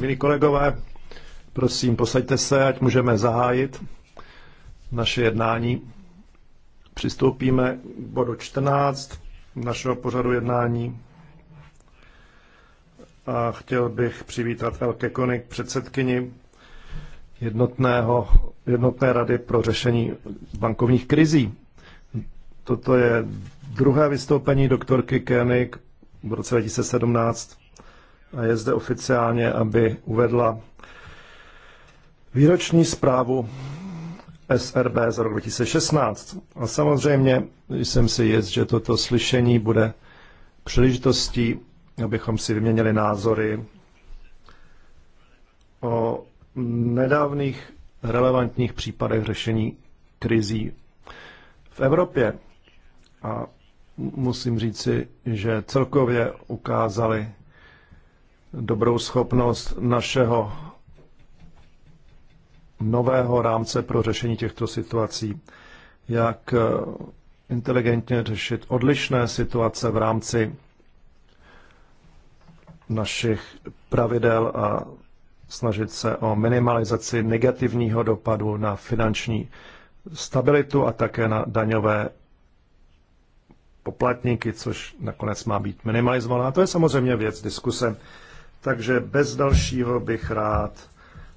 Milí kolegové, prosím, posaďte se, ať můžeme zahájit naše jednání. Přistoupíme k bodu 14 našeho pořadu jednání. A chtěl bych přivítat Elke Konik, předsedkyni jednotného, jednotné rady pro řešení bankovních krizí. Toto je druhé vystoupení doktorky Koenig v roce 2017 a je zde oficiálně, aby uvedla výroční zprávu SRB za rok 2016. A samozřejmě jsem si jist, že toto slyšení bude příležitostí, abychom si vyměnili názory o nedávných relevantních případech řešení krizí v Evropě. A musím říci, že celkově ukázali dobrou schopnost našeho nového rámce pro řešení těchto situací, jak eh, inteligentně řešit odlišné situace v rámci našich pravidel a snažit se o minimalizaci negativního dopadu na finanční stabilitu a také na daňové poplatníky, což nakonec má být minimalizovaná. To je samozřejmě věc diskuse takže bez dalšího bych rád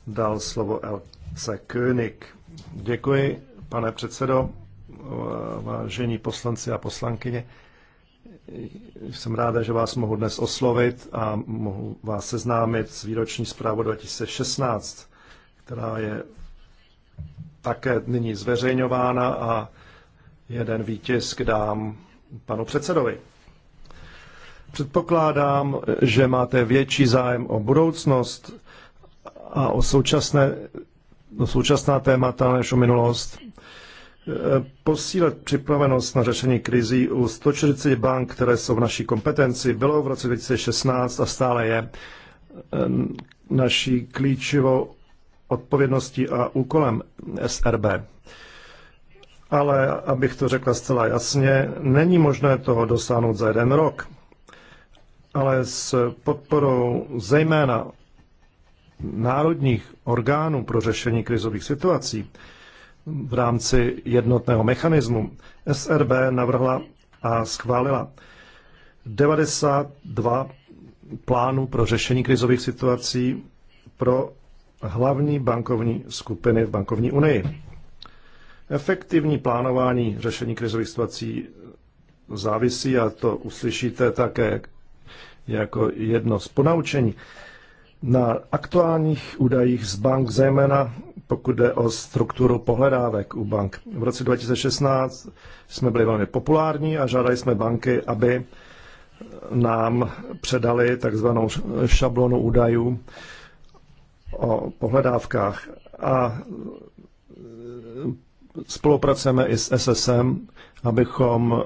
dal slovo Elce König. Děkuji, pane předsedo, vážení poslanci a poslankyně. Jsem ráda, že vás mohu dnes oslovit a mohu vás seznámit s výroční zprávou 2016, která je také nyní zveřejňována a jeden výtisk dám panu předsedovi. Předpokládám, že máte větší zájem o budoucnost a o současné, o současná témata než o minulost. Posílat připravenost na řešení krizí u 140 bank, které jsou v naší kompetenci, bylo v roce 2016 a stále je naší klíčovou odpovědností a úkolem SRB. Ale abych to řekla zcela jasně, není možné toho dosáhnout za jeden rok ale s podporou zejména národních orgánů pro řešení krizových situací v rámci jednotného mechanismu SRB navrhla a schválila 92 plánů pro řešení krizových situací pro hlavní bankovní skupiny v bankovní unii. Efektivní plánování řešení krizových situací závisí, a to uslyšíte také jako jedno z ponaučení. Na aktuálních údajích z bank, zejména pokud jde o strukturu pohledávek u bank. V roce 2016 jsme byli velmi populární a žádali jsme banky, aby nám předali takzvanou šablonu údajů o pohledávkách. A spolupracujeme i s SSM, abychom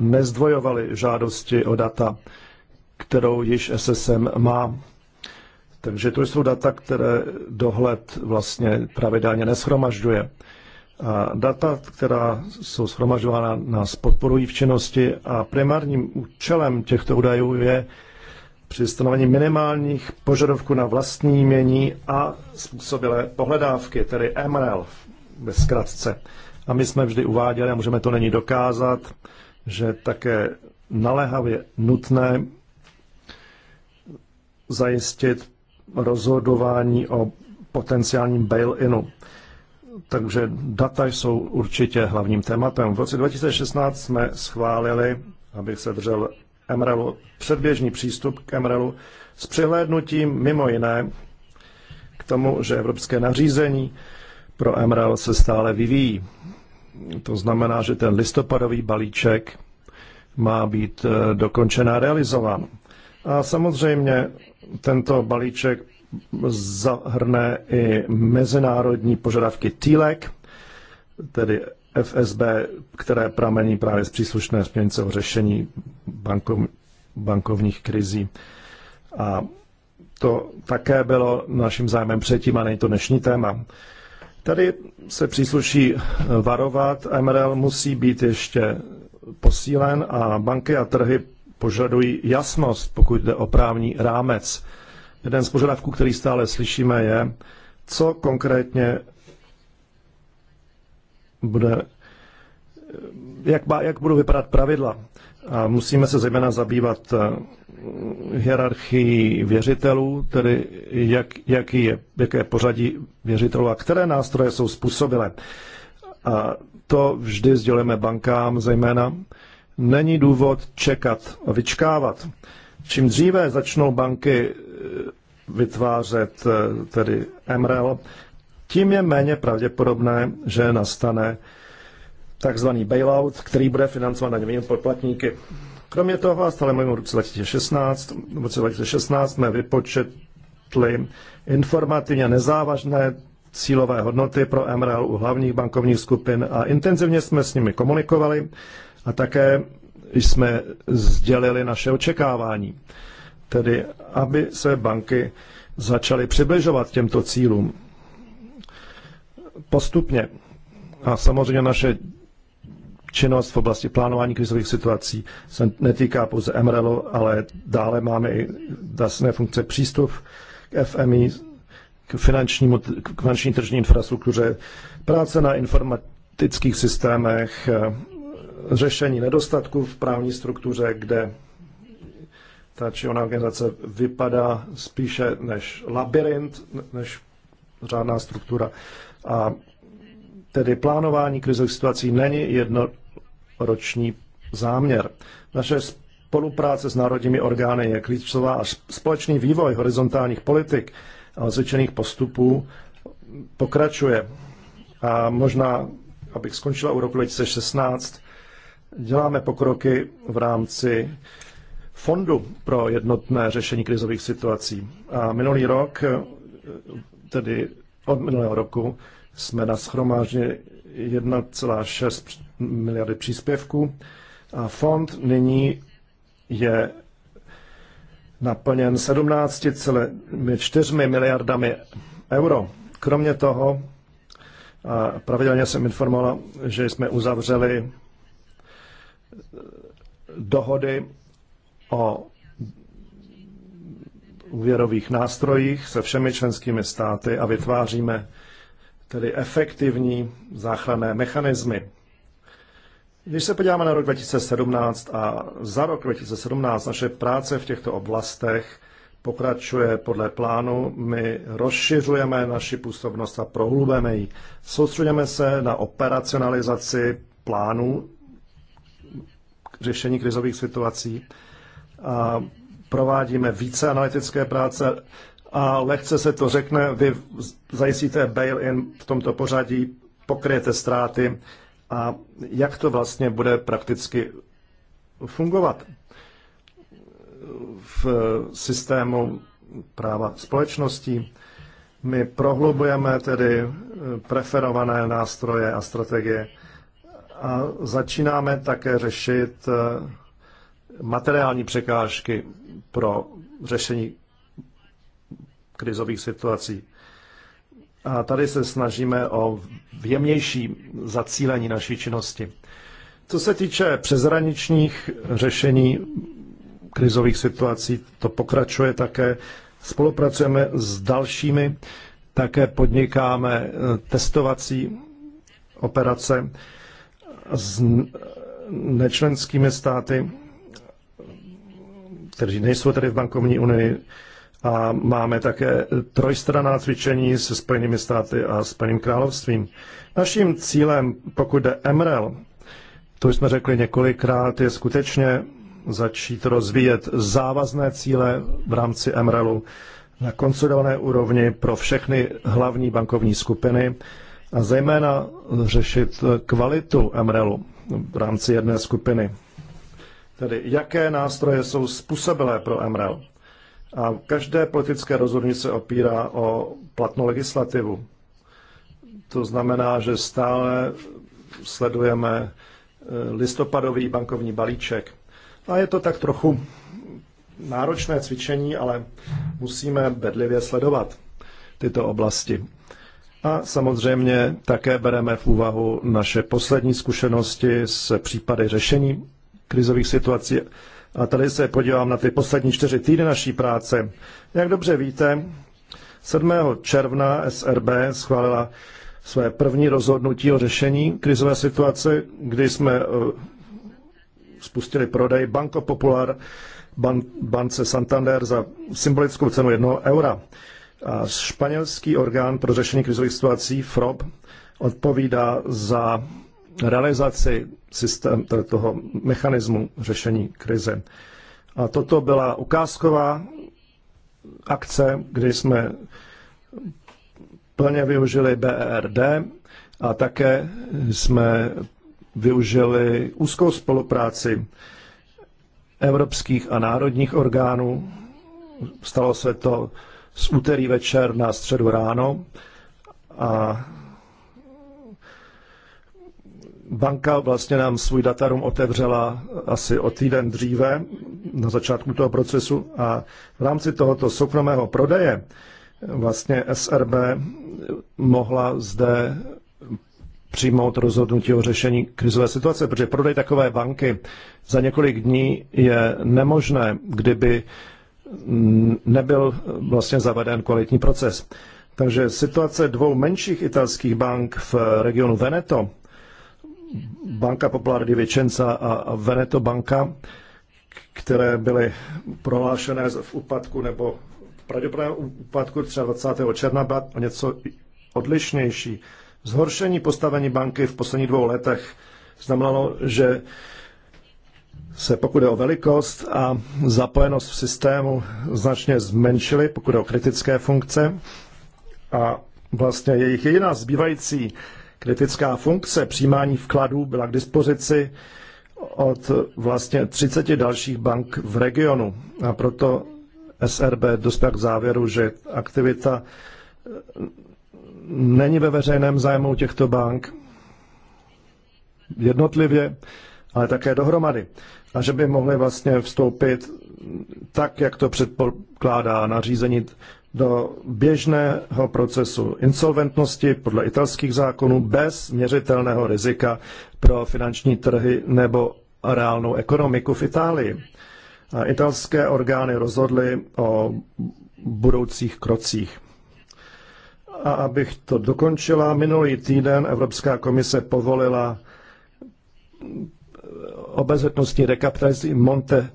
nezdvojovali žádosti o data kterou již SSM má. Takže to jsou data, které dohled vlastně pravidelně neschromažďuje. A data, která jsou schromažďována, nás podporují v činnosti a primárním účelem těchto údajů je při stanovení minimálních požadavků na vlastní jmění a způsobilé pohledávky, tedy MRL ve zkratce. A my jsme vždy uváděli, a můžeme to není dokázat, že také naléhavě nutné zajistit rozhodování o potenciálním bail-inu. Takže data jsou určitě hlavním tématem. V roce 2016 jsme schválili, abych se držel MRLu, předběžný přístup k MRLu s přihlédnutím mimo jiné k tomu, že evropské nařízení pro MRL se stále vyvíjí. To znamená, že ten listopadový balíček má být eh, dokončen a realizován. A samozřejmě tento balíček zahrne i mezinárodní požadavky TILEC, tedy FSB, které pramení právě z příslušné směrnice o řešení bankov, bankovních krizí. A to také bylo naším zájmem předtím a není to dnešní téma. Tady se přísluší varovat, MRL musí být ještě posílen a banky a trhy požadují jasnost, pokud jde o právní rámec. Jeden z požadavků, který stále slyšíme, je, co konkrétně bude, jak, jak budou vypadat pravidla. A musíme se zejména zabývat eh, hierarchii věřitelů, tedy jak, jaký je, jaké pořadí věřitelů a které nástroje jsou způsobile. A to vždy sdělujeme bankám zejména, není důvod čekat a vyčkávat. Čím dříve začnou banky eh, vytvářet eh, tedy MREL, tím je méně pravděpodobné, že nastane takzvaný bailout, který bude na němým poplatníky. Kromě toho, stále mluvím o roce 2016, v roce 2016 jsme vypočetli informativně nezávažné cílové hodnoty pro MRL u hlavních bankovních skupin a intenzivně jsme s nimi komunikovali a také jsme sdělili naše očekávání, tedy aby se banky začaly přibližovat těmto cílům postupně. A samozřejmě naše činnost v oblasti plánování krizových situací se netýká pouze MRLu, ale dále máme i dasné funkce přístup k FMI, k, finančnímu, k finanční tržní infrastruktuře, práce na informatických systémech, řešení nedostatků v právní struktuře, kde ta či ona organizace vypadá spíše než labirint, než řádná struktura. A tedy plánování krizových situací není jednoroční záměr. Naše spolupráce s národními orgány je klíčová a společný vývoj horizontálních politik a osvědčených postupů pokračuje. A možná, abych skončila u roku 2016, Děláme pokroky v rámci Fondu pro jednotné řešení krizových situací. A minulý rok, tedy od minulého roku, jsme na schromáždě 1,6 miliardy příspěvků a fond nyní je naplněn 17,4 miliardami euro. Kromě toho, a pravidelně jsem informoval, že jsme uzavřeli dohody o úvěrových nástrojích se všemi členskými státy a vytváříme tedy efektivní záchranné mechanismy. Když se podíváme na rok 2017 a za rok 2017 naše práce v těchto oblastech pokračuje podle plánu. My rozšiřujeme naši působnost a prohlubeme ji. Soustředíme se na operacionalizaci plánů řešení krizových situací. A provádíme více analytické práce a lehce se to řekne, vy zajistíte bail-in v tomto pořadí, pokryjete ztráty a jak to vlastně bude prakticky fungovat v systému práva společností. My prohlubujeme tedy preferované nástroje a strategie a začínáme také řešit eh, materiální překážky pro řešení krizových situací. A tady se snažíme o jemnější zacílení naší činnosti. Co se týče přezraničních řešení krizových situací, to pokračuje také. Spolupracujeme s dalšími, také podnikáme eh, testovací operace s nečlenskými státy, kteří nejsou tady v bankovní unii. A máme také trojstraná cvičení se Spojenými státy a Spojeným královstvím. Naším cílem, pokud jde MREL, to jsme řekli několikrát, je skutečně začít rozvíjet závazné cíle v rámci MRELu na konsolidované úrovni pro všechny hlavní bankovní skupiny a zejména řešit kvalitu MRELu v rámci jedné skupiny. Tedy jaké nástroje jsou způsobilé pro MRL. A každé politické rozhodnutí se opírá o platnou legislativu. To znamená, že stále sledujeme eh, listopadový bankovní balíček. A je to tak trochu náročné cvičení, ale musíme bedlivě sledovat tyto oblasti. A samozřejmě také bereme v úvahu naše poslední zkušenosti s případy řešení krizových situací. A tady se podívám na ty poslední čtyři týdny naší práce. Jak dobře víte, 7. června SRB schválila své první rozhodnutí o řešení krizové situace, kdy jsme eh, spustili prodej Banco Popular ban, bance Santander za symbolickou cenu jednoho eura. A španělský orgán pro řešení krizových situací, FROB, odpovídá za realizaci systém, toho mechanismu řešení krize. A toto byla ukázková akce, kdy jsme plně využili BERD a také jsme využili úzkou spolupráci evropských a národních orgánů. Stalo se to z úterý večer na středu ráno a banka vlastně nám svůj datarum otevřela asi o týden dříve, na začátku toho procesu a v rámci tohoto soukromého prodeje vlastně SRB mohla zde přijmout rozhodnutí o řešení krizové situace, protože prodej takové banky za několik dní je nemožné, kdyby nebyl vlastně zaveden kvalitní proces. Takže situace dvou menších italských bank v regionu Veneto, Banka Popolare di Vicenza a Veneto Banka, které byly prohlášené v úpadku nebo v pravděpodobném úpadku 23. června, byla o něco odlišnější. Zhoršení postavení banky v posledních dvou letech znamenalo, že se pokud jde o velikost a zapojenost v systému značně zmenšily, pokud jde o kritické funkce. A vlastně jejich jediná zbývající kritická funkce přijímání vkladů byla k dispozici od vlastně 30 dalších bank v regionu. A proto SRB dospěl k závěru, že aktivita není ve veřejném zájmu těchto bank jednotlivě, ale také dohromady a že by mohli vlastně vstoupit tak, jak to předpokládá nařízení do běžného procesu insolventnosti podle italských zákonů bez měřitelného rizika pro finanční trhy nebo reálnou ekonomiku v Itálii. A italské orgány rozhodly o budoucích krocích. A abych to dokončila, minulý týden Evropská komise povolila obezřetnostní rekapitalizaci Monte,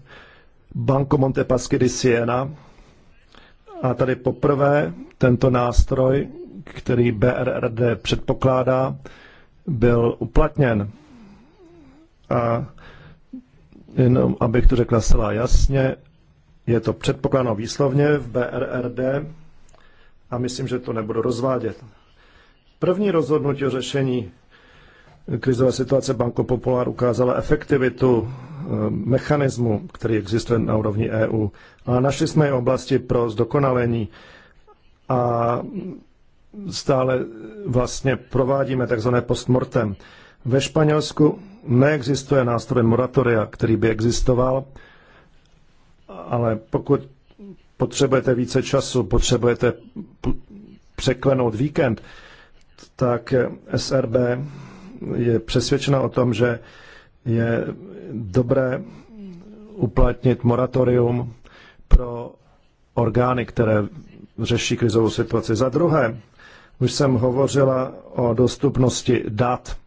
Banco Monte Paschi di Siena. A tady poprvé tento nástroj, který BRRD předpokládá, byl uplatněn. A jenom abych to řekla zcela jasně, je to předpokládáno výslovně v BRRD a myslím, že to nebudu rozvádět. První rozhodnutí o řešení Krizová situace Banko Popular ukázala efektivitu eh, mechanismu, který existuje na úrovni EU. A našli jsme i oblasti pro zdokonalení a stále vlastně provádíme tzv. postmortem. Ve Španělsku neexistuje nástroj moratoria, který by existoval, ale pokud potřebujete více času, potřebujete překlenout víkend, tak SRB je přesvědčena o tom, že je dobré uplatnit moratorium pro orgány, které řeší krizovou situaci. Za druhé, už jsem hovořila o dostupnosti dat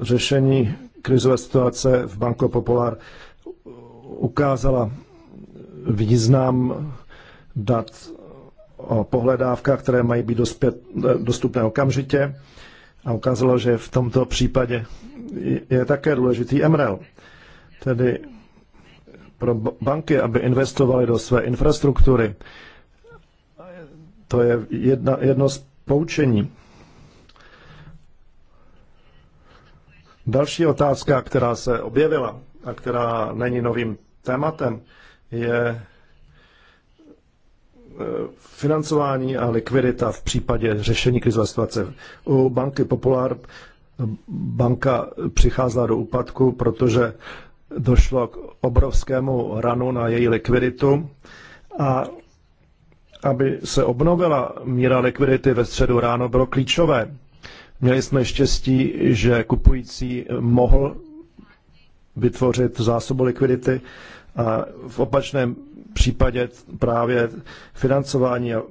řešení krizové situace v Banco Popular ukázala význam dat o pohledávkách, které mají být dospět, dostupné okamžitě a ukázalo, že v tomto případě je také důležitý MREL, tedy pro banky, aby investovaly do své infrastruktury. To je jedna, jedno z poučení. Další otázka, která se objevila a která není novým tématem, je financování a likvidita v případě řešení krizové situace. U banky Popular banka přicházela do úpadku, protože došlo k obrovskému ranu na její likviditu a aby se obnovila míra likvidity ve středu ráno, bylo klíčové. Měli jsme štěstí, že kupující mohl vytvořit zásobu likvidity a v opačném případě právě financování a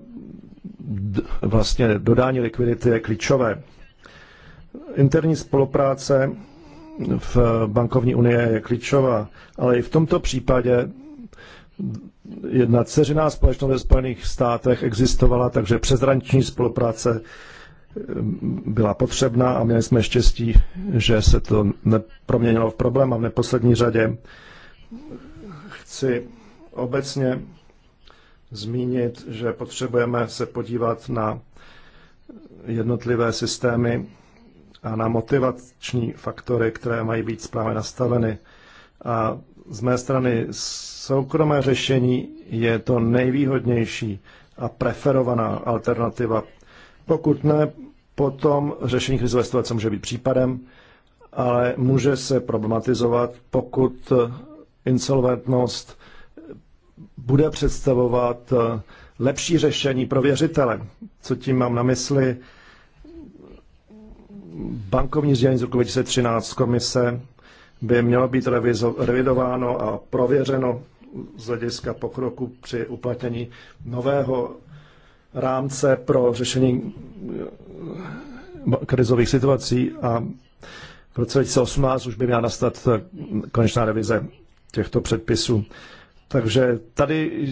vlastně dodání likvidity je klíčové. Interní spolupráce v bankovní unie je klíčová, ale i v tomto případě jedna dceřiná společnost ve Spojených státech existovala, takže přezranční spolupráce eh, byla potřebná a měli jsme štěstí, že se to neproměnilo v problém a v neposlední řadě chci obecně zmínit, že potřebujeme se podívat na jednotlivé systémy a na motivační faktory, které mají být správně nastaveny. A z mé strany soukromé řešení je to nejvýhodnější a preferovaná alternativa. Pokud ne, potom řešení krizové situace může být případem, ale může se problematizovat, pokud insolventnost bude představovat eh, lepší řešení pro věřitele. Co tím mám na mysli? Bankovní sdělení z roku 2013 komise by mělo být revidováno a prověřeno z hlediska pokroku při uplatnění nového rámce pro řešení eh, krizových situací a v roce 2018 už by měla nastat eh, konečná revize těchto předpisů. Takže tady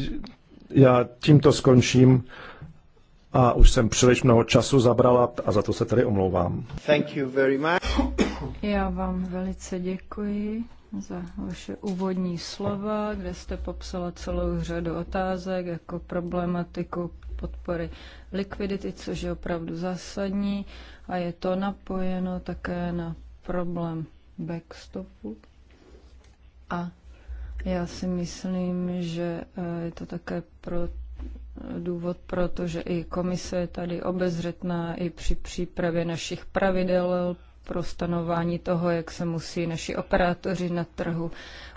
já tímto skončím a už jsem příliš mnoho času zabrala a za to se tady omlouvám. Thank you very much. Já vám velice děkuji za vaše úvodní slova, kde jste popsala celou řadu otázek jako problematiku podpory likvidity, což je opravdu zásadní a je to napojeno také na problém backstopu a já si myslím, že eh, je to také pro důvod, protože i komise je tady obezřetná i při přípravě našich pravidel pro stanování toho, jak se musí naši operátoři na trhu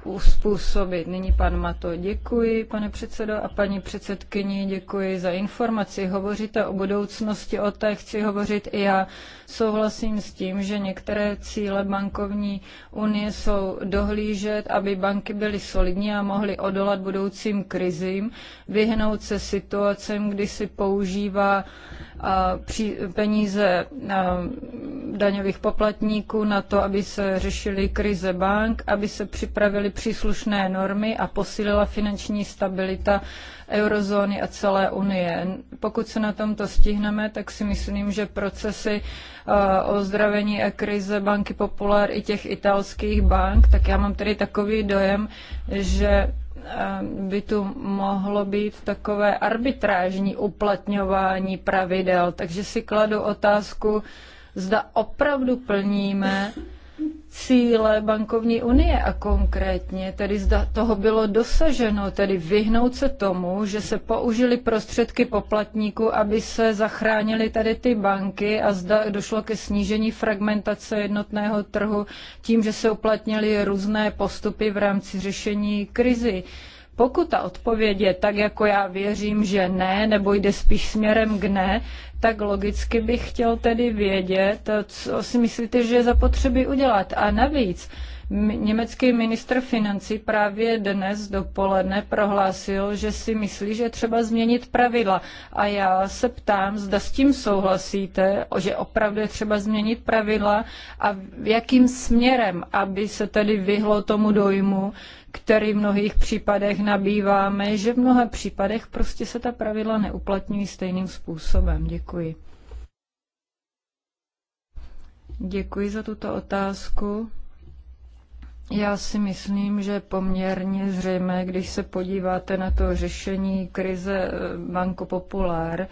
uspůsobit. Nyní pan Mato, děkuji, pane předsedo a paní předsedkyni, děkuji za informaci. Hovoříte o budoucnosti, o té chci hovořit i já. Souhlasím s tím, že některé cíle bankovní unie jsou dohlížet, aby banky byly solidní a mohly odolat budoucím krizím, vyhnout se situacem, kdy si používá a, pří, peníze a, daňových poplatníků poplatníků na to, aby se řešily krize bank, aby se připravily příslušné normy a posílila finanční stabilita eurozóny a celé unie. Pokud se na tomto stihneme, tak si myslím, že procesy eh, ozdravení a krize banky Popular i těch italských bank, tak já mám tedy takový dojem, že eh, by tu mohlo být takové arbitrážní uplatňování pravidel. Takže si kladu otázku, zda opravdu plníme cíle bankovní unie a konkrétně, tedy zda toho bylo dosaženo, tedy vyhnout se tomu, že se použili prostředky poplatníků, aby se zachránili tady ty banky a zda došlo ke snížení fragmentace jednotného trhu tím, že se uplatnily různé postupy v rámci řešení krizi. Pokud ta odpověď je tak, jako já věřím, že ne, nebo jde spíš směrem k ne, tak logicky bych chtěl tedy vědět, co si myslíte, že je zapotřebí udělat. A navíc, Německý ministr financí právě dnes dopoledne prohlásil, že si myslí, že třeba změnit pravidla. A já se ptám, zda s tím souhlasíte, že opravdu je třeba změnit pravidla a v jakým směrem, aby se tedy vyhlo tomu dojmu, který v mnohých případech nabýváme, že v mnoha případech prostě se ta pravidla neuplatňují stejným způsobem. Děkuji. Děkuji za tuto otázku. Já si myslím, že poměrně zřejmé, když se podíváte na to řešení krize eh, Banko Populár,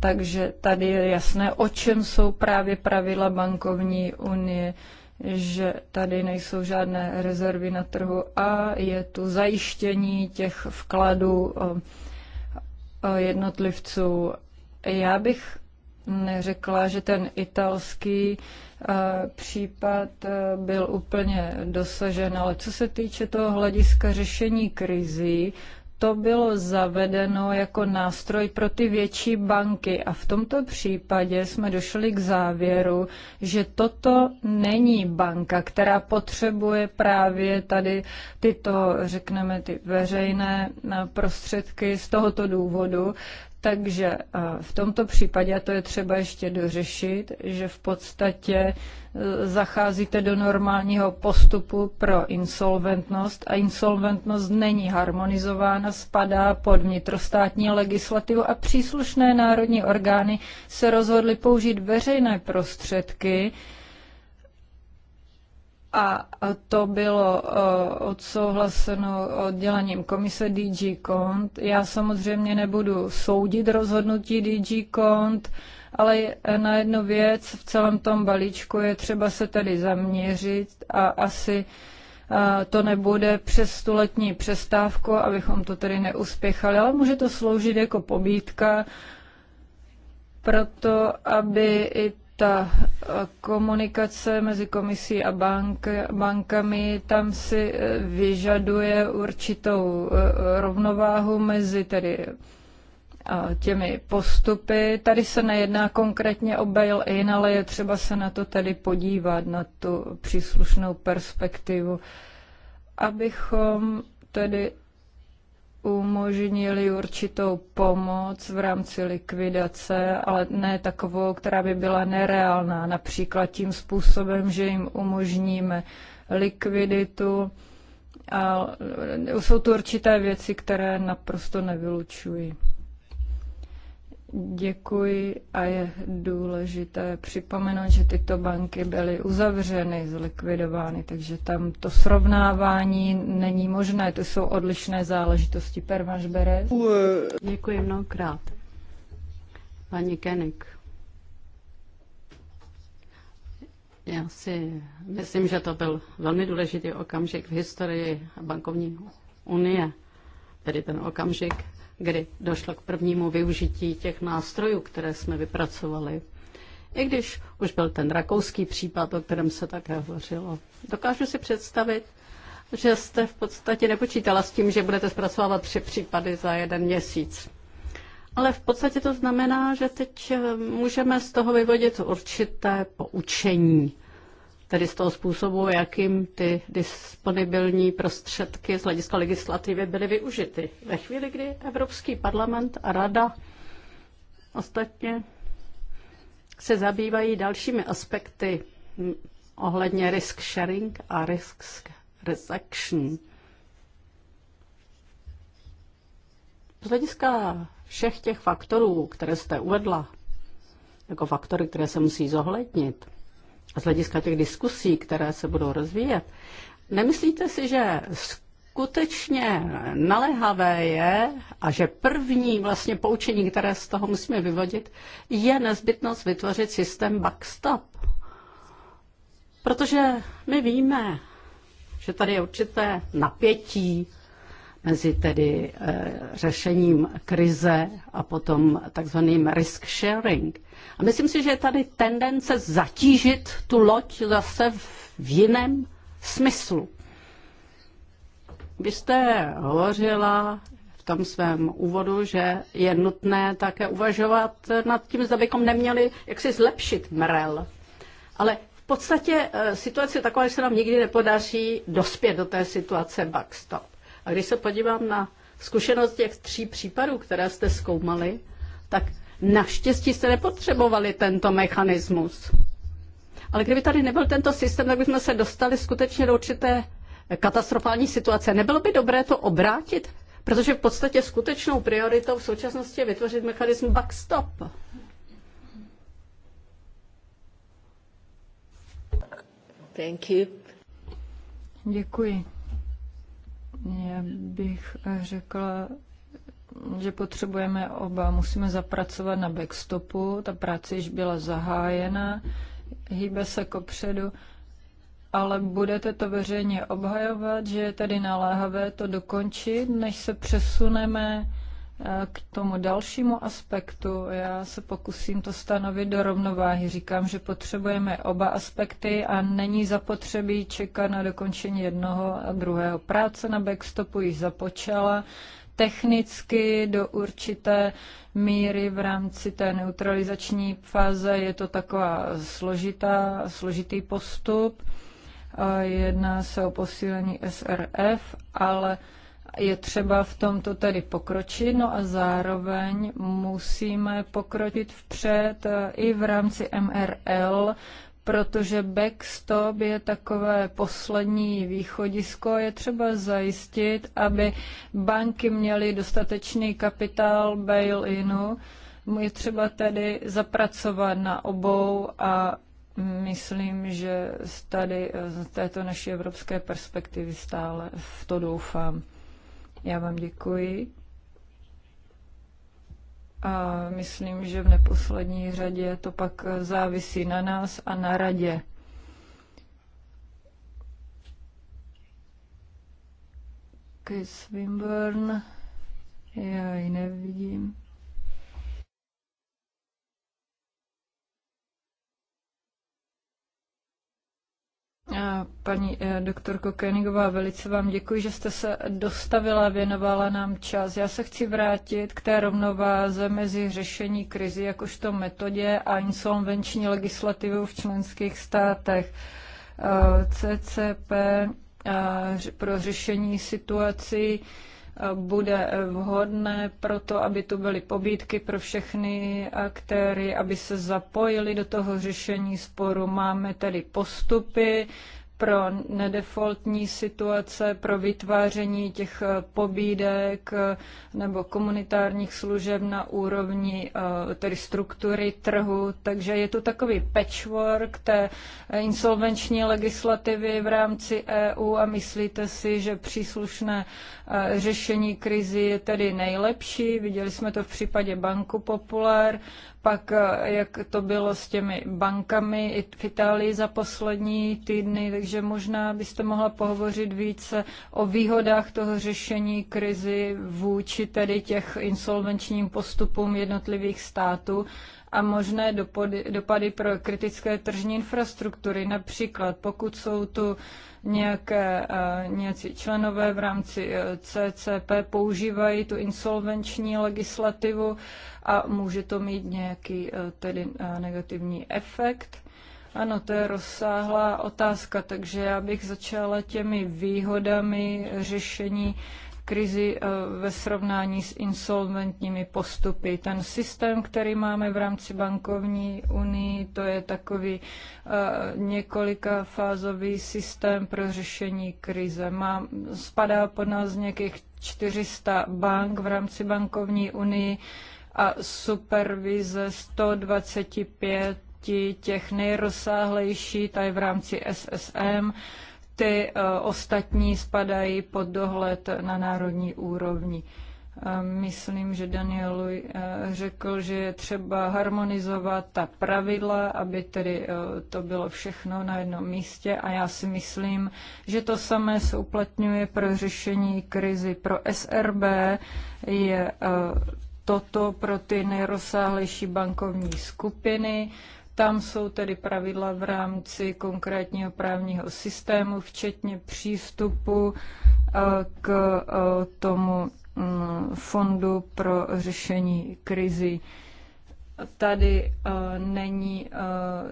takže tady je jasné, o čem jsou právě pravidla bankovní unie, že tady nejsou žádné rezervy na trhu a je tu zajištění těch vkladů eh, eh, jednotlivců. Já bych neřekla, že ten italský případ e, byl úplně dosažen, ale co se týče toho hlediska řešení krizí, to bylo zavedeno jako nástroj pro ty větší banky a v tomto případě jsme došli k závěru, že toto není banka, která potřebuje právě tady tyto, řekneme, ty veřejné e, prostředky z tohoto důvodu, takže v tomto případě, a to je třeba ještě dořešit, že v podstatě e, zacházíte do normálního postupu pro insolventnost a insolventnost není harmonizována, spadá pod vnitrostátní legislativu a příslušné národní orgány se rozhodly použít veřejné prostředky, a to bylo eh, odsouhlaseno oddělením komise DG Cont. Já samozřejmě nebudu soudit rozhodnutí DG Cont, ale na jednu věc v celém tom balíčku je třeba se tedy zaměřit a asi eh, to nebude přes stuletní přestávku, abychom to tedy neuspěchali, ale může to sloužit jako pobídka proto, aby i ta eh, komunikace mezi komisí a bank, bankami, tam si eh, vyžaduje určitou eh, rovnováhu mezi tedy těmi postupy. Tady se nejedná konkrétně o bail-in, ale je třeba se na to tedy podívat, na tu příslušnou perspektivu, abychom tedy umožnili určitou pomoc v rámci likvidace, ale ne takovou, která by byla nereálná, například tím způsobem, že jim umožníme likviditu. A jsou tu určité věci, které naprosto nevylučují. Děkuji a je důležité připomenout, že tyto banky byly uzavřeny, zlikvidovány, takže tam to srovnávání není možné, to jsou odlišné záležitosti. Permaš Berez. Eh, Děkuji mnohokrát. Pani Kenik. Já si myslím, že to byl velmi důležitý okamžik v historii bankovní unie, tedy ten okamžik, kdy došlo k prvnímu využití těch nástrojů, které jsme vypracovali. I když už byl ten rakouský případ, o kterém se také hovořilo. Dokážu si představit, že jste v podstatě nepočítala s tím, že budete zpracovávat tři případy za jeden měsíc. Ale v podstatě to znamená, že teď eh, můžeme z toho vyvodit určité poučení tedy z toho způsobu, jakým ty disponibilní prostředky z hlediska legislativy byly využity. Ve chvíli, kdy Evropský parlament a rada ostatně se zabývají dalšími aspekty ohledně risk sharing a risk reduction. Z hlediska všech těch faktorů, které jste uvedla, jako faktory, které se musí zohlednit, z hlediska těch diskusí, které se budou rozvíjet, nemyslíte si, že skutečně naléhavé je a že první vlastně poučení, které z toho musíme vyvodit, je nezbytnost vytvořit systém backstop. Protože my víme, že tady je určité napětí mezi tedy eh, řešením krize a potom takzvaným risk sharing. A myslím si, že je tady tendence zatížit tu loď zase v jiném smyslu. Vy jste hovořila v tom svém úvodu, že je nutné také uvažovat nad tím, zda bychom neměli jaksi zlepšit MREL. Ale v podstatě eh, situace je taková, že se nám nikdy nepodaří dospět do té situace backstop. A když se podívám na zkušenost těch tří případů, které jste zkoumali, tak naštěstí jste nepotřebovali tento mechanismus. Ale kdyby tady nebyl tento systém, tak bychom se dostali skutečně do určité katastrofální situace. Nebylo by dobré to obrátit? Protože v podstatě skutečnou prioritou v současnosti je vytvořit mechanismus backstop. Thank you. Děkuji. Já bych eh, řekla, že potřebujeme oba. Musíme zapracovat na backstopu, ta práce již byla zahájena, hýbe se kopředu, ale budete to veřejně obhajovat, že je tady naléhavé to dokončit, než se přesuneme k tomu dalšímu aspektu já se pokusím to stanovit do rovnováhy. Říkám, že potřebujeme oba aspekty a není zapotřebí čekat na dokončení jednoho a druhého. Práce na backstopu již započala, technicky do určité míry v rámci té neutralizační fáze je to taková složitá, složitý postup. Jedná se o posílení SRF, ale je třeba v tomto tedy pokročit, no a zároveň musíme pokročit vpřed eh, i v rámci MRL, protože backstop je takové poslední východisko. Je třeba zajistit, aby banky měly dostatečný kapitál bail-inu. Je třeba tedy zapracovat na obou a myslím, že tady eh, z této naší evropské perspektivy stále v to doufám. Já vám děkuji. A myslím, že v neposlední řadě to pak závisí na nás a na radě. Chris Wimburn, já ji nevidím. Paní eh, doktorko Koenigová, velice vám děkuji, že jste se dostavila, věnovala nám čas. Já se chci vrátit k té rovnováze mezi řešení krizi jakožto metodě a insolvenční legislativou v členských státech. Eh, CCP eh, pro řešení situací bude vhodné pro to, aby tu byly pobídky pro všechny aktéry, aby se zapojili do toho řešení sporu. Máme tedy postupy pro nedefaultní situace, pro vytváření těch pobídek nebo komunitárních služeb na úrovni eh, tedy struktury trhu. Takže je tu takový patchwork té insolvenční legislativy v rámci EU a myslíte si, že příslušné Eh, řešení krizi je tedy nejlepší. Viděli jsme to v případě Banku Populár, pak eh, jak to bylo s těmi bankami i v Itálii za poslední týdny, takže možná byste mohla pohovořit více o výhodách toho řešení krizi vůči tedy těch insolvenčním postupům jednotlivých států a možné dopady, dopady pro kritické tržní infrastruktury. Například pokud jsou tu nějaké, nějací členové v rámci e, CCP používají tu insolvenční legislativu a může to mít nějaký e, tedy e, negativní efekt. Ano, to je rozsáhlá otázka, takže já bych začala těmi výhodami řešení krizi eh, ve srovnání s insolventními postupy. Ten systém, který máme v rámci bankovní unii, to je takový eh, několika fázový systém pro řešení krize. Má, spadá pod nás nějakých 400 bank v rámci bankovní unii a supervize 125 těch nejrozsáhlejší, tady v rámci SSM ty eh, ostatní spadají pod dohled na národní úrovni. Eh, myslím, že Daniel eh, řekl, že je třeba harmonizovat ta pravidla, aby tedy to bylo všechno na jednom místě a já si myslím, že to samé se uplatňuje pro řešení krizi. Pro SRB je toto pro ty nejrozsáhlejší bankovní skupiny, tam jsou tedy pravidla v rámci konkrétního právního systému, včetně přístupu eh, k eh, tomu mm, fondu pro řešení krizi. Tady eh, není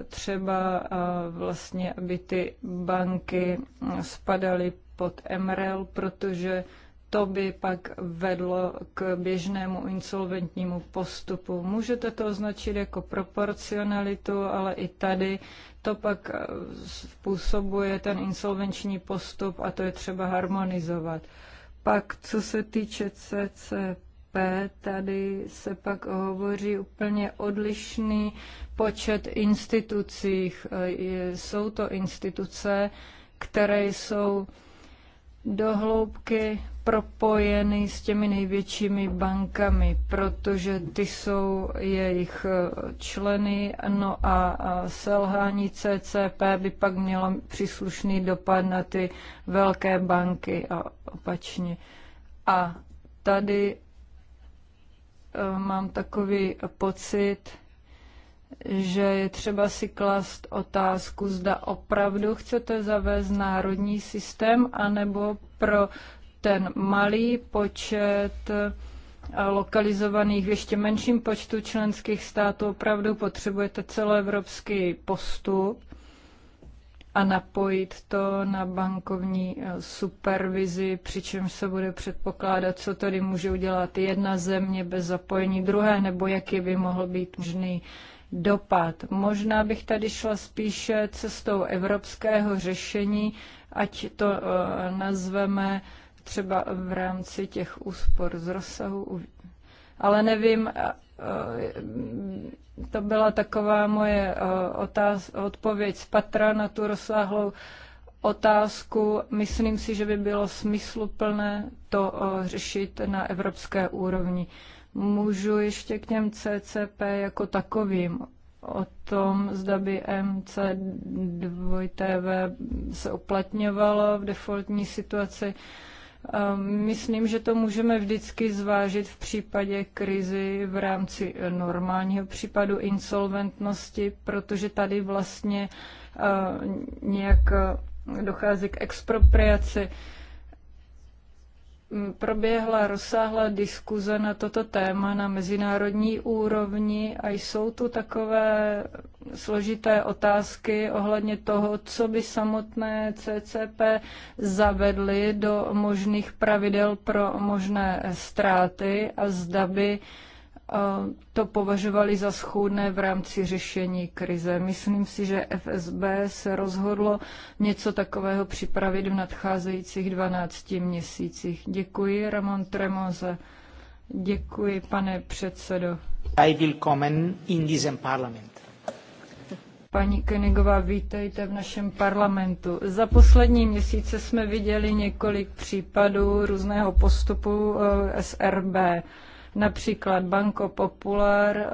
třeba vlastně, aby ty banky mm, spadaly pod MRL, protože to by pak vedlo k běžnému insolventnímu postupu. Můžete to označit jako proporcionalitu, ale i tady to pak eh, způsobuje ten insolvenční postup a to je třeba harmonizovat. Pak, co se týče CCP, tady se pak hovoří úplně odlišný počet institucích. Eh, jsou to instituce, které jsou dohloubky propojeny s těmi největšími bankami, protože ty jsou jejich eh, členy, no a selhání CCP by pak mělo příslušný dopad na ty velké banky a opačně. A tady eh, mám takový pocit, že je třeba si klást otázku, zda opravdu chcete zavést národní systém, anebo pro ten malý počet lokalizovaných v ještě menším počtu členských států opravdu potřebujete celoevropský postup a napojit to na bankovní eh, supervizi, přičemž se bude předpokládat, co tady může udělat jedna země bez zapojení druhé, nebo jaký by mohl být možný dopad. Možná bych tady šla spíše cestou evropského řešení, ať to eh, nazveme třeba v rámci těch úspor z rozsahu. Ale nevím, to byla taková moje otáz, odpověď z patra na tu rozsáhlou otázku. Myslím si, že by bylo smysluplné to řešit na evropské úrovni. Můžu ještě k těm CCP jako takovým o tom, zda by MC2TV se uplatňovalo v defaultní situaci. Myslím, že to můžeme vždycky zvážit v případě krizi v rámci eh, normálního případu insolventnosti, protože tady vlastně eh, nějak eh, dochází k expropriaci proběhla rozsáhlá diskuze na toto téma na mezinárodní úrovni a jsou tu takové složité otázky ohledně toho, co by samotné CCP zavedly do možných pravidel pro možné ztráty a zda by to považovali za schůdné v rámci řešení krize. Myslím si, že FSB se rozhodlo něco takového připravit v nadcházejících 12 měsících. Děkuji, Ramon Tremoze. Děkuji, pane předsedo. I will comment in this parliament. Paní Königová, vítejte v našem parlamentu. Za poslední měsíce jsme viděli několik případů různého postupu eh, SRB. Například Banco Popular eh,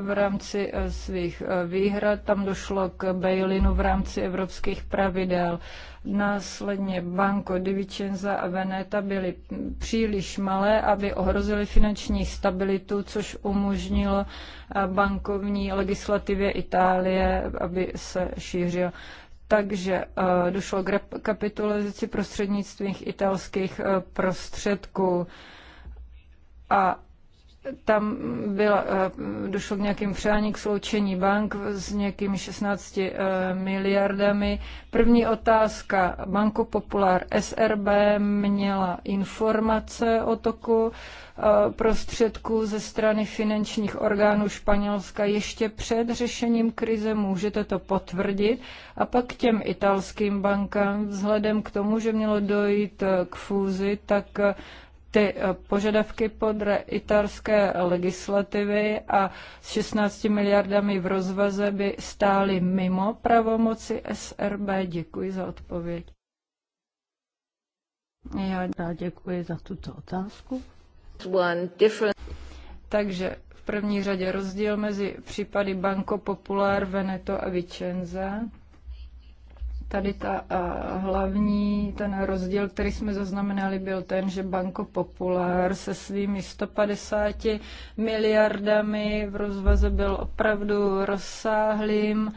v rámci eh, svých eh, výhrad, tam došlo k bailinu v rámci evropských pravidel. Následně Banco di Vicenza a Veneta byly příliš malé, aby ohrozily finanční stabilitu, což umožnilo bankovní legislativě Itálie, aby se šířil. Takže došlo k rekapitulaci prostřednictvím italských prostředků a tam byla, eh, došlo k nějakým přání k sloučení bank s nějakými 16 eh, miliardami. První otázka. Banko Popular SRB měla informace o toku eh, prostředků ze strany finančních orgánů Španělska ještě před řešením krize. Můžete to potvrdit? A pak k těm italským bankám, vzhledem k tomu, že mělo dojít k fúzi, tak ty eh, požadavky podle italské legislativy a s 16 miliardami v rozvaze by stály mimo pravomoci SRB. Děkuji za odpověď. Já děkuji za tuto otázku. Takže v první řadě rozdíl mezi případy Banco Popular, Veneto a Vicenza. Tady ta hlavní, ten rozdíl, který jsme zaznamenali, byl ten, že Banco Popular se svými 150 miliardami v rozvaze byl opravdu rozsáhlým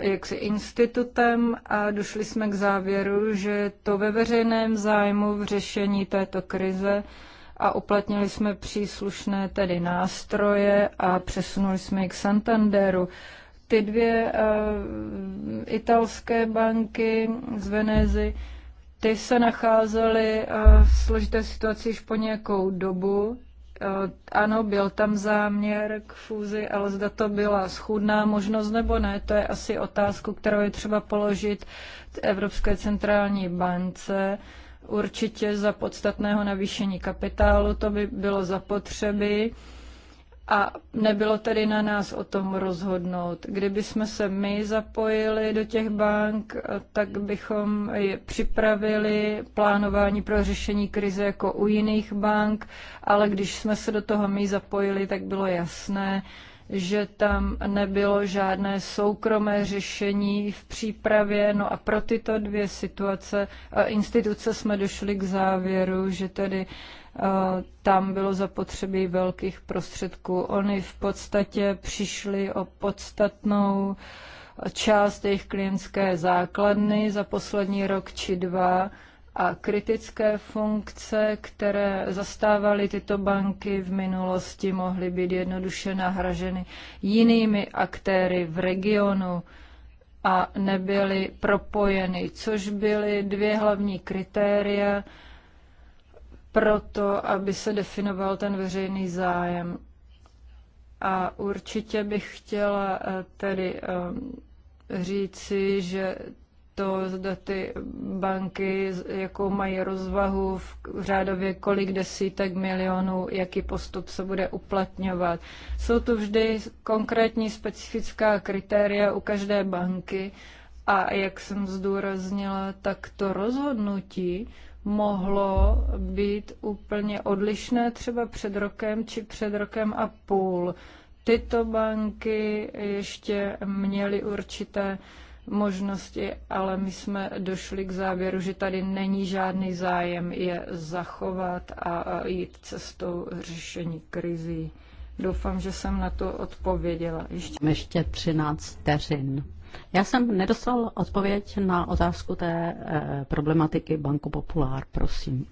jaksi institutem a došli jsme k závěru, že to ve veřejném zájmu v řešení této krize a uplatnili jsme příslušné tedy nástroje a přesunuli jsme je k Santanderu ty dvě uh, italské banky z Venezy, ty se nacházely uh, v složité situaci již po nějakou dobu. Uh, ano, byl tam záměr k fúzi, ale zda to byla schůdná možnost nebo ne, to je asi otázku, kterou je třeba položit Evropské centrální bance. Určitě za podstatného navýšení kapitálu to by bylo zapotřeby. potřeby a nebylo tedy na nás o tom rozhodnout. Kdyby jsme se my zapojili do těch bank, tak bychom je připravili plánování pro řešení krize jako u jiných bank, ale když jsme se do toho my zapojili, tak bylo jasné, že tam nebylo žádné soukromé řešení v přípravě. No a pro tyto dvě situace eh, instituce jsme došli k závěru, že tedy tam bylo zapotřebí velkých prostředků. Oni v podstatě přišli o podstatnou část jejich klientské základny za poslední rok či dva a kritické funkce, které zastávaly tyto banky v minulosti, mohly být jednoduše nahraženy jinými aktéry v regionu a nebyly propojeny, což byly dvě hlavní kritéria, proto, aby se definoval ten veřejný zájem. A určitě bych chtěla eh, tedy eh, říci, že to, zda ty banky, jakou mají rozvahu v řádově kolik desítek milionů, jaký postup se bude uplatňovat. Jsou tu vždy konkrétní specifická kritéria u každé banky a jak jsem zdůraznila, tak to rozhodnutí, mohlo být úplně odlišné třeba před rokem či před rokem a půl. Tyto banky ještě měly určité možnosti, ale my jsme došli k závěru, že tady není žádný zájem je zachovat a jít cestou řešení krizí. Doufám, že jsem na to odpověděla. Ještě, ještě 13 vteřin. Já jsem nedostal odpověď na otázku té eh, problematiky Banko Populár, prosím.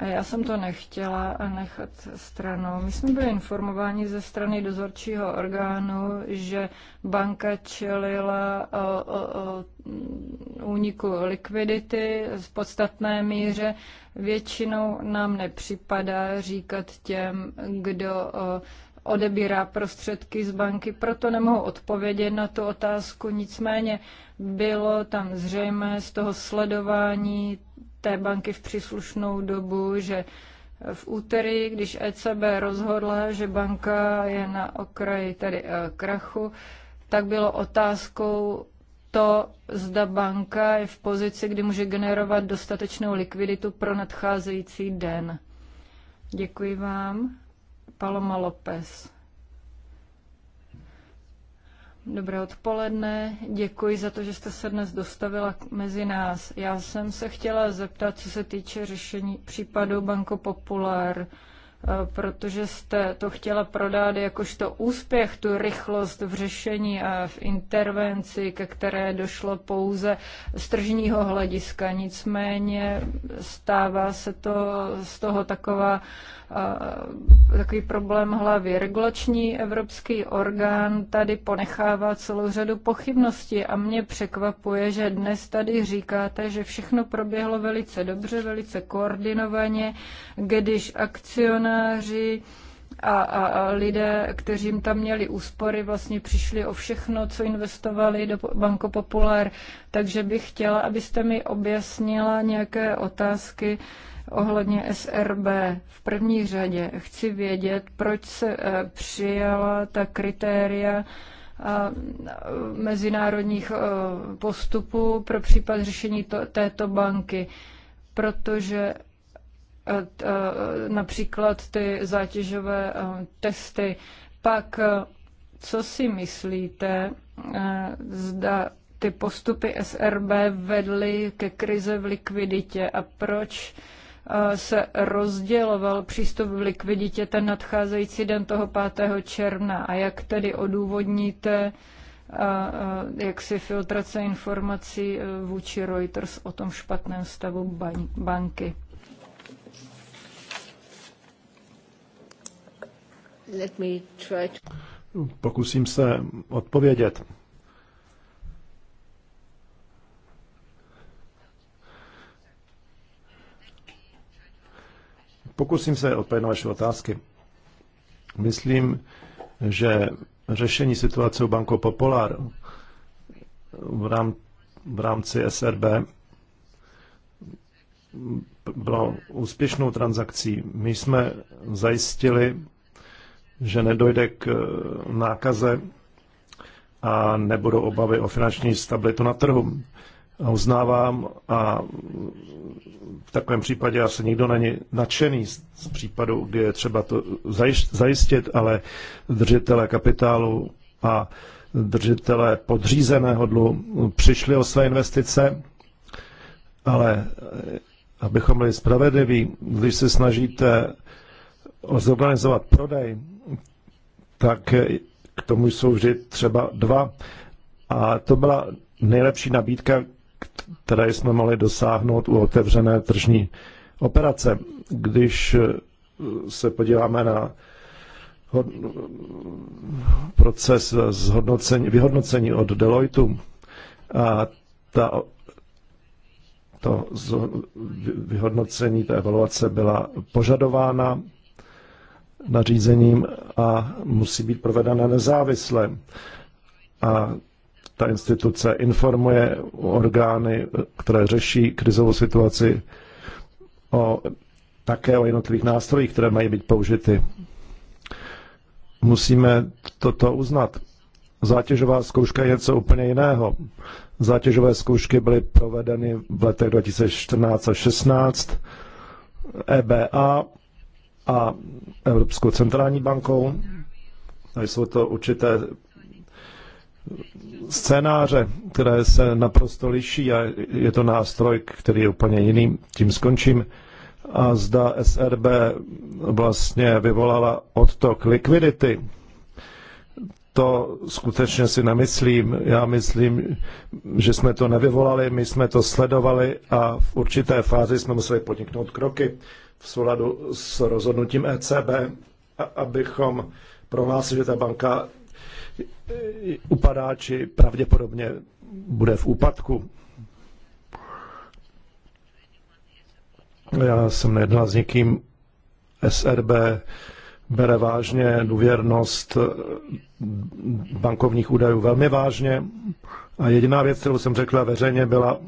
Já jsem to nechtěla nechat stranou. My jsme byli informováni ze strany dozorčího orgánu, že banka čelila úniku likvidity v podstatné míře. Většinou nám nepřipadá říkat těm, kdo o, odebírá prostředky z banky, proto nemohu odpovědět na tu otázku. Nicméně bylo tam zřejmé z toho sledování té banky v příslušnou dobu, že v úterý, když ECB rozhodla, že banka je na okraji tedy eh, krachu, tak bylo otázkou to, zda banka je v pozici, kdy může generovat dostatečnou likviditu pro nadcházející den. Děkuji vám. Paloma López. Dobré odpoledne, děkuji za to, že jste se dnes dostavila mezi nás. Já jsem se chtěla zeptat, co se týče řešení případu Banko Popular, eh, protože jste to chtěla prodat jakožto úspěch, tu rychlost v řešení a v intervenci, ke které došlo pouze z tržního hlediska. Nicméně stává se to z toho taková Eh, takový problém hlavy. Regulační evropský orgán tady ponechává celou řadu pochybností a mě překvapuje, že dnes tady říkáte, že všechno proběhlo velice dobře, velice koordinovaně, když akcionáři a, a, a lidé, kteří tam měli úspory, vlastně přišli o všechno, co investovali do Banko Populár, Takže bych chtěla, abyste mi objasnila nějaké otázky, ohledně SRB. V první řadě chci vědět, proč se eh, přijala ta kritéria eh, mezinárodních eh, postupů pro případ řešení to, této banky, protože například ty zátěžové testy. Pak, co si myslíte, zda ty postupy SRB vedly ke krize v likviditě a proč se rozděloval přístup v likviditě ten nadcházející den toho 5. června a jak tedy odůvodníte jak si filtrace informací e, vůči Reuters o tom špatném stavu banky. Let me try to... Pokusím se odpovědět. Pokusím se odpovědět na vaše otázky. Myslím, že řešení situace u Banko Popular v, rám, v rámci SRB bylo úspěšnou transakcí. My jsme zajistili, že nedojde k eh, nákaze a nebudou obavy o finanční stabilitu na trhu uznávám a v takovém případě asi nikdo není nadšený z případu, kdy je třeba to zajistit, ale držitele kapitálu a držitele podřízeného dlu přišli o své investice, ale eh, abychom byli spravedliví, když se snažíte zorganizovat prodej, tak eh, k tomu jsou vždy třeba dva. A to byla nejlepší nabídka, které jsme mohli dosáhnout u otevřené tržní operace. Když eh, se podíváme na proces zhodnocení, vyhodnocení od Deloitu a ta, to vyhodnocení, ta evaluace byla požadována nařízením a musí být provedena nezávisle. A ta instituce informuje orgány, které řeší krizovou situaci, o, také o jednotlivých nástrojích, které mají být použity. Musíme toto uznat. Zátěžová zkouška je něco úplně jiného. Zátěžové zkoušky byly provedeny v letech 2014 a 16 EBA a Evropskou centrální bankou. Jsou to určité scénáře, které se naprosto liší a je to nástroj, který je úplně jiný. Tím skončím. A zda SRB vlastně vyvolala odtok likvidity, to skutečně si nemyslím. Já myslím, že jsme to nevyvolali, my jsme to sledovali a v určité fázi jsme museli podniknout kroky v souladu s rozhodnutím ECB, abychom prohlásili, že ta banka upadá, či pravděpodobně bude v úpadku. Já jsem nejednal s někým SRB, bere vážně důvěrnost bankovních údajů velmi vážně. A jediná věc, kterou jsem řekla veřejně, byla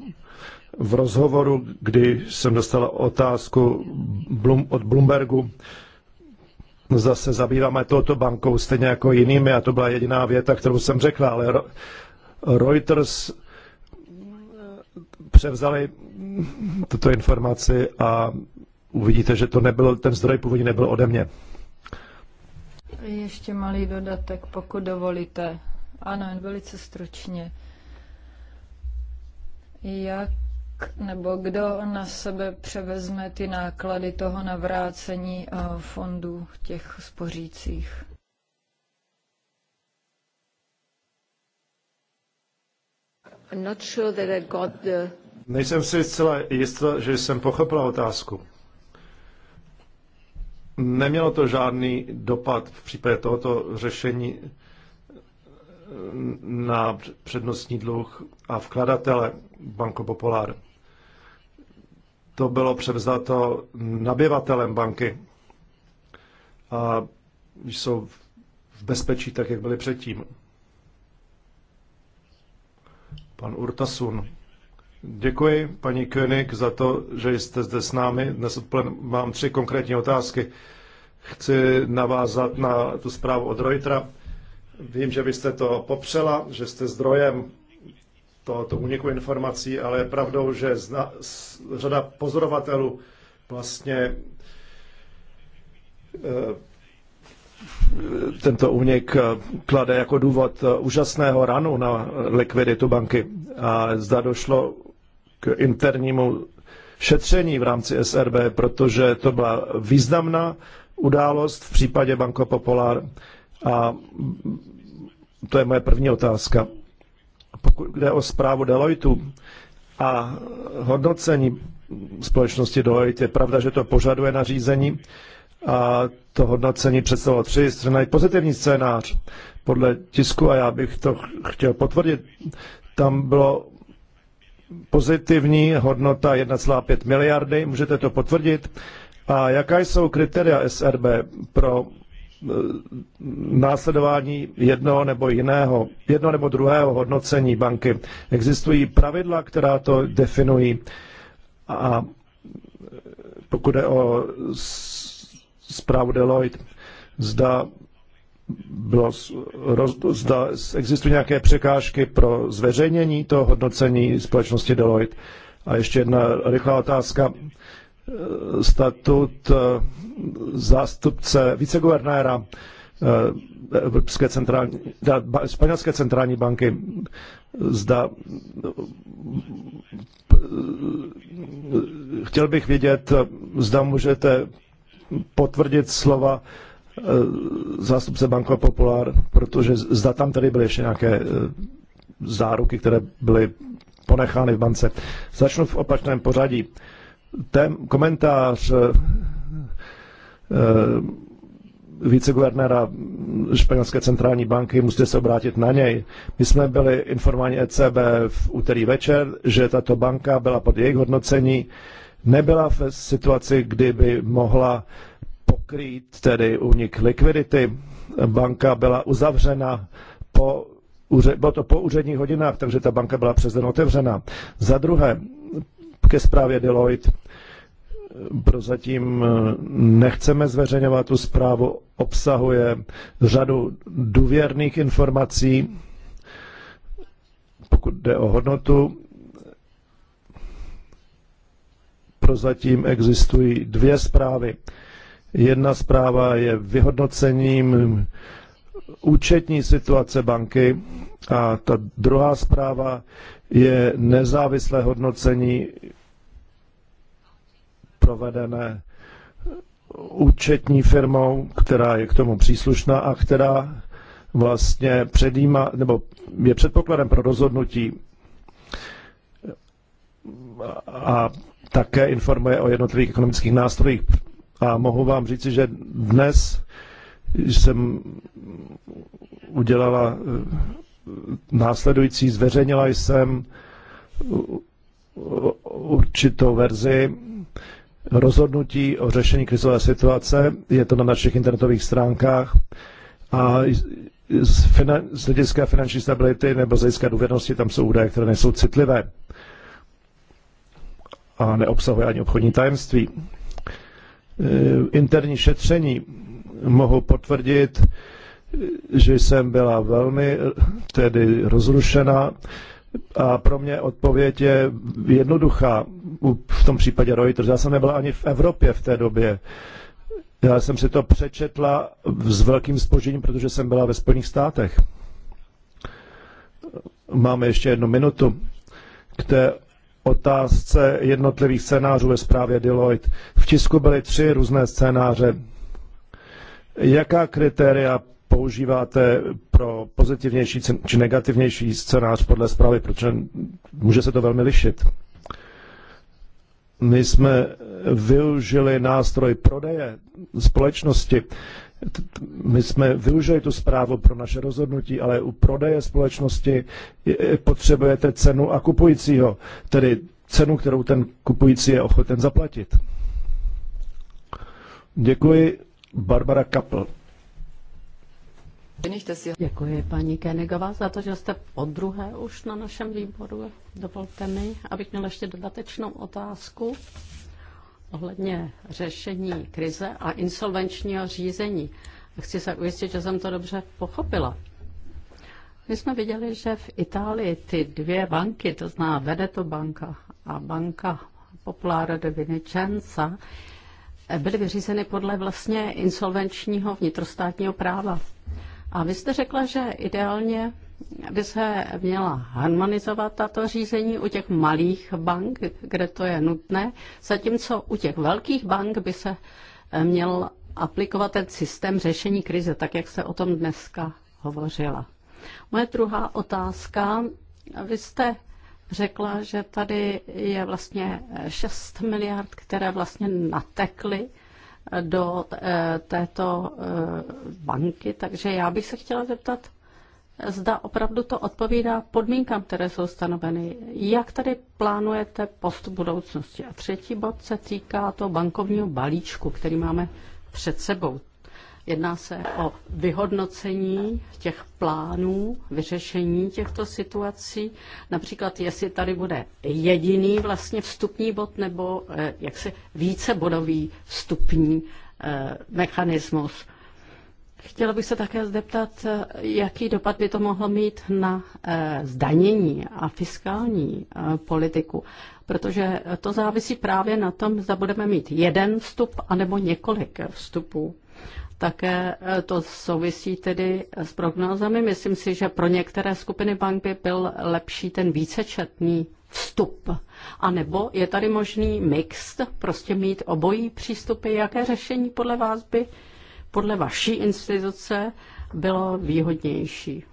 v rozhovoru, kdy jsem dostala otázku od Bloombergu, zase zabýváme touto bankou stejně jako jinými a to byla jediná věta, kterou jsem řekl. ale Reuters eh, převzali tuto informaci a uvidíte, že to nebyl, ten zdroj původně nebyl ode mě. Ještě malý dodatek, pokud dovolíte. Ano, velice stručně. Jak nebo kdo na sebe převezme ty náklady toho navrácení eh, fondů těch spořících? I'm not sure that I got the... Nejsem si zcela jistá, že jsem pochopila otázku. Nemělo to žádný dopad v případě tohoto řešení eh, na přednostní dluh a vkladatele Banko Popular to bylo převzato nabyvatelem banky a jsou v bezpečí tak, jak byli předtím. Pan Urtasun. Děkuji, paní König, za to, že jste zde s námi. Dnes mám tři konkrétní otázky. Chci navázat na tu zprávu od Reutera. Vím, že byste jste to popřela, že jste zdrojem to to uniku informací, ale je pravdou, že zna, z, řada pozorovatelů vlastně eh, tento únik eh, klade jako důvod eh, úžasného ranu na likviditu banky. A zda došlo k internímu šetření v rámci SRB, protože to byla významná událost v případě Banco Popular. A to je moje první otázka pokud jde o zprávu Deloitu a hodnocení společnosti Deloitte, je pravda, že to požaduje nařízení a to hodnocení představilo tři strany. pozitivní scénář podle tisku a já bych to chtěl potvrdit. Tam bylo pozitivní hodnota 1,5 miliardy, můžete to potvrdit. A jaká jsou kritéria SRB pro Eh, následování jednoho nebo jiného, jedno nebo druhého hodnocení banky. Existují pravidla, která to definují a pokud je o zprávu Deloitte, zda, bylo, roz, zda existují nějaké překážky pro zveřejnění toho hodnocení společnosti Deloitte. A ještě jedna rychlá otázka statut eh, zástupce viceguvernéra eh, Evropské centrální, španělské centrální banky, zda eh, chtěl bych vědět, zda můžete potvrdit slova zástupce Banko Popular, protože zda tam tady byly ještě nějaké záruky, které byly ponechány v bance. Začnu v opačném pořadí ten komentář eh, eh, viceguvernéra Španělské centrální banky, musíte se obrátit na něj. My jsme byli informováni ECB v úterý večer, že tato banka byla pod jejich hodnocení, nebyla v situaci, kdy by mohla pokrýt tedy unik likvidity. Banka byla uzavřena po bylo to po úředních hodinách, takže ta banka byla přes den otevřena. Za druhé, ke zprávě Deloitte. Prozatím eh, nechceme zveřejňovat tu zprávu, obsahuje řadu důvěrných informací, pokud jde o hodnotu. Prozatím existují dvě zprávy. Jedna zpráva je vyhodnocením účetní situace banky a ta druhá zpráva je nezávislé hodnocení provedené účetní firmou, která je k tomu příslušná a která vlastně předjíma, nebo je předpokladem pro rozhodnutí a také informuje o jednotlivých ekonomických nástrojích. A mohu vám říci, že dnes jsem udělala eh, následující, zveřejnila jsem určitou verzi rozhodnutí o řešení krizové situace. Je to na našich internetových stránkách a z, finan- z hlediska finanční stability nebo z hlediska důvěrnosti tam jsou údaje, které nejsou citlivé a neobsahuje ani obchodní tajemství. Eh, interní šetření mohu potvrdit, že jsem byla velmi tedy rozrušena a pro mě odpověď je jednoduchá. V tom případě Reuters. Já jsem nebyla ani v Evropě v té době. Já jsem si to přečetla s velkým spožením, protože jsem byla ve Spojených státech. Máme ještě jednu minutu k té otázce jednotlivých scénářů ve zprávě Deloitte. V tisku byly tři různé scénáře Jaká kritéria používáte pro pozitivnější či negativnější scénář podle zprávy, protože může se to velmi lišit? My jsme využili nástroj prodeje společnosti. My jsme využili tu zprávu pro naše rozhodnutí, ale u prodeje společnosti potřebujete cenu a kupujícího, tedy cenu, kterou ten kupující je ochoten zaplatit. Děkuji. Barbara Kapl. Děkuji paní Kenegová za to, že jste po druhé už na našem výboru. Dovolte mi, abych měla ještě dodatečnou otázku ohledně řešení krize a insolvenčního řízení. Chci se ujistit, že jsem to dobře pochopila. My jsme viděli, že v Itálii ty dvě banky, to zná Vedeto banka a banka Popolare de Vincenza, byly vyřízeny podle vlastně insolvenčního vnitrostátního práva. A vy jste řekla, že ideálně by se měla harmonizovat tato řízení u těch malých bank, kde to je nutné, zatímco u těch velkých bank by se eh, měl aplikovat ten systém řešení krize, tak jak se o tom dneska hovořila. Moje druhá otázka. Vy jste řekla, že tady je vlastně 6 miliard, které vlastně natekly do e, této e, banky, takže já bych se chtěla zeptat, zda opravdu to odpovídá podmínkám, které jsou stanoveny. Jak tady plánujete post budoucnosti? A třetí bod se týká toho bankovního balíčku, který máme před sebou. Jedná se o vyhodnocení těch plánů, vyřešení těchto situací, například jestli tady bude jediný vlastně vstupní bod nebo eh, jaksi vícebodový vstupní eh, mechanismus. Chtěla bych se také zeptat, eh, jaký dopad by to mohlo mít na zdanění a fiskální politiku, protože to závisí právě na tom, zda budeme mít jeden vstup anebo několik vstupů. Také eh, to souvisí tedy s prognózami. Myslím si, že pro některé skupiny bank by byl lepší ten vícečetný vstup. A nebo je tady možný mix, prostě mít obojí přístupy. Jaké řešení podle vás by, podle vaší instituce, bylo výhodnější?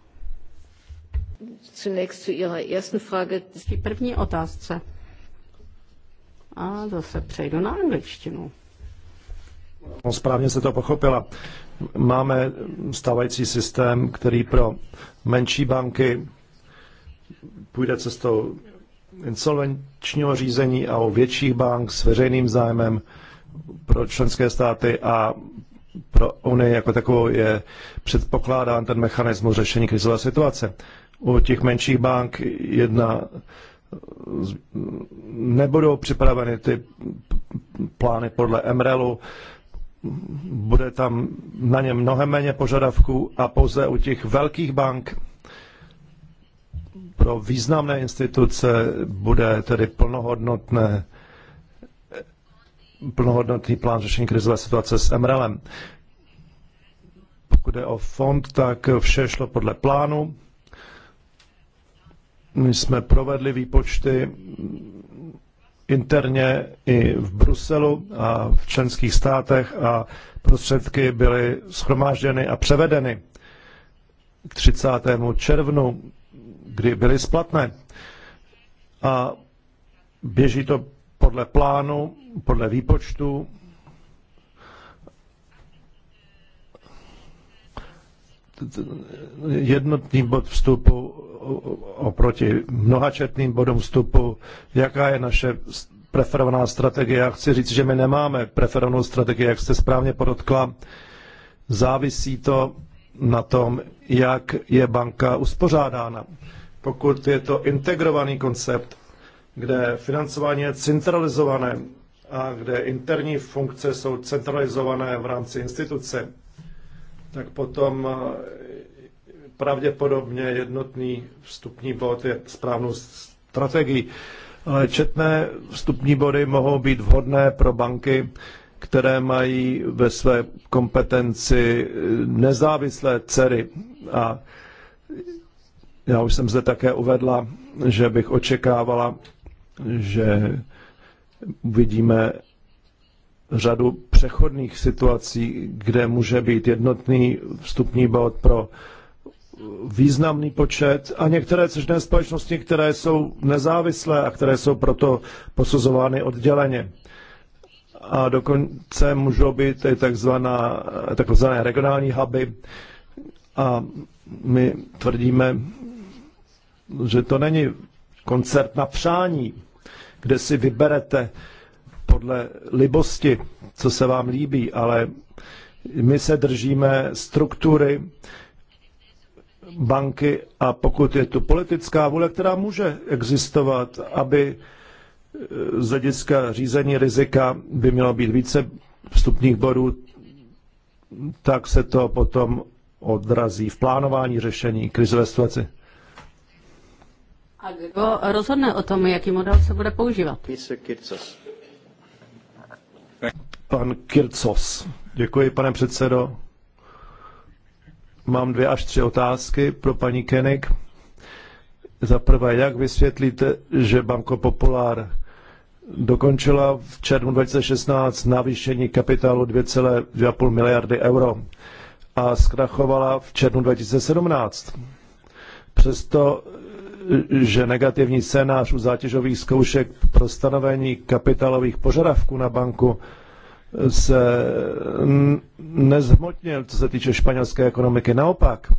Zunächst zu Ihrer ersten Frage. První otázce. A zase přejdu na angličtinu. No, správně se to pochopila. Máme stávající systém, který pro menší banky půjde cestou insolvenčního řízení a o větších bank s veřejným zájmem pro členské státy a pro Unii jako takovou je předpokládán ten mechanismus řešení krizové situace. U těch menších bank jedna nebudou připraveny ty plány podle MRELu bude tam na ně mnohem méně požadavků a pouze u těch velkých bank pro významné instituce bude tedy plnohodnotné plnohodnotný plán řešení krizové situace s MRLem. Pokud jde o fond, tak vše šlo podle plánu. My jsme provedli výpočty interně i v Bruselu a v členských státech a prostředky byly schromážděny a převedeny k 30. červnu, kdy byly splatné. A běží to podle plánu, podle výpočtu. Jednotný bod vstupu oproti mnohačetným bodům vstupu, jaká je naše preferovaná strategie. Já chci říct, že my nemáme preferovanou strategii, jak jste správně podotkla. Závisí to na tom, jak je banka uspořádána. Pokud je to integrovaný koncept, kde financování je centralizované a kde interní funkce jsou centralizované v rámci instituce, tak potom pravděpodobně jednotný vstupní bod je správnou strategií. Ale četné vstupní body mohou být vhodné pro banky, které mají ve své kompetenci nezávislé dcery. A já už jsem zde také uvedla, že bych očekávala, že uvidíme řadu přechodných situací, kde může být jednotný vstupní bod pro významný počet a některé cožné společnosti, které jsou nezávislé a které jsou proto posuzovány odděleně. A dokonce můžou být i takzvaná, takzvané regionální huby. A my tvrdíme, že to není koncert na přání, kde si vyberete podle libosti, co se vám líbí, ale my se držíme struktury, banky a pokud je tu politická vůle, která může existovat, aby eh, z hlediska řízení rizika by mělo být více vstupních bodů, tak se to potom odrazí v plánování řešení krizové situace. A kdo rozhodne o tom, jaký model se bude používat? Pan Kircos. Děkuji, pane předsedo. Mám dvě až tři otázky pro paní Kenik. Za prvé, jak vysvětlíte, že Banko Popular dokončila v červnu 2016 navýšení kapitálu 2,2 miliardy euro a zkrachovala v červnu 2017? Přesto že negativní scénář u zátěžových zkoušek pro stanovení kapitálových požadavků na banku se nezhmotnil, co se týče španělské ekonomiky. Naopak,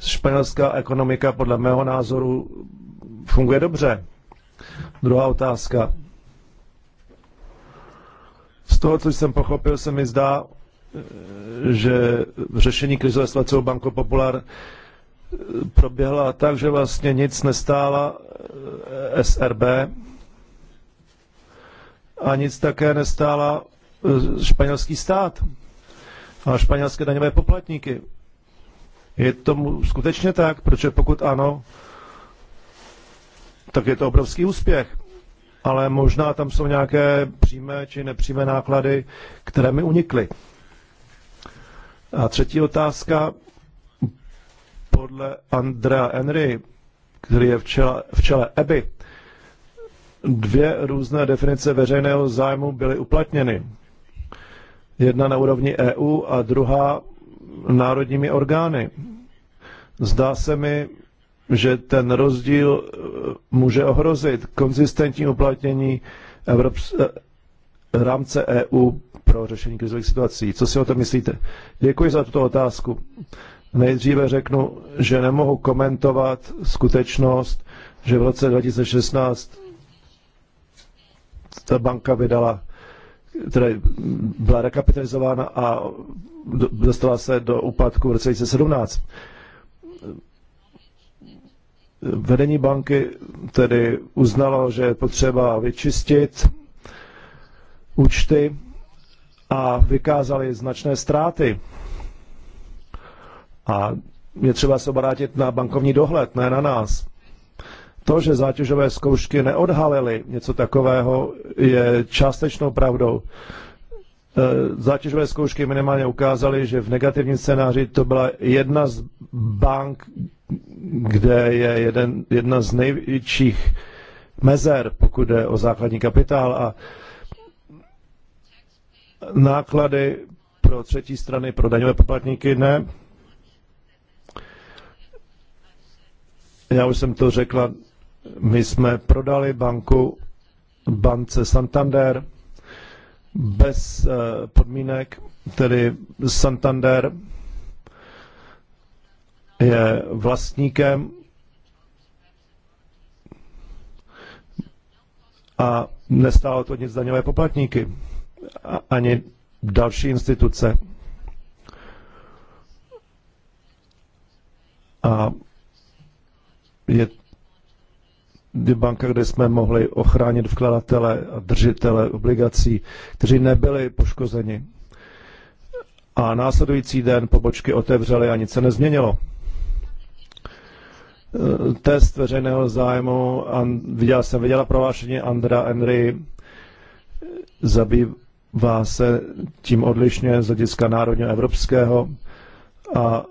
španělská ekonomika podle mého názoru funguje dobře. Druhá otázka. Z toho, co jsem pochopil, se mi zdá, že řešení krizové u Banko Popular proběhla tak, že vlastně nic nestála eh, SRB a nic také nestála Eh, španělský stát a španělské daňové poplatníky. Je tomu skutečně tak? Protože pokud ano, tak je to obrovský úspěch. Ale možná tam jsou nějaké přímé či nepřímé náklady, které mi unikly. A třetí otázka podle Andrea Henry, který je v čele, v čele EBI, dvě různé definice veřejného zájmu byly uplatněny. Jedna na úrovni EU a druhá národními orgány. Zdá se mi, že ten rozdíl e, může ohrozit konzistentní uplatnění Evrops- e, rámce EU pro řešení krizových situací. Co si o to myslíte? Děkuji za tuto otázku. Nejdříve řeknu, že nemohu komentovat skutečnost, že v roce 2016 ta banka vydala teda byla rekapitalizována a dostala se do úpadku v roce 2017. Vedení banky tedy uznalo, že je potřeba vyčistit účty a vykázali značné ztráty. A je třeba se obrátit na bankovní dohled, ne na nás. To, že zátěžové zkoušky neodhalily něco takového, je částečnou pravdou. E, zátěžové zkoušky minimálně ukázaly, že v negativním scénáři to byla jedna z bank, kde je jeden, jedna z největších mezer, pokud jde o základní kapitál a náklady pro třetí strany, pro daňové poplatníky ne. Já už jsem to řekla my jsme prodali banku bance Santander bez eh, podmínek, tedy Santander je vlastníkem a nestálo to nic daňové poplatníky ani další instituce. A je banka, kde jsme mohli ochránit vkladatele a držitele obligací, kteří nebyli poškozeni. A následující den pobočky otevřely a nic se nezměnilo. E, test veřejného zájmu, viděl jsem, viděla prohlášení Andra Henry, e, zabývá se tím odlišně z hlediska národně evropského a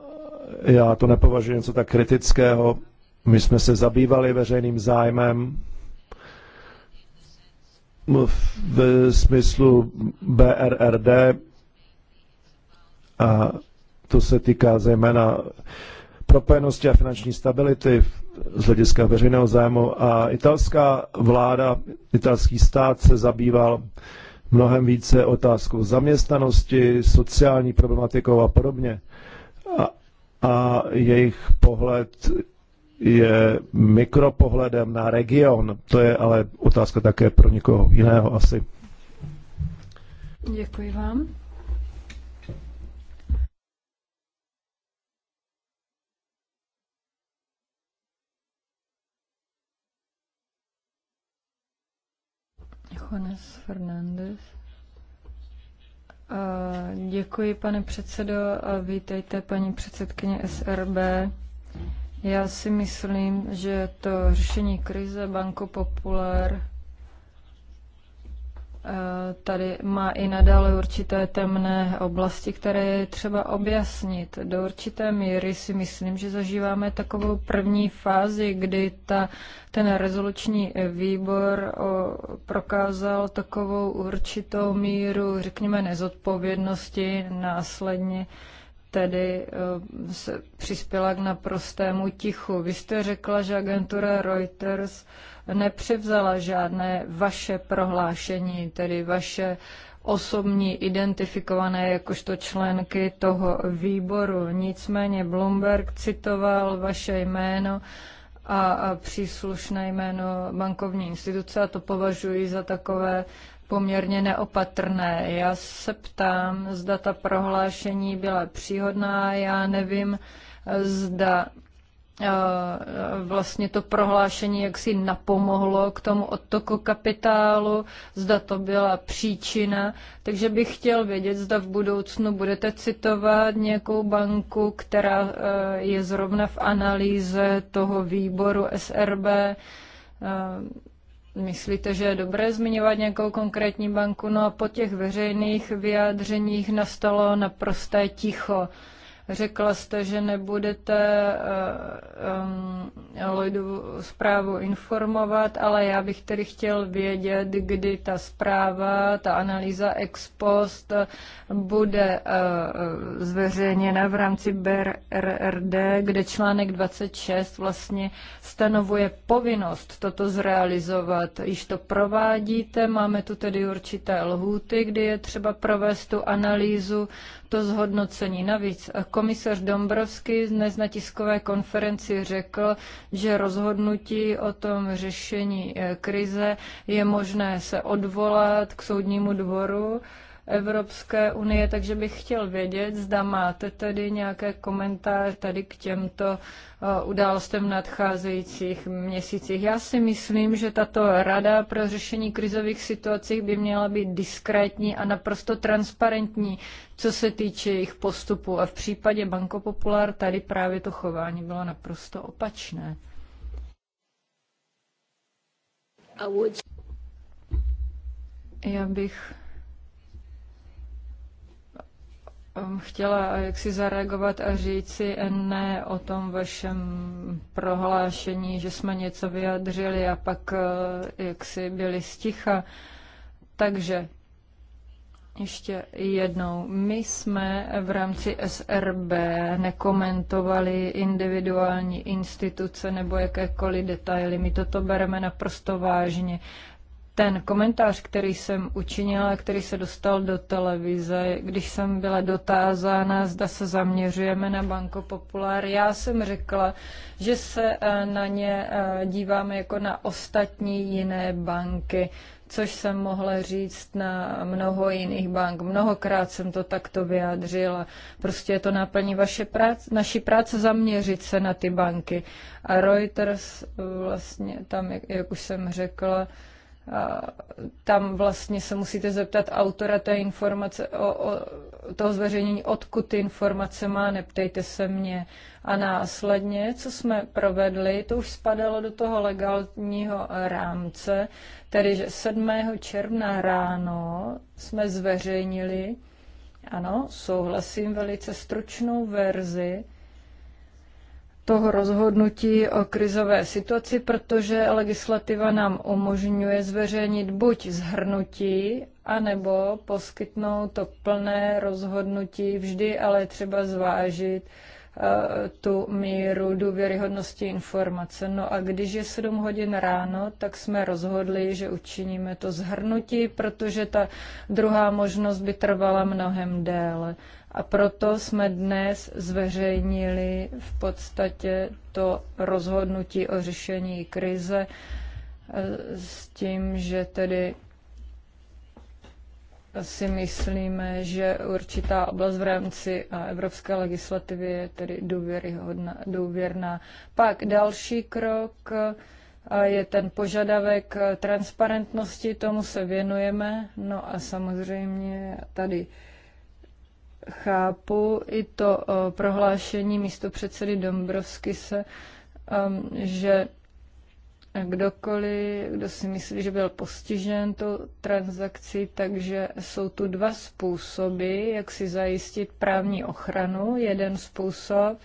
já to nepovažuji něco tak kritického, my jsme se zabývali veřejným zájmem v smyslu BRRD a to se týká zejména propojenosti a finanční stability z hlediska veřejného zájmu a italská vláda, italský stát se zabýval mnohem více otázkou zaměstnanosti, sociální problematikou a podobně. A, a jejich pohled je mikropohledem na region. To je ale otázka také pro někoho jiného asi. Děkuji vám. Johannes Fernández. Eh, děkuji, pane předsedo, a eh, vítejte, paní předsedkyně SRB. Já si myslím, že to řešení krize Banko Populár eh, tady má i nadále určité temné oblasti, které je třeba objasnit. Do určité míry si myslím, že zažíváme takovou první fázi, kdy ta, ten rezoluční výbor o, prokázal takovou určitou míru, řekněme, nezodpovědnosti následně tedy eh, se přispěla k naprostému tichu. Vy jste řekla, že agentura Reuters nepřevzala žádné vaše prohlášení, tedy vaše osobní identifikované jakožto členky toho výboru. Nicméně Bloomberg citoval vaše jméno a, příslušné jméno bankovní instituce a to považuji za takové poměrně neopatrné. Já se ptám, zda ta prohlášení byla příhodná, já nevím, zda eh, vlastně to prohlášení jaksi napomohlo k tomu odtoku kapitálu, zda to byla příčina. Takže bych chtěl vědět, zda v budoucnu budete citovat nějakou banku, která eh, je zrovna v analýze toho výboru SRB, eh, Myslíte, že je dobré zmiňovat nějakou konkrétní banku? No a po těch veřejných vyjádřeních nastalo naprosté ticho. Řekla jste, že nebudete um, eh, Lloydovu zprávu informovat, ale já bych tedy chtěl vědět, kdy ta zpráva, ta analýza ex post bude uh, zveřejněna v rámci BRRD, kde článek 26 vlastně stanovuje povinnost toto zrealizovat. Již to provádíte, máme tu tedy určité lhůty, kdy je třeba provést tu analýzu to zhodnocení. Navíc komisař Dombrovský dnes na tiskové konferenci řekl, že rozhodnutí o tom řešení eh, krize je možné se odvolat k soudnímu dvoru Evropské unie, takže bych chtěl vědět, zda máte tedy nějaké komentáře tady k těmto eh, událostem nadcházejících měsících. Já si myslím, že tato rada pro řešení krizových situací by měla být diskrétní a naprosto transparentní, co se týče jejich postupu. A v případě Banko Popular tady právě to chování bylo naprosto opačné. Já bych Um, chtěla jaksi zareagovat a říci ne o tom vašem prohlášení, že jsme něco vyjadřili a pak uh, jaksi byli sticha. Takže ještě jednou. My jsme v rámci SRB nekomentovali individuální instituce nebo jakékoliv detaily. My toto bereme naprosto vážně ten komentář, který jsem učinila, který se dostal do televize, když jsem byla dotázána, zda se zaměřujeme na Banko Populár, já jsem řekla, že se eh, na ně eh, díváme jako na ostatní jiné banky, což jsem mohla říct na mnoho jiných bank. Mnohokrát jsem to takto vyjádřila. Prostě je to náplní vaše práce, naší práce zaměřit se na ty banky. A Reuters eh, vlastně tam, jak, jak už jsem řekla, tam vlastně se musíte zeptat autora té informace, o, o, toho zveřejnění, odkud ty informace má, neptejte se mě. A následně, co jsme provedli, to už spadalo do toho legálního rámce, tedy že 7. června ráno jsme zveřejnili, ano, souhlasím, velice stručnou verzi toho rozhodnutí o krizové situaci, protože legislativa nám umožňuje zveřejnit buď zhrnutí, anebo poskytnout to plné rozhodnutí vždy, ale třeba zvážit eh, tu míru důvěryhodnosti informace. No a když je 7 hodin ráno, tak jsme rozhodli, že učiníme to zhrnutí, protože ta druhá možnost by trvala mnohem déle. A proto jsme dnes zveřejnili v podstatě to rozhodnutí o řešení krize e, s tím, že tedy si myslíme, že určitá oblast v rámci evropské legislativy je tedy důvěryhodná, důvěrná. Pak další krok je ten požadavek transparentnosti, tomu se věnujeme. No a samozřejmě tady chápu i to eh, prohlášení místo předsedy Dombrovsky se, ehm, že kdokoliv, kdo si myslí, že byl postižen tou transakcí, takže jsou tu dva způsoby, jak si zajistit právní ochranu. Jeden způsob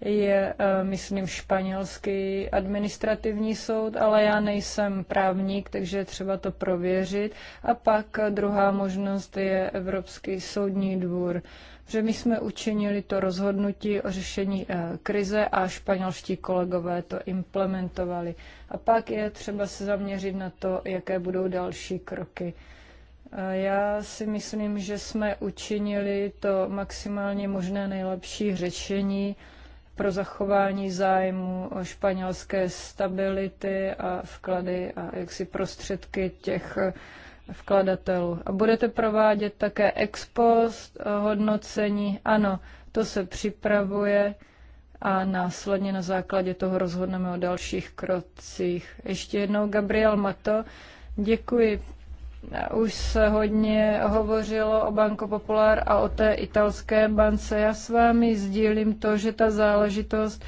je, eh, myslím, španělský administrativní soud, ale já nejsem právník, takže třeba to prověřit. A pak eh, druhá možnost je Evropský soudní dvůr, že my jsme učinili to rozhodnutí o řešení eh, krize a španělští kolegové to implementovali. A pak je třeba se zaměřit na to, jaké budou další kroky. Já si myslím, že jsme učinili to maximálně možné nejlepší řešení pro zachování zájmu o španělské stability a vklady a jaksi prostředky těch vkladatelů. A budete provádět také ex post hodnocení? Ano, to se připravuje a následně na základě toho rozhodneme o dalších krocích. Ještě jednou Gabriel Mato. Děkuji, Eh, už se hodně hovořilo o Banco Popular a o té italské bance. Já s vámi sdílím to, že ta záležitost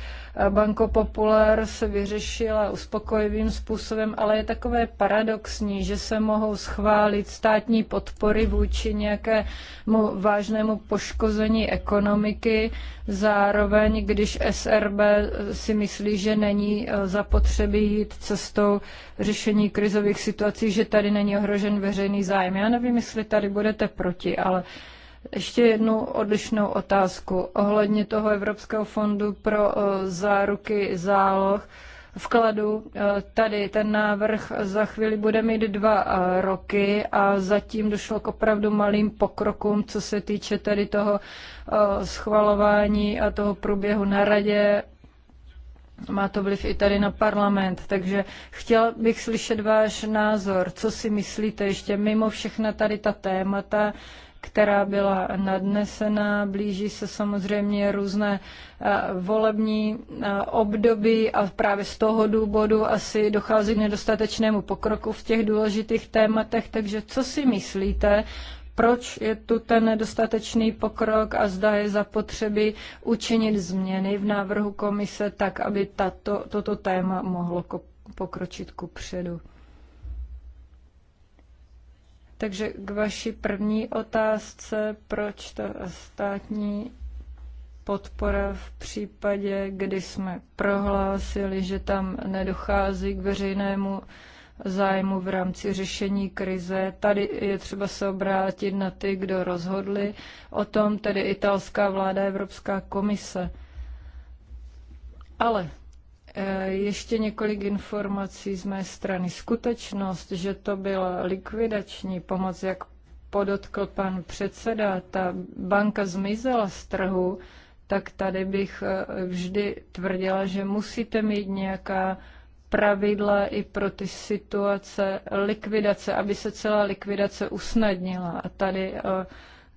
Banko Popular se vyřešila uspokojivým způsobem, ale je takové paradoxní, že se mohou schválit státní podpory vůči nějakému vážnému poškození ekonomiky, zároveň když SRB si myslí, že není e, zapotřebí jít cestou řešení krizových situací, že tady není ohrožen veřejný zájem. Já nevím, jestli tady budete proti, ale ještě jednu odlišnou otázku ohledně toho Evropského fondu pro eh, záruky záloh vkladu. Eh, tady ten návrh za chvíli bude mít dva eh, roky a zatím došlo k opravdu malým pokrokům, co se týče tady toho schvalování a toho průběhu na radě. Má to vliv i tady na parlament, takže chtěl bych slyšet váš názor. Co si myslíte ještě mimo všechna tady ta témata, která byla nadnesena. Blíží se samozřejmě různé eh, volební eh, období a právě z toho důvodu asi dochází k nedostatečnému pokroku v těch důležitých tématech. Takže co si myslíte, proč je tu ten nedostatečný pokrok a zda je zapotřebí učinit změny v návrhu komise tak, aby tato, toto téma mohlo pokročit ku předu? Takže k vaší první otázce, proč ta státní podpora v případě, kdy jsme prohlásili, že tam nedochází k veřejnému zájmu v rámci řešení krize. Tady je třeba se obrátit na ty, kdo rozhodli o tom, tedy italská vláda, Evropská komise. Ale Eh, ještě několik informací z mé strany. Skutečnost, že to byla likvidační pomoc, jak podotkl pan předseda, ta banka zmizela z trhu, tak tady bych eh, vždy tvrdila, že musíte mít nějaká pravidla i pro ty situace likvidace, aby se celá likvidace usnadnila. A tady eh,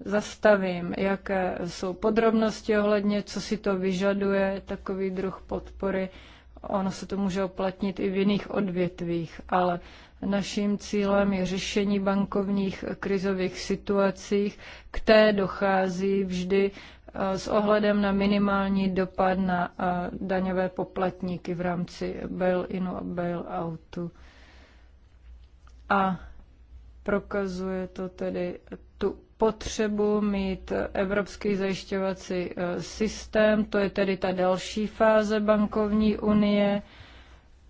zastavím, jaké jsou podrobnosti ohledně, co si to vyžaduje, takový druh podpory Ono se to může oplatnit i v jiných odvětvích, ale naším cílem je řešení bankovních krizových situacích, které dochází vždy eh, s ohledem na minimální dopad na eh, daňové poplatníky v rámci bail-inu a bail-outu. A prokazuje to tedy potřebu mít evropský zajišťovací eh, systém, to je tedy ta další fáze bankovní unie,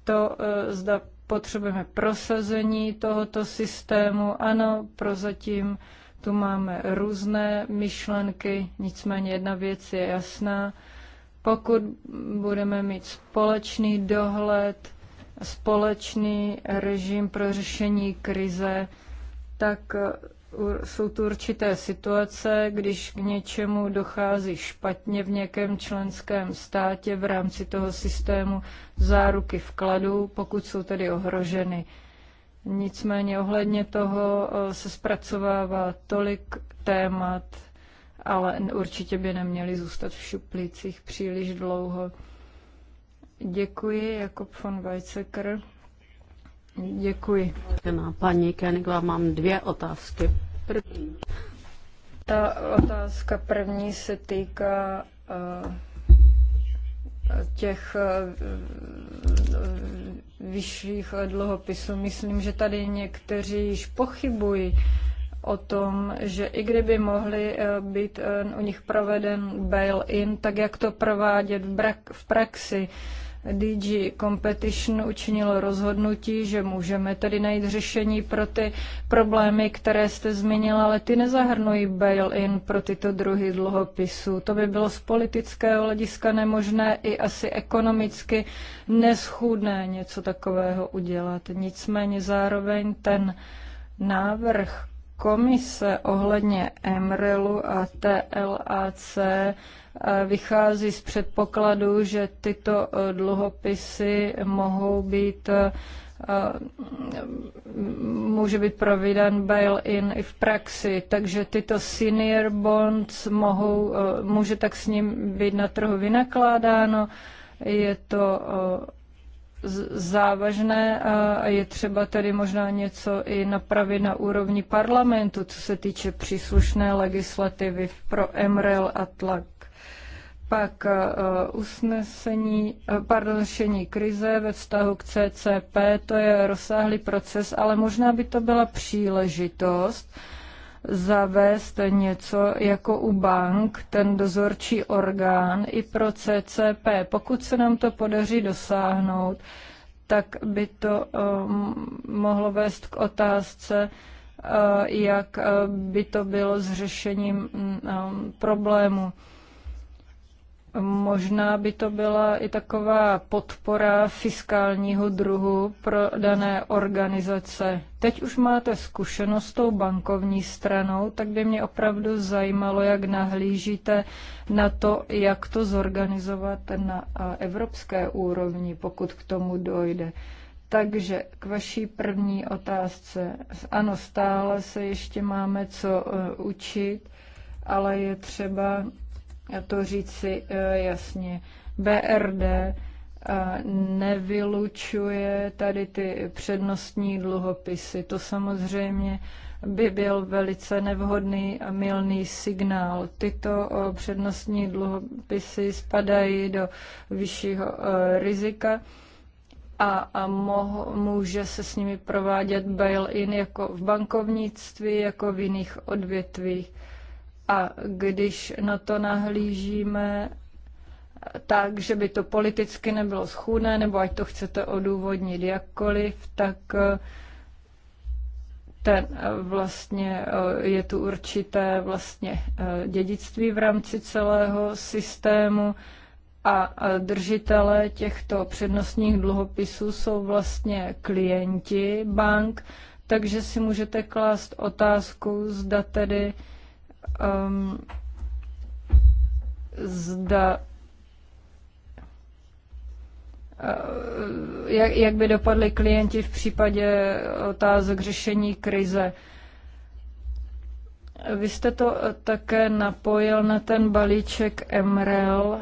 to eh, zda potřebujeme prosazení tohoto systému. Ano, prozatím tu máme různé myšlenky, nicméně jedna věc je jasná. Pokud budeme mít společný dohled, společný režim pro řešení krize, tak eh, jsou tu určité situace, když k něčemu dochází špatně v někém členském státě v rámci toho systému záruky vkladu, pokud jsou tedy ohroženy. Nicméně ohledně toho eh, se zpracovává tolik témat, ale určitě by neměli zůstat v šuplících příliš dlouho. Děkuji, Jakob von Weizsäcker. Děkuji. Paní Kenigová, mám dvě otázky. První. Ta otázka první se týká uh, těch eh, vyšších dluhopisů. Myslím, že tady někteří již pochybují o tom, že i kdyby mohli eh, být u nich proveden bail-in, tak jak to provádět v praxi. DG Competition učinilo rozhodnutí, že můžeme tedy najít řešení pro ty problémy, které jste zmínila, ale ty nezahrnují bail-in pro tyto druhy dluhopisů. To by bylo z politického hlediska nemožné i asi ekonomicky neschůdné něco takového udělat. Nicméně zároveň ten návrh komise ohledně MRELu a TLAC eh, vychází z předpokladu, že tyto eh, dluhopisy mohou být eh, může být providen bail-in i v praxi, takže tyto senior bonds mohou, může tak s ním být na trhu vynakládáno, je to závažné a je třeba tedy možná něco i napravit na úrovni parlamentu, co se týče příslušné legislativy pro MREL a tlak. Pak eh, usnesení, eh, pardon, řešení krize ve vztahu k CCP, to je rozsáhlý proces, ale možná by to byla příležitost, zavést něco jako u bank, ten dozorčí orgán i pro CCP. Pokud se nám to podaří dosáhnout, tak by to um, mohlo vést k otázce, uh, jak uh, by to bylo s řešením um, problému. Možná by to byla i taková podpora fiskálního druhu pro dané organizace. Teď už máte zkušenost s tou bankovní stranou, tak by mě opravdu zajímalo, jak nahlížíte na to, jak to zorganizovat na evropské úrovni, pokud k tomu dojde. Takže k vaší první otázce. Ano, stále se ještě máme co e, učit ale je třeba to říci eh, jasně. BRD eh, nevylučuje tady ty přednostní dluhopisy. To samozřejmě by byl velice nevhodný a milný signál. Tyto eh, přednostní dluhopisy spadají do vyššího rizika a, a moh, může se s nimi provádět bail-in jako v bankovnictví, jako v jiných odvětvích. A když na to nahlížíme tak, že by to politicky nebylo schůdné, nebo ať to chcete odůvodnit jakkoliv, tak eh, ten eh, vlastně eh, je tu určité vlastně dědictví v rámci celého systému a držitele těchto přednostních dluhopisů jsou vlastně klienti bank, takže si můžete klást otázku, zda tedy um, zda eh, jak, jak by dopadli klienti v případě otázek řešení krize. Vy jste to eh, také napojil na ten balíček MREL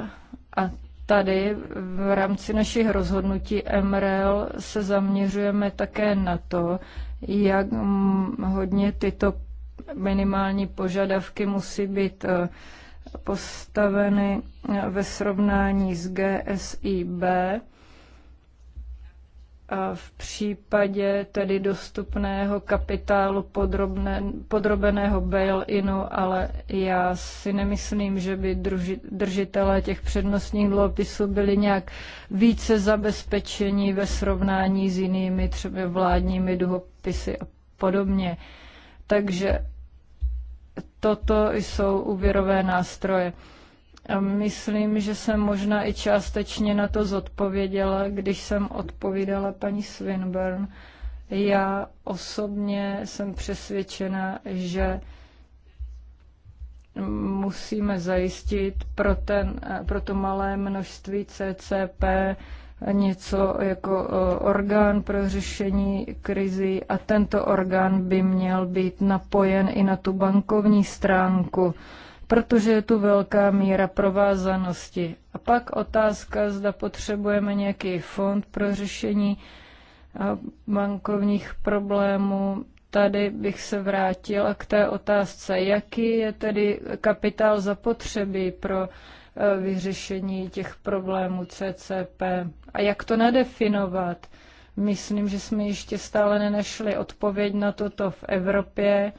a tady v rámci našich rozhodnutí MREL se zaměřujeme také na to, jak hodně tyto minimální požadavky musí být eh, postaveny eh, ve srovnání s GSIB a v případě tedy dostupného kapitálu podrobné, podrobeného bail-inu, ale já si nemyslím, že by druži, držitelé těch přednostních dluhopisů byli nějak více zabezpečení ve srovnání s jinými třeba vládními dluhopisy a podobně. Uh, takže toto jsou úvěrové nástroje. A myslím, že jsem možná i částečně na to zodpověděla, když jsem odpovídala paní Swinburne. Já osobně jsem přesvědčena, že musíme zajistit pro, ten, pro to malé množství CCP něco jako eh, orgán pro řešení krizi a tento orgán by měl být napojen i na tu bankovní stránku, protože je tu velká míra provázanosti. A pak otázka, zda potřebujeme nějaký fond pro řešení eh, bankovních problémů. Tady bych se vrátila k té otázce, jaký je tedy kapitál zapotřebí pro eh, vyřešení těch problémů CCP a jak to nadefinovat. Myslím, že jsme ještě stále nenašli odpověď na toto v Evropě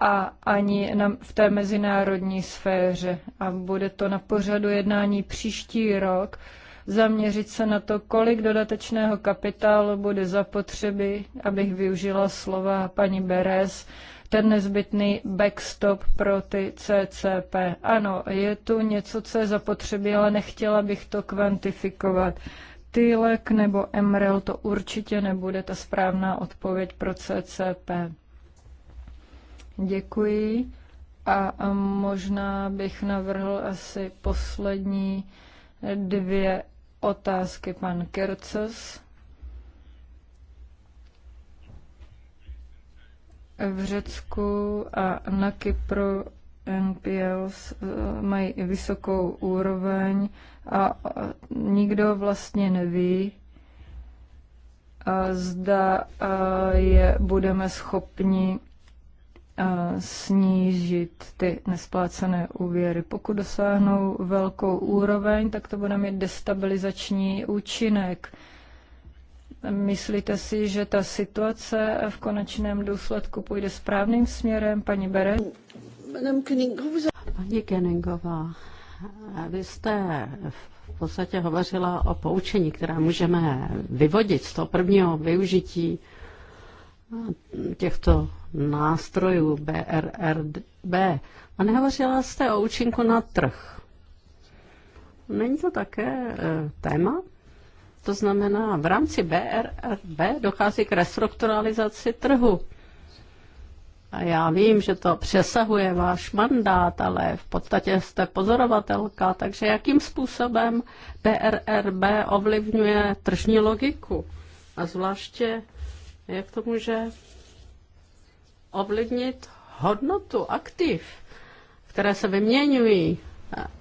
a ani na, v té mezinárodní sféře. A bude to na pořadu jednání příští rok zaměřit se na to, kolik dodatečného kapitálu bude zapotřeby, abych využila slova paní Beres, ten nezbytný backstop pro ty CCP. Ano, je tu něco, co je zapotřebí, ale nechtěla bych to kvantifikovat. Týlek nebo MREL to určitě nebude ta správná odpověď pro CCP. Děkuji. A možná bych navrhl asi poslední dvě otázky pan Kercos. V Řecku a na Kypru NPLs eh, mají vysokou úroveň a nikdo vlastně neví, eh, zda eh, je budeme schopni snížit ty nesplácené úvěry. Pokud dosáhnou velkou úroveň, tak to bude mít destabilizační účinek. Myslíte si, že ta situace v konečném důsledku půjde správným směrem, paní Bere? Paní Kenningová, vy jste v podstatě hovořila o poučení, které můžeme vyvodit z toho prvního využití těchto nástrojů BRRB. A nehovořila jste o účinku na trh. Není to také e, téma? To znamená, v rámci BRRB dochází k restrukturalizaci trhu. A já vím, že to přesahuje váš mandát, ale v podstatě jste pozorovatelka, takže jakým způsobem PRRB ovlivňuje tržní logiku? A zvláště, jak to může ovlivnit hodnotu aktiv, které se vyměňují,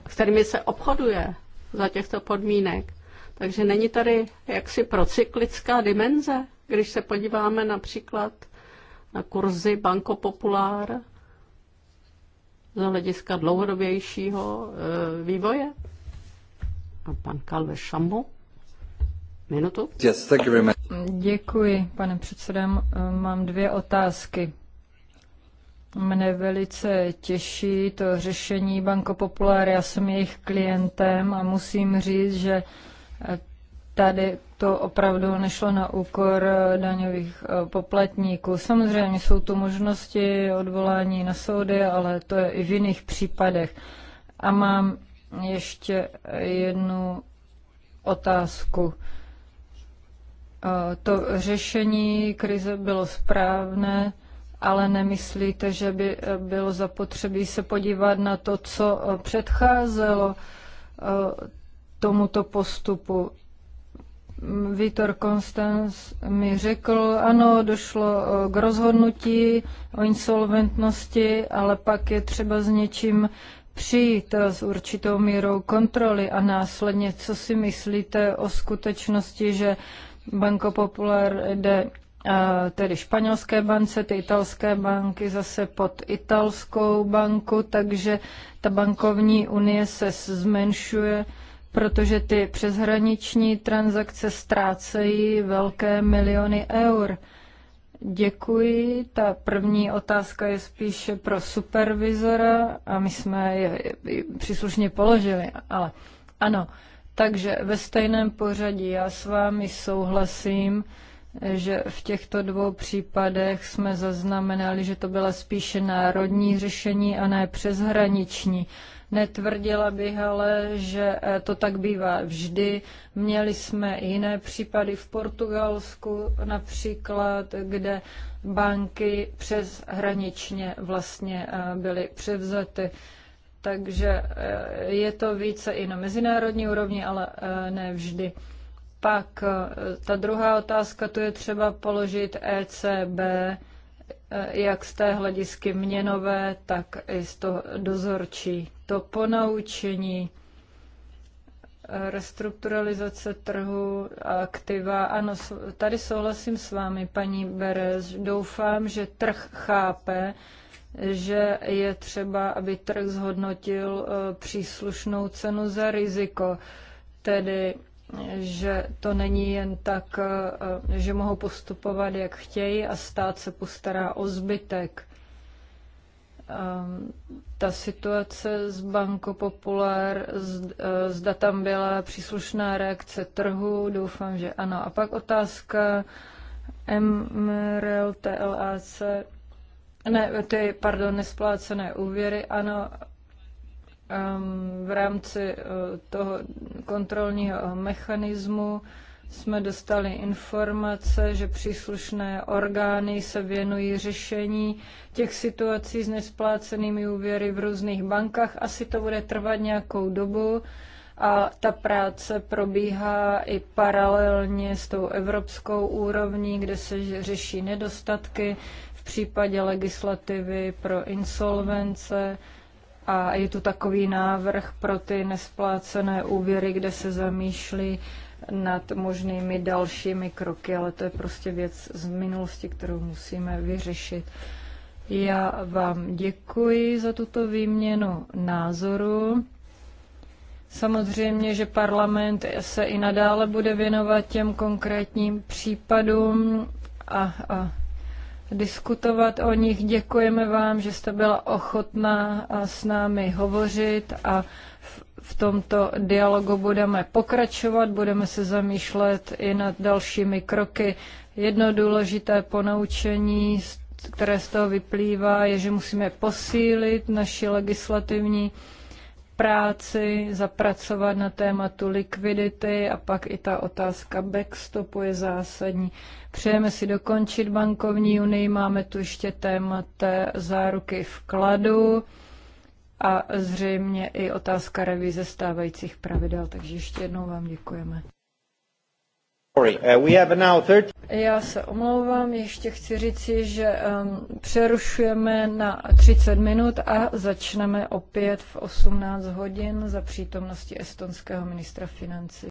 kterými se obchoduje za těchto podmínek. Takže není tady jaksi procyklická dimenze, když se podíváme například na kurzy Banco Popular z hlediska dlouhodobějšího e, vývoje? A pan Kalve Šambo? Minutu? Yes, thank you very much. Děkuji, pane předsedem. Mám dvě otázky. Mne velice těší to řešení Banco Popular. Já jsem jejich klientem a musím říct, že e, tady to opravdu nešlo na úkor eh, daňových eh, poplatníků. Samozřejmě jsou tu možnosti odvolání na soudy, ale to je i v jiných případech. A mám ještě eh, jednu otázku. To řešení krize bylo správné, ale nemyslíte, že by bylo zapotřebí se podívat na to, co předcházelo tomuto postupu? Vítor Konstanz mi řekl, ano, došlo eh, k rozhodnutí o insolventnosti, ale pak je třeba s něčím přijít eh, s určitou mírou kontroly a následně, co si myslíte o skutečnosti, že Banco Popular jde eh, tedy španělské bance, ty italské banky zase pod italskou banku, takže ta bankovní unie se zmenšuje protože ty přeshraniční transakce ztrácejí velké miliony eur. Děkuji. Ta první otázka je spíše pro supervizora a my jsme je příslušně položili, ale ano. Takže ve stejném pořadí já s vámi souhlasím, že v těchto dvou případech jsme zaznamenali, že to byla spíše národní řešení a ne přeshraniční. Netvrdila bych ale, že eh, to tak bývá vždy. Měli jsme jiné případy v Portugalsku například, kde banky přes hraničně vlastně eh, byly převzaty. Takže eh, je to více i na mezinárodní úrovni, ale ne vždy. Pak ta druhá otázka, tu je třeba položit ECB jak z té hledisky měnové, tak i z toho dozorčí. To ponaučení restrukturalizace trhu aktiva. Ano, tady souhlasím s vámi, paní Berez. Doufám, že trh chápe, že je třeba, aby trh zhodnotil eh, příslušnou cenu za riziko. Tedy že to není jen tak, eh, že mohou postupovat, jak chtějí a stát se postará o zbytek. Eh, ta situace z Banko Populár, eh, zda tam byla příslušná reakce trhu, doufám, že ano. A pak otázka MRL, TLAC, ne, ty, pardon, nesplácené úvěry, ano, Ehm, v rámci eh, toho kontrolního mechanismu jsme dostali informace, že příslušné orgány se věnují řešení těch situací s nesplácenými úvěry v různých bankách. Asi to bude trvat nějakou dobu a ta práce probíhá i paralelně s tou evropskou úrovní, kde se řeší nedostatky v případě legislativy pro insolvence a je tu takový návrh pro ty nesplácené úvěry, kde se zamýšlí nad možnými dalšími kroky, ale to je prostě věc z minulosti, kterou musíme vyřešit. Já vám děkuji za tuto výměnu názoru. Samozřejmě, že parlament se i nadále bude věnovat těm konkrétním případům a, a diskutovat o nich. Děkujeme vám, že jste byla ochotná s námi hovořit a v tomto dialogu budeme pokračovat, budeme se zamýšlet i nad dalšími kroky. Jedno důležité ponaučení, které z toho vyplývá, je, že musíme posílit naši legislativní práci, zapracovat na tématu likvidity a pak i ta otázka backstopu je zásadní. Přejeme si dokončit bankovní unii, máme tu ještě témat záruky vkladu a zřejmě i otázka revize stávajících pravidel, takže ještě jednou vám děkujeme. Uh, Já se omlouvám, ještě chci říci, že um, přerušujeme na 30 minut a začneme opět v 18 hodin za přítomnosti estonského ministra financí.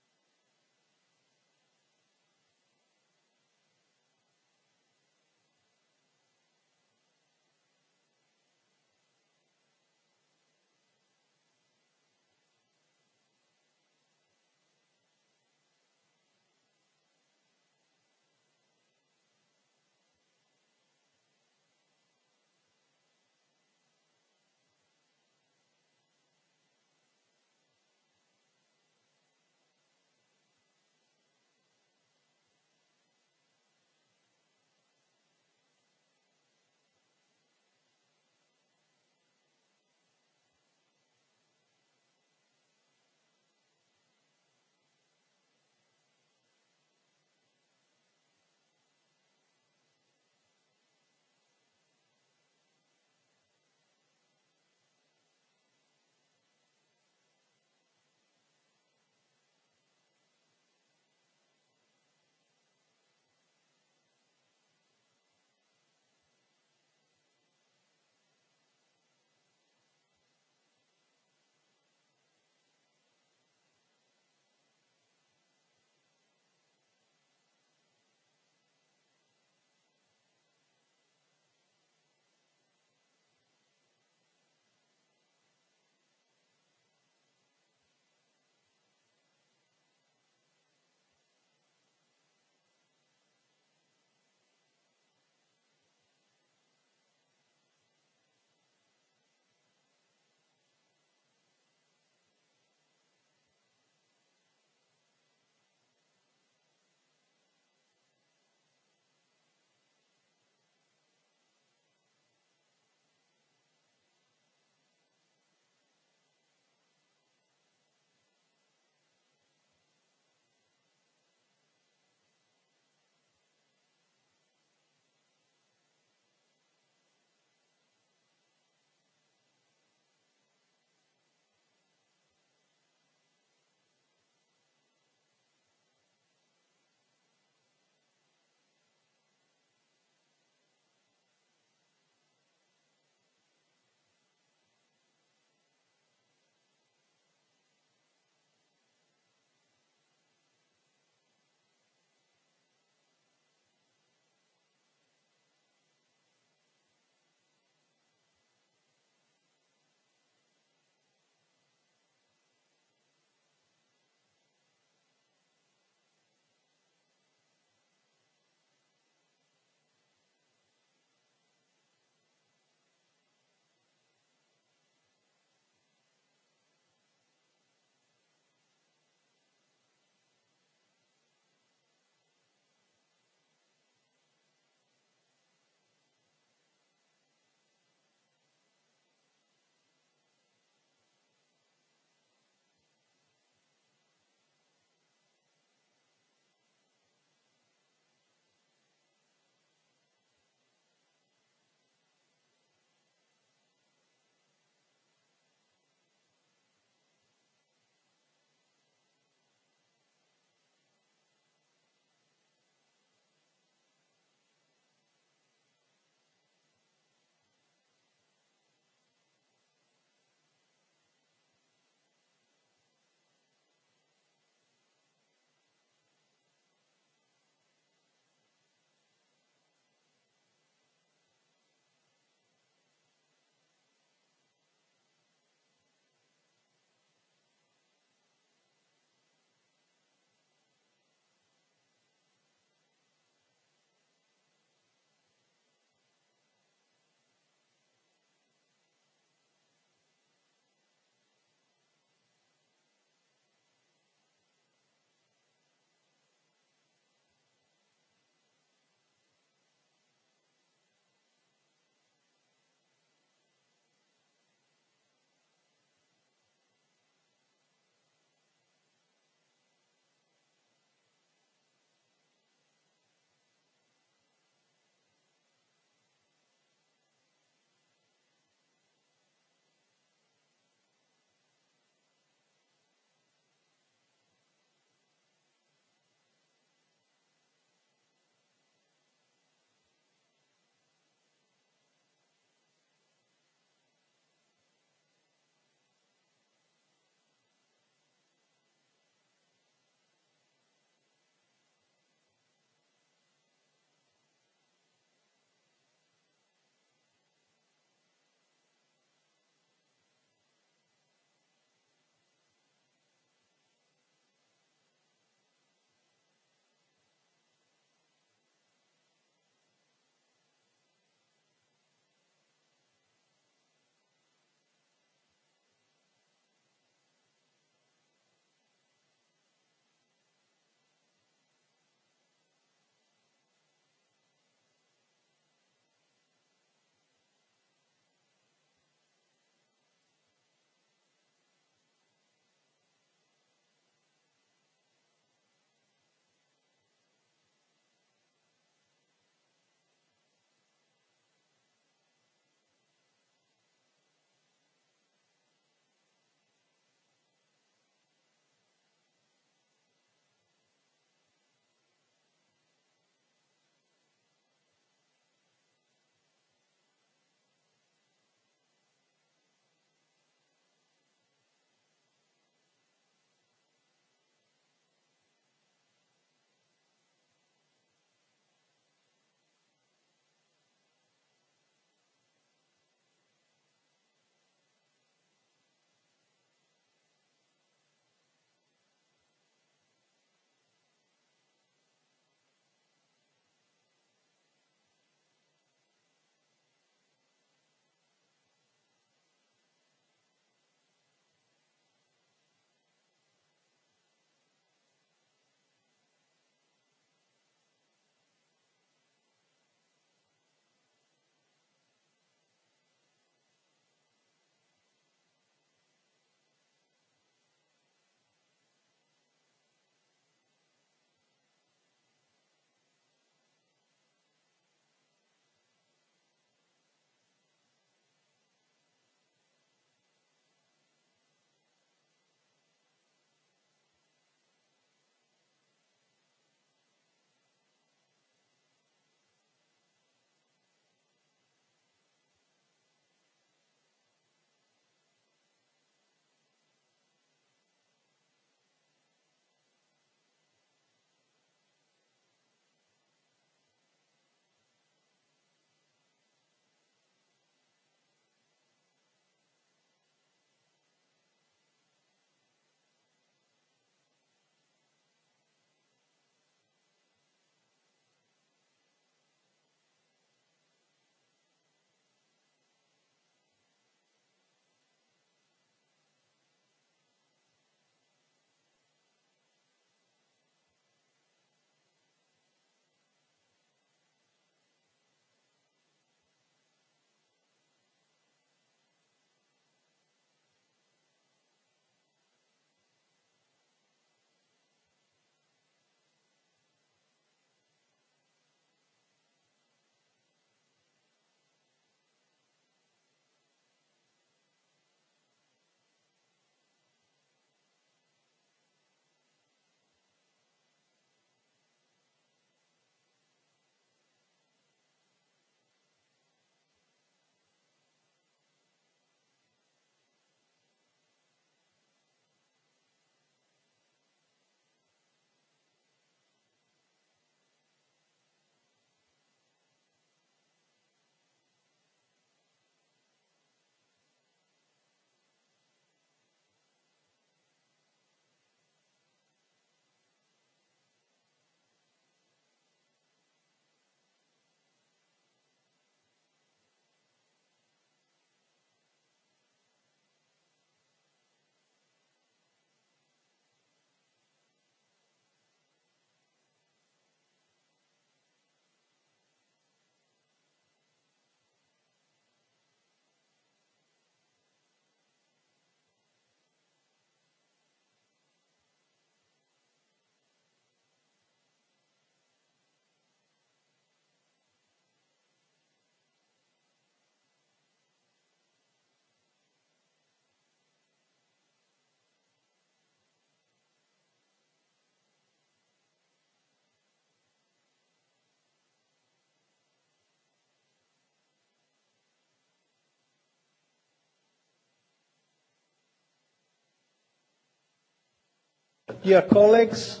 Dear colleagues,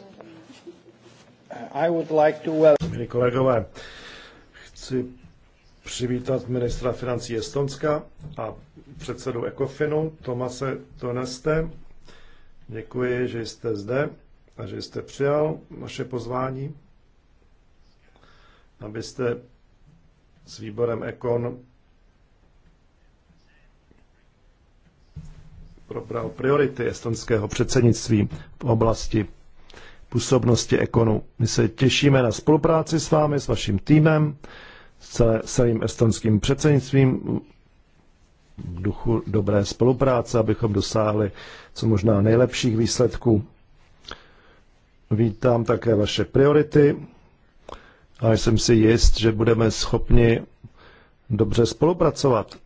I would like to welcome... Milí kolegové, chci přivítat ministra financí Estonska a předsedu Ekofinu Tomase Toneste. Děkuji, že jste zde a že jste přijal naše pozvání, abyste s výborem Ekon probral priority estonského předsednictví v oblasti působnosti ekonu. My se těšíme na spolupráci s vámi, s vaším týmem, s celé, celým estonským předsednictvím v duchu dobré spolupráce, abychom dosáhli co možná nejlepších výsledků. Vítám také vaše priority a jsem si jist, že budeme schopni dobře spolupracovat.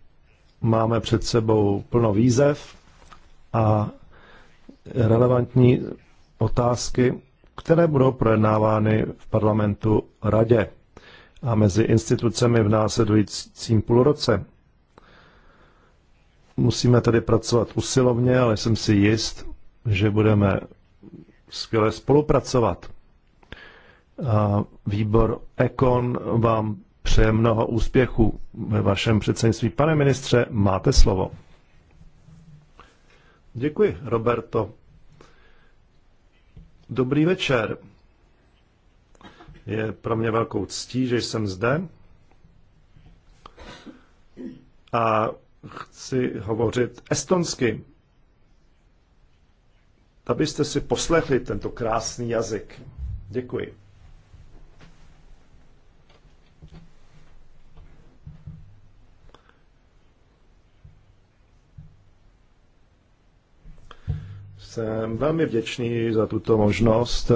Máme před sebou plno výzev a relevantní otázky, které budou projednávány v parlamentu radě a mezi institucemi v následujícím půlroce. Musíme tedy pracovat usilovně, ale jsem si jist, že budeme skvěle spolupracovat. A výbor Ekon vám přeje mnoho úspěchů ve vašem předsednictví. Pane ministře, máte slovo. Děkuji, Roberto. Dobrý večer. Je pro mě velkou ctí, že jsem zde. A chci hovořit estonsky, abyste si poslechli tento krásný jazyk. Děkuji. Jsem velmi vděčný za tuto možnost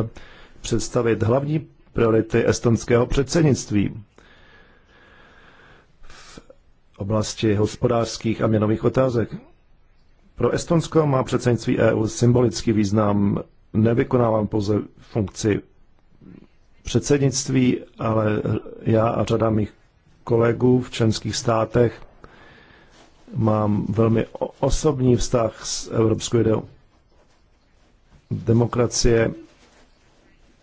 představit hlavní priority estonského předsednictví v oblasti hospodářských a měnových otázek. Pro Estonsko má předsednictví EU symbolický význam. Nevykonávám pouze funkci předsednictví, ale já a řada mých kolegů v členských státech mám velmi osobní vztah s Evropskou ideou demokracie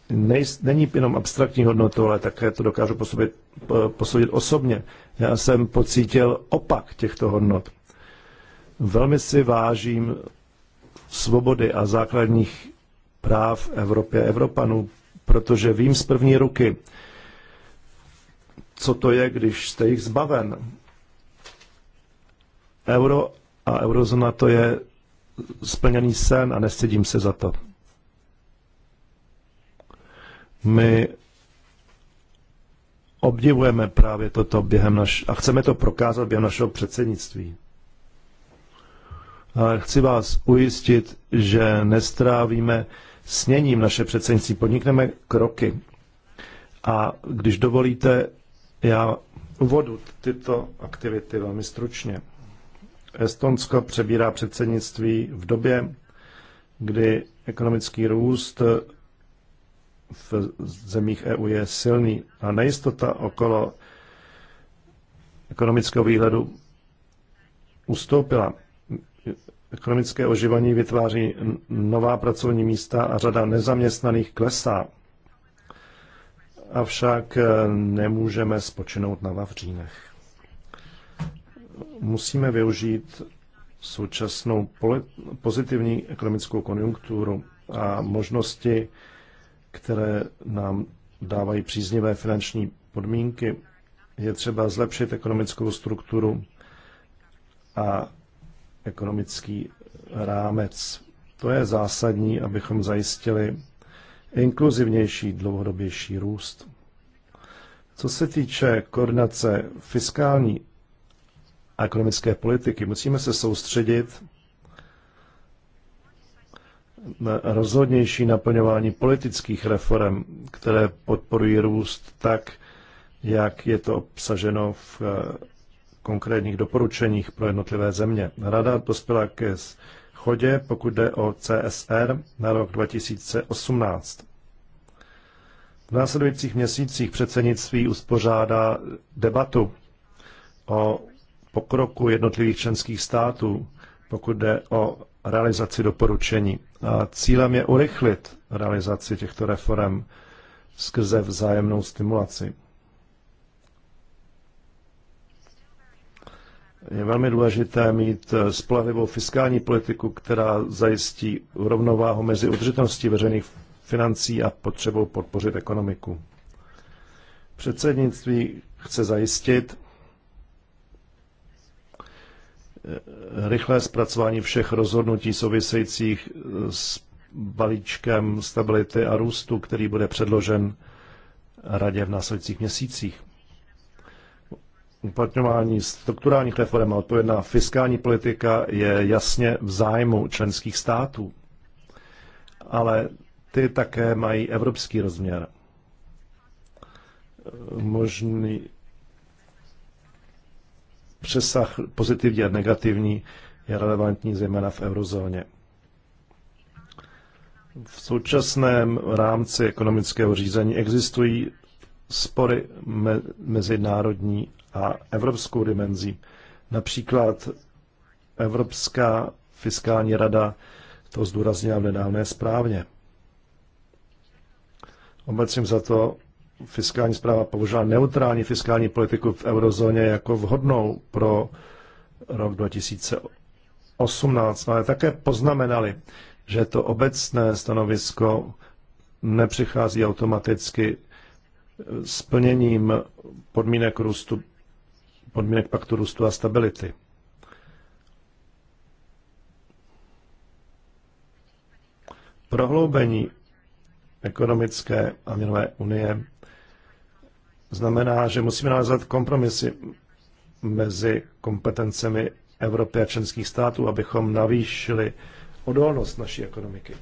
nej, není jenom abstraktní hodnotou, ale také to dokážu posoudit, posoudit osobně. Já jsem pocítil opak těchto hodnot. Velmi si vážím svobody a základních práv Evropě Evropanů, protože vím z první ruky, co to je, když jste jich zbaven. Euro a eurozona to je splněný sen a nestydím se za to. My obdivujeme právě toto během naš- a chceme to prokázat během našeho předsednictví. A chci vás ujistit, že nestrávíme sněním naše předsednictví, podnikneme kroky. A když dovolíte, já uvodu tyto aktivity velmi stručně. Estonsko přebírá předsednictví v době, kdy ekonomický růst v zemích EU je silný a nejistota okolo ekonomického výhledu ustoupila. Ekonomické oživení vytváří nová pracovní místa a řada nezaměstnaných klesá. Avšak eh, nemůžeme spočinout na vavřínech musíme využít současnou pozitivní ekonomickou konjunkturu a možnosti, které nám dávají příznivé finanční podmínky. Je třeba zlepšit ekonomickou strukturu a ekonomický rámec. To je zásadní, abychom zajistili inkluzivnější, dlouhodobější růst. Co se týče koordinace fiskální a ekonomické politiky. Musíme se soustředit na rozhodnější naplňování politických reform, které podporují růst tak, jak je to obsaženo v eh, konkrétních doporučeních pro jednotlivé země. Rada dospěla ke schodě, pokud jde o CSR na rok 2018. V následujících měsících předsednictví uspořádá debatu o pokroku jednotlivých členských států, pokud jde o realizaci doporučení. A cílem je urychlit realizaci těchto reform skrze vzájemnou stimulaci. Je velmi důležité mít spolehlivou fiskální politiku, která zajistí rovnováhu mezi udržitelností veřejných financí a potřebou podpořit ekonomiku. Předsednictví chce zajistit, rychlé zpracování všech rozhodnutí souvisejících s balíčkem stability a růstu, který bude předložen radě v následujících měsících. Uplatňování strukturálních reform a odpovědná fiskální politika je jasně v zájmu členských států, ale ty také mají evropský rozměr. Možný přesah pozitivní a negativní je relevantní zejména v eurozóně. V současném rámci ekonomického řízení existují spory me- mezi národní a evropskou dimenzí. Například Evropská fiskální rada to zdůraznila v nedávné správně. Obecně za to fiskální zpráva použila neutrální fiskální politiku v eurozóně jako vhodnou pro rok 2018, no, ale také poznamenali, že to obecné stanovisko nepřichází automaticky s plněním podmínek růstu, podmínek paktu růstu a stability. Prohloubení ekonomické a měnové unie znamená, že musíme nalézat kompromisy mezi kompetencemi Evropy a členských států, abychom navýšili odolnost naší ekonomiky.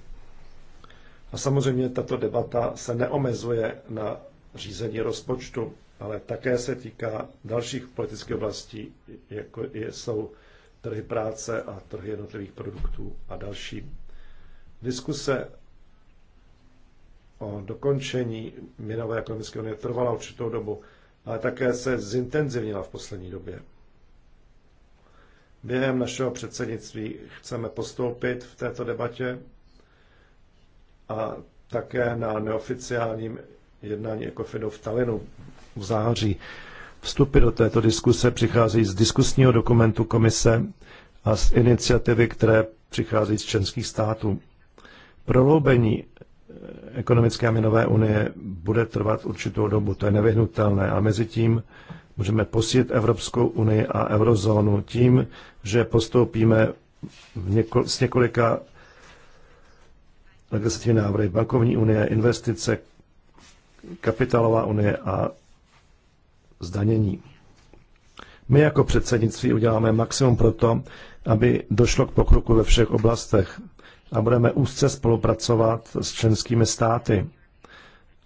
A samozřejmě tato debata se neomezuje na řízení rozpočtu, ale také se týká dalších politických oblastí, jako jsou trhy práce a trhy jednotlivých produktů a další. Diskuse o dokončení měnové ekonomické unie trvala určitou dobu, ale také se zintenzivnila v poslední době. Během našeho předsednictví chceme postoupit v této debatě a také na neoficiálním jednání ECOFIDu v Talinu v září. Vstupy do této diskuse přichází z diskusního dokumentu komise a z iniciativy, které přichází z členských států. Proloubení ekonomické a měnové unie bude trvat určitou dobu, to je nevyhnutelné. A mezi tím můžeme posílit Evropskou unii a eurozónu tím, že postoupíme něko- s několika legislativní návrhy bankovní unie, investice, kapitálová unie a zdanění. My jako předsednictví uděláme maximum pro to, aby došlo k pokroku ve všech oblastech a budeme úzce spolupracovat s členskými státy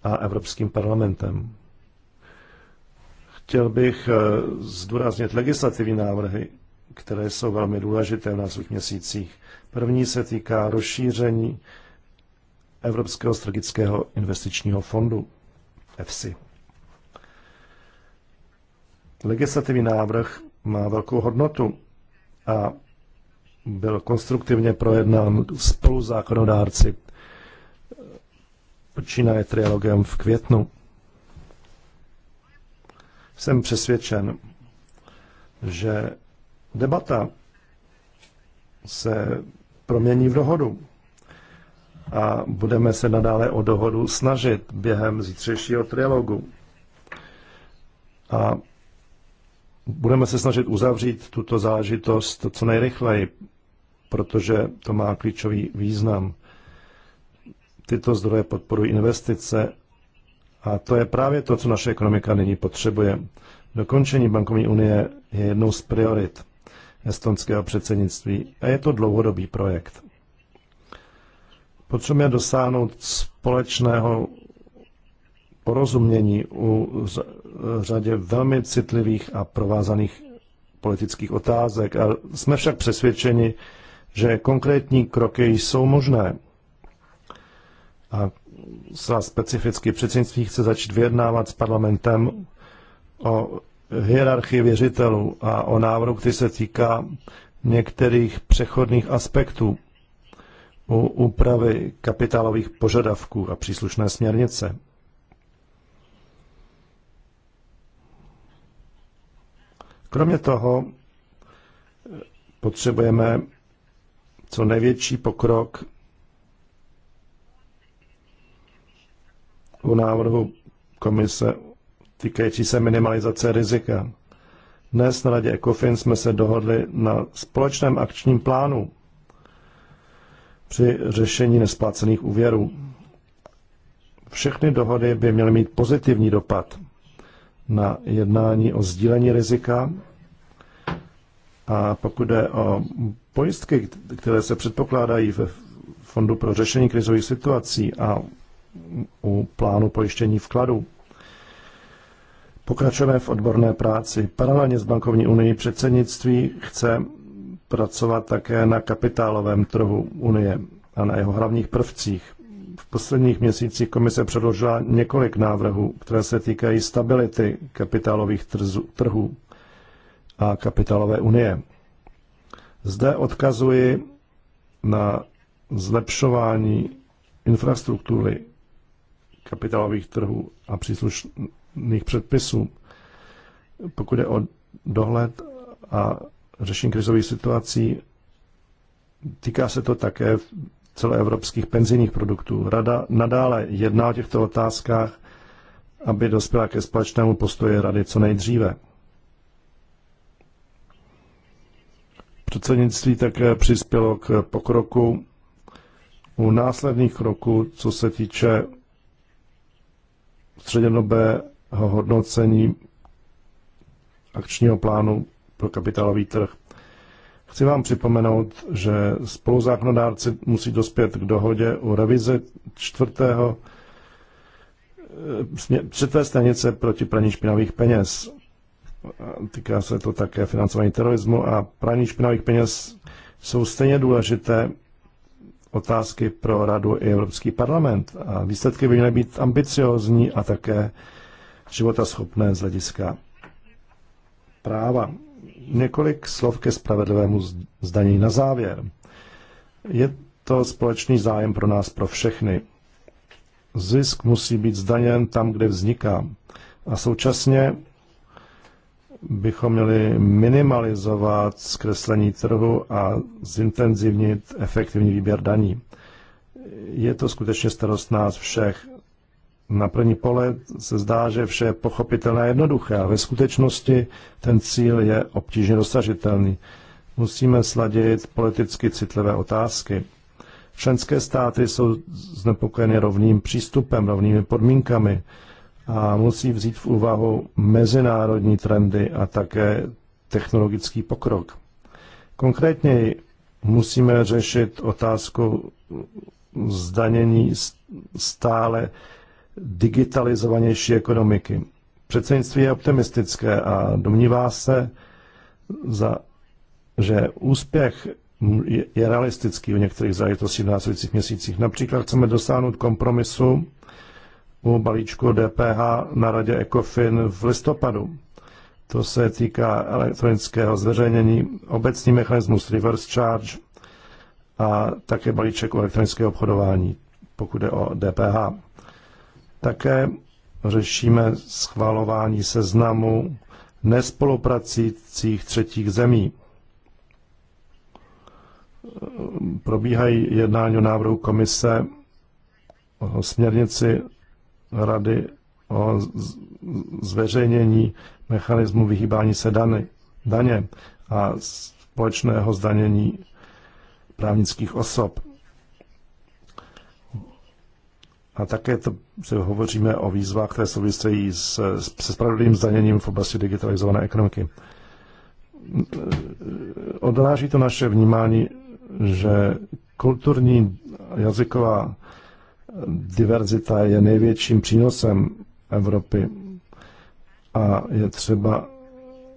a Evropským parlamentem. Chtěl bych eh, zdůraznit legislativní návrhy, které jsou velmi důležité v následních měsících. První se týká rozšíření Evropského strategického investičního fondu EFSI. Legislativní návrh má velkou hodnotu a byl konstruktivně projednán spolu zákonodárci. Eh, počínaje trialogem v květnu. Jsem přesvědčen, že debata se promění v dohodu a budeme se nadále o dohodu snažit během zítřejšího trialogu. A budeme se snažit uzavřít tuto zážitost co nejrychleji protože to má klíčový význam. Tyto zdroje podporují investice a to je právě to, co naše ekonomika nyní potřebuje. Dokončení bankovní unie je jednou z priorit estonského předsednictví a je to dlouhodobý projekt. Potřebujeme dosáhnout společného porozumění u řadě velmi citlivých a provázaných politických otázek. A jsme však přesvědčeni, že konkrétní kroky jsou možné. A zcela specificky předsednictví chce začít vyjednávat s parlamentem o hierarchii věřitelů a o návrhu, který se týká některých přechodných aspektů u úpravy kapitálových požadavků a příslušné směrnice. Kromě toho potřebujeme co největší pokrok u návrhu komise týkající se minimalizace rizika. Dnes na radě ECOFIN jsme se dohodli na společném akčním plánu při řešení nesplácených úvěrů. Všechny dohody by měly mít pozitivní dopad na jednání o sdílení rizika a pokud je o Pojistky, které se předpokládají ve Fondu pro řešení krizových situací a u plánu pojištění vkladů. Pokračujeme v odborné práci. Paralelně s bankovní unii předsednictví chce pracovat také na kapitálovém trhu Unie a na jeho hlavních prvcích. V posledních měsících komise předložila několik návrhů, které se týkají stability kapitálových trhů a kapitálové unie. Zde odkazuji na zlepšování infrastruktury kapitálových trhů a příslušných předpisů, pokud je o dohled a řešení krizových situací, týká se to také celoevropských penzijních produktů. Rada nadále jedná o těchto otázkách, aby dospěla ke společnému postoji Rady co nejdříve. Předsednictví také přispělo k pokroku u následných kroků, co se týče střednědobého hodnocení akčního plánu pro kapitálový trh. Chci vám připomenout, že spoluzákonodárci musí dospět k dohodě u revize čtvrtého eh, čtvrté stanice proti praní špinavých peněz týká se to také financování terorismu a praní špinavých peněz, jsou stejně důležité otázky pro Radu i Evropský parlament. A výsledky by měly být ambiciozní a také životaschopné z hlediska práva. Několik slov ke spravedlivému zdanění na závěr. Je to společný zájem pro nás, pro všechny. Zisk musí být zdaněn tam, kde vzniká. A současně bychom měli minimalizovat zkreslení trhu a zintenzivnit efektivní výběr daní. Je to skutečně starost nás všech. Na první pohled se zdá, že vše je pochopitelné a jednoduché, ale ve skutečnosti ten cíl je obtížně dosažitelný. Musíme sladit politicky citlivé otázky. Členské státy jsou znepokojeny rovným přístupem, rovnými podmínkami a musí vzít v úvahu mezinárodní trendy a také technologický pokrok. Konkrétně musíme řešit otázku zdanění stále digitalizovanější ekonomiky. Předsednictví je optimistické a domnívá se, za, že úspěch je realistický u některých záležitostí v následujících měsících. Například chceme dosáhnout kompromisu u balíčku DPH na radě ECOFIN v listopadu. To se týká elektronického zveřejnění, obecný mechanismus reverse charge a také balíček elektronického obchodování, pokud je o DPH. Také řešíme schvalování seznamu nespolupracujících třetích zemí. Probíhají jednání o návrhu komise o směrnici rady o zveřejnění mechanismu vyhýbání se dany, daně a společného zdanění právnických osob. A také to, že hovoříme o výzvách, které souvisejí s, se spravedlivým zdaněním v oblasti digitalizované ekonomiky. Odráží to naše vnímání, že kulturní jazyková diverzita je největším přínosem Evropy a je třeba,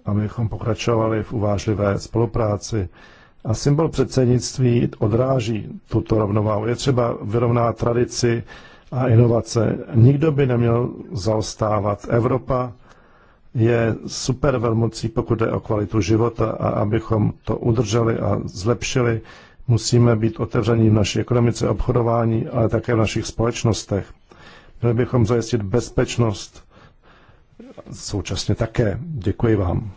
abychom pokračovali v uvážlivé spolupráci. A symbol předsednictví odráží tuto rovnováhu. Je třeba vyrovnat tradici a inovace. Nikdo by neměl zaostávat. Evropa je super velmocí, pokud jde o kvalitu života a abychom to udrželi a zlepšili, Musíme být otevření v naší ekonomice, obchodování, ale také v našich společnostech. Měli bychom zajistit bezpečnost současně také. Děkuji vám.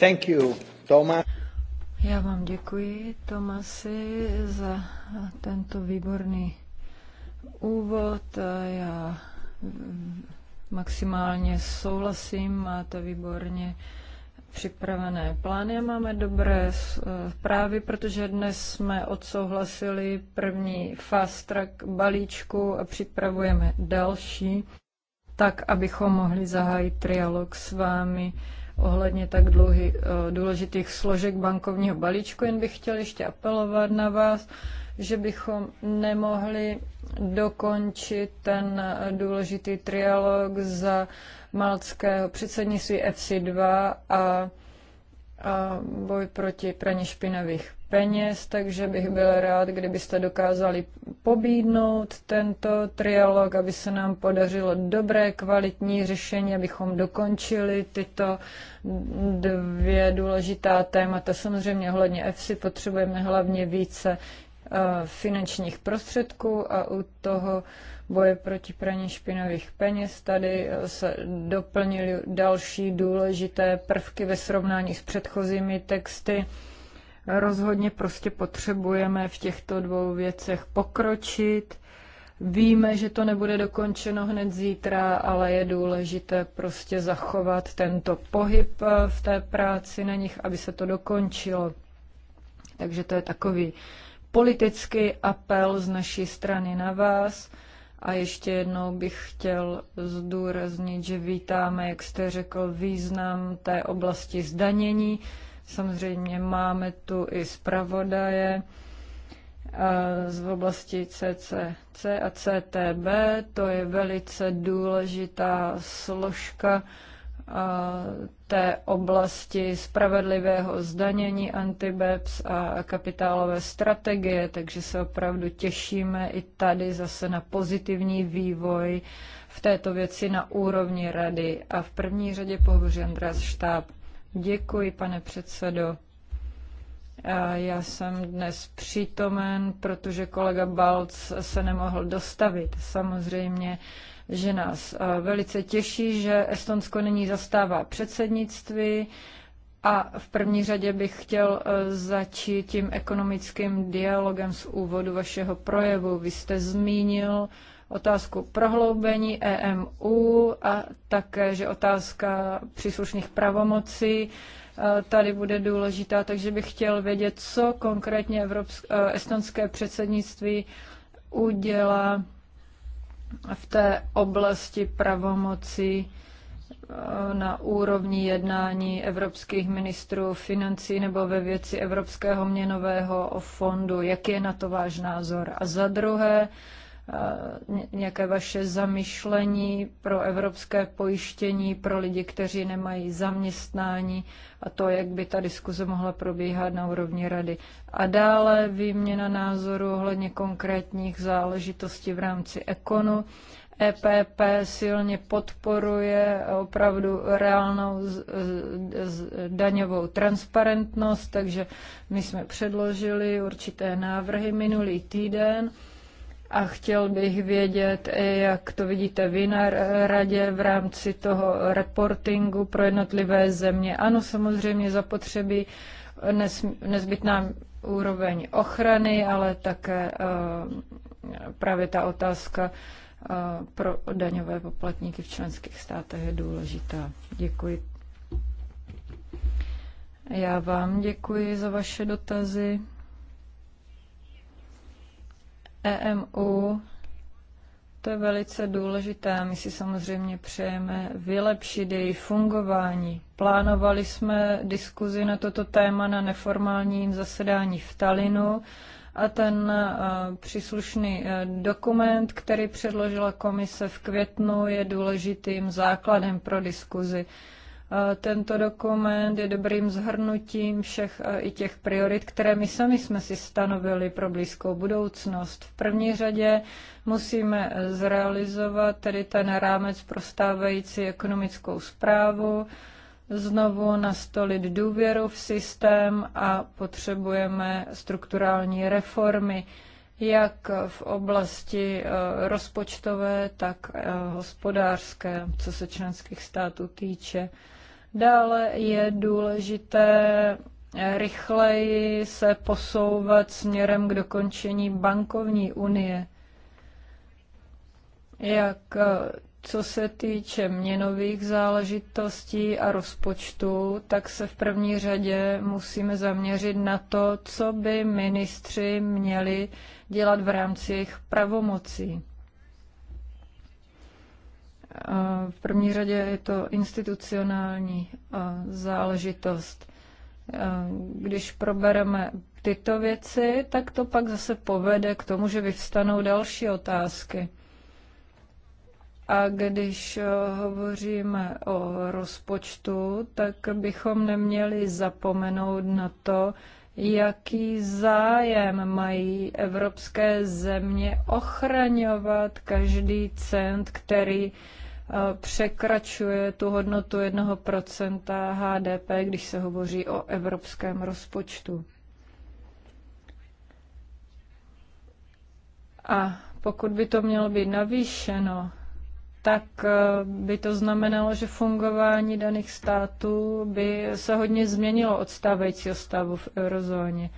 Thank you, Thomas. Já vám děkuji, Tomasi, za tento výborný úvod. Já maximálně souhlasím, máte výborně připravené plány a máme dobré e, zprávy, protože dnes jsme odsouhlasili první fast track balíčku a připravujeme další, tak abychom mohli zahájit trialog s vámi ohledně tak dlouhy, e, důležitých složek bankovního balíčku. Jen bych chtěl ještě apelovat na vás, že bychom nemohli dokončit ten důležitý trialog za maltského předsednictví FC2 a, a boj proti praní špinavých peněz, takže bych byl rád, kdybyste dokázali pobídnout tento trialog, aby se nám podařilo dobré, kvalitní řešení, abychom dokončili tyto dvě důležitá témata. Samozřejmě ohledně EFSI potřebujeme hlavně více eh, finančních prostředků a u toho boje proti praní špinavých peněz. Tady eh, se doplnily další důležité prvky ve srovnání s předchozími texty. Rozhodně prostě potřebujeme v těchto dvou věcech pokročit. Víme, že to nebude dokončeno hned zítra, ale je důležité prostě zachovat tento pohyb eh, v té práci na nich, aby se to dokončilo. Takže to je takový politický apel z naší strany na vás. A ještě jednou bych chtěl zdůraznit, že vítáme, jak jste řekl, význam té oblasti zdanění. Samozřejmě máme tu i zpravodaje eh, z oblasti CCC a CTB. To je velice důležitá složka té oblasti spravedlivého zdanění antibeps a kapitálové strategie, takže se opravdu těšíme i tady zase na pozitivní vývoj v této věci na úrovni rady. A v první řadě pohovoří András Štáb. Děkuji, pane předsedo. A já jsem dnes přítomen, protože kolega Balc se nemohl dostavit. Samozřejmě že nás eh, velice těší, že Estonsko nyní zastává předsednictví a v první řadě bych chtěl eh, začít tím ekonomickým dialogem z úvodu vašeho projevu. Vy jste zmínil otázku prohloubení EMU a také, že otázka příslušných pravomocí eh, tady bude důležitá, takže bych chtěl vědět, co konkrétně Evropsk- estonské předsednictví udělá v té oblasti pravomoci eh, na úrovni jednání evropských ministrů financí nebo ve věci Evropského měnového fondu. Jak je na to váš názor? A za druhé, nějaké vaše zamyšlení pro evropské pojištění pro lidi, kteří nemají zaměstnání a to, jak by ta diskuze mohla probíhat na úrovni rady. A dále výměna názoru ohledně konkrétních záležitostí v rámci ekonu. EPP silně podporuje opravdu reálnou daňovou transparentnost, takže my jsme předložili určité návrhy minulý týden a chtěl bych vědět, jak to vidíte vy na radě v rámci toho reportingu pro jednotlivé země. Ano, samozřejmě zapotřebí nezbytná úroveň ochrany, ale také eh, právě ta otázka eh, pro daňové poplatníky v členských státech je důležitá. Děkuji. Já vám děkuji za vaše dotazy. EMU, to je velice důležité. My si samozřejmě přejeme vylepšit její fungování. Plánovali jsme diskuzi na toto téma na neformálním zasedání v Talinu a ten e, příslušný e, dokument, který předložila komise v květnu, je důležitým základem pro diskuzi. Eh, tento dokument je dobrým zhrnutím všech eh, i těch priorit, které my sami jsme si stanovili pro blízkou budoucnost. V první řadě musíme eh, zrealizovat tedy ten rámec pro stávající ekonomickou zprávu, znovu nastolit důvěru v systém a potřebujeme strukturální reformy jak v oblasti rozpočtové, tak hospodářské, co se členských států týče. Dále je důležité eh, rychleji se posouvat směrem k dokončení bankovní unie. Jak eh, co se týče měnových záležitostí a rozpočtu, tak se v první řadě musíme zaměřit na to, co by ministři měli dělat v rámci jejich pravomocí. V první řadě je to institucionální záležitost. Když probereme tyto věci, tak to pak zase povede k tomu, že vyvstanou další otázky. A když hovoříme o rozpočtu, tak bychom neměli zapomenout na to, jaký zájem mají evropské země ochraňovat každý cent, který eh, překračuje tu hodnotu 1% HDP, když se hovoří o evropském rozpočtu. A pokud by to mělo být navýšeno, tak eh, by to znamenalo, že fungování daných států by se hodně změnilo od stávajícího stavu v eurozóně.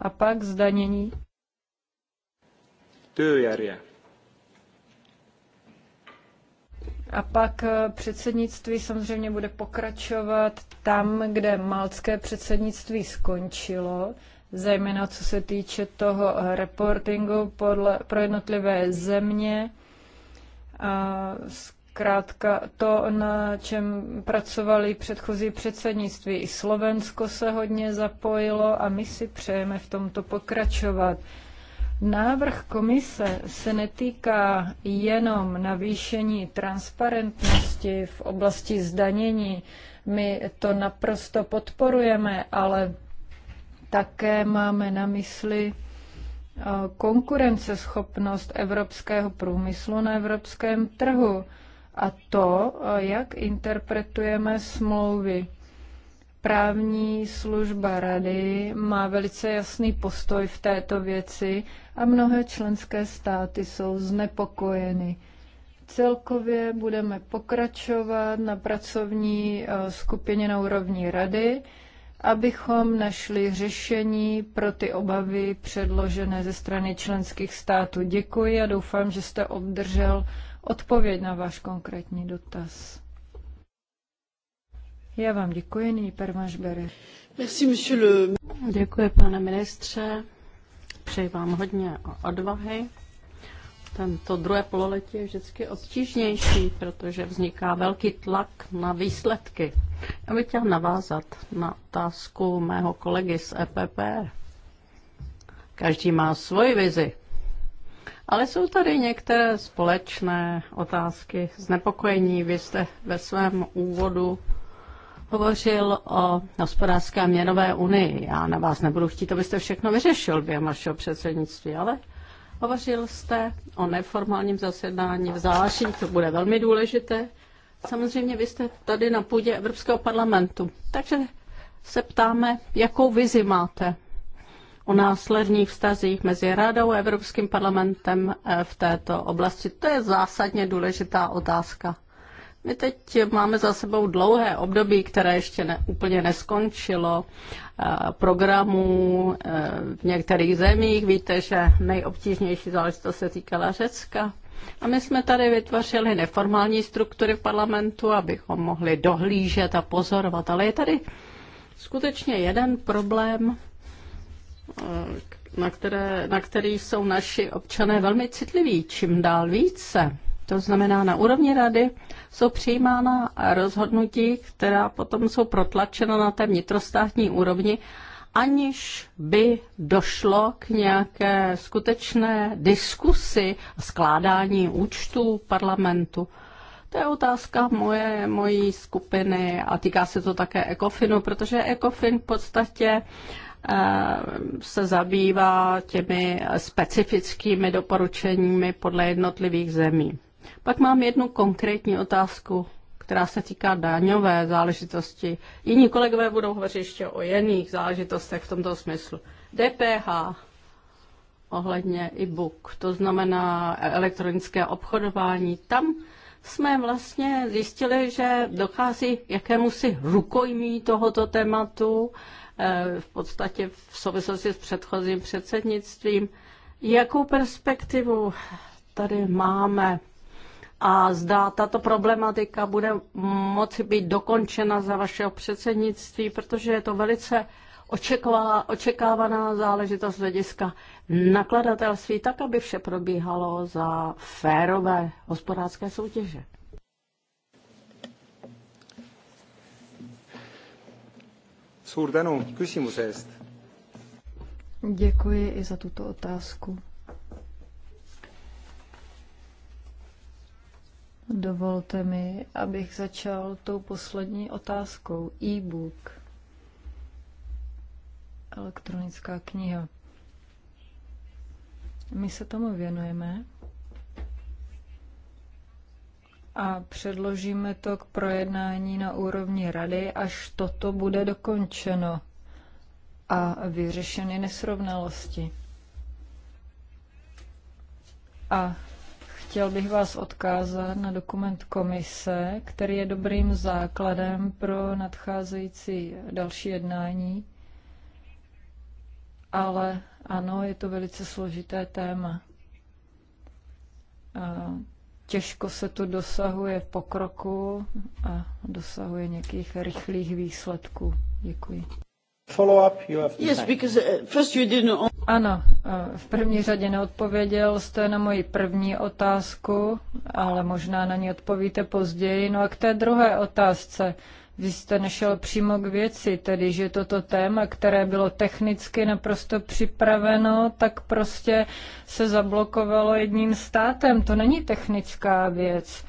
A pak zdanění. Työjärje. A pak eh, předsednictví samozřejmě bude pokračovat tam, kde maltské předsednictví skončilo, zejména co se týče toho reportingu podle, pro jednotlivé země Zkrátka to, na čem pracovali předchozí předsednictví. I Slovensko se hodně zapojilo a my si přejeme v tomto pokračovat. Návrh komise se netýká jenom navýšení transparentnosti v oblasti zdanění. My to naprosto podporujeme, ale také máme na mysli konkurenceschopnost evropského průmyslu na evropském trhu a to, jak interpretujeme smlouvy. Právní služba rady má velice jasný postoj v této věci a mnohé členské státy jsou znepokojeny. Celkově budeme pokračovat na pracovní eh, skupině na úrovni rady abychom našli řešení pro ty obavy předložené ze strany členských států. Děkuji a doufám, že jste obdržel odpověď na váš konkrétní dotaz. Já vám děkuji, nyní Permaš Bere. Děkuji, pane ministře. Přeji vám hodně odvahy tento druhé pololetí je vždycky obtížnější, protože vzniká velký tlak na výsledky. Já bych chtěla navázat na otázku mého kolegy z EPP. Každý má svoji vizi, ale jsou tady některé společné otázky znepokojení. Vy jste ve svém úvodu hovořil o hospodářské a měnové unii. Já na vás nebudu chtít, abyste všechno vyřešil během vašeho předsednictví, ale Hovořil jste o neformálním zasedání v září, to bude velmi důležité. Samozřejmě vy jste tady na půdě Evropského parlamentu, takže se ptáme, jakou vizi máte o následných vztazích mezi Radou a Evropským parlamentem eh, v této oblasti. To je zásadně důležitá otázka. My teď máme za sebou dlouhé období, které ještě ne, úplně neskončilo eh, programů eh, v některých zemích. Víte, že nejobtížnější záležitost se týkala Řecka. A my jsme tady vytvořili neformální struktury v parlamentu, abychom mohli dohlížet a pozorovat. Ale je tady skutečně jeden problém, eh, na, které, na který jsou naši občané velmi citliví, čím dál více. To znamená, na úrovni rady jsou přijímána rozhodnutí, která potom jsou protlačena na té vnitrostátní úrovni, aniž by došlo k nějaké skutečné diskusi a skládání účtů parlamentu. To je otázka moje, mojí skupiny a týká se to také ECOFINu, protože ECOFIN v podstatě eh, se zabývá těmi specifickými doporučeními podle jednotlivých zemí. Pak mám jednu konkrétní otázku, která se týká daňové záležitosti. Jiní kolegové budou hovořit ještě o jiných záležitostech v tomto smyslu. DPH ohledně e-book, to znamená elektronické obchodování. Tam jsme vlastně zjistili, že dochází jakémusi rukojmí tohoto tématu eh, v podstatě v souvislosti s předchozím předsednictvím. Jakou perspektivu tady máme a zda tato problematika bude moci být dokončena za vašeho předsednictví, protože je to velice očekávaná záležitost hlediska nakladatelství, tak aby vše probíhalo za férové hospodářské soutěže. Děkuji i za tuto otázku. Dovolte mi, abych začal tou poslední otázkou. E-book. Elektronická kniha. My se tomu věnujeme a předložíme to k projednání na úrovni rady, až toto bude dokončeno a vyřešeny nesrovnalosti. A Chtěl bych vás odkázat na dokument komise, který je dobrým základem pro nadcházející další jednání. Ale ano, je to velice složité téma. A těžko se to dosahuje v pokroku a dosahuje nějakých rychlých výsledků. Děkuji. Uh, ano, uh, v první řadě neodpověděl jste na moji první otázku, ale možná na ní odpovíte později. No a k té druhé otázce. Vy jste nešel přímo k věci, tedy že toto téma, které bylo technicky naprosto připraveno, tak prostě se zablokovalo jedním státem. To není technická věc.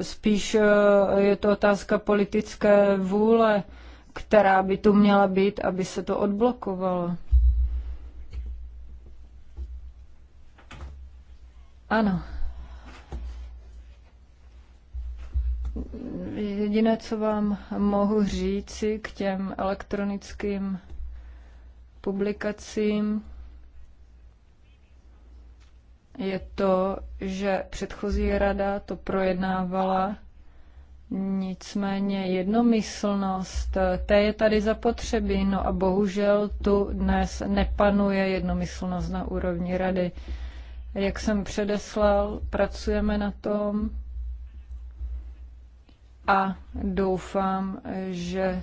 Spíš uh, je to otázka politické vůle která by tu měla být, aby se to odblokovalo. Ano. Jediné, co vám mohu říci k těm elektronickým publikacím, je to, že předchozí rada to projednávala Nicméně jednomyslnost, té je tady zapotřebí, no a bohužel tu dnes nepanuje jednomyslnost na úrovni rady. Jak jsem předeslal, pracujeme na tom a doufám, že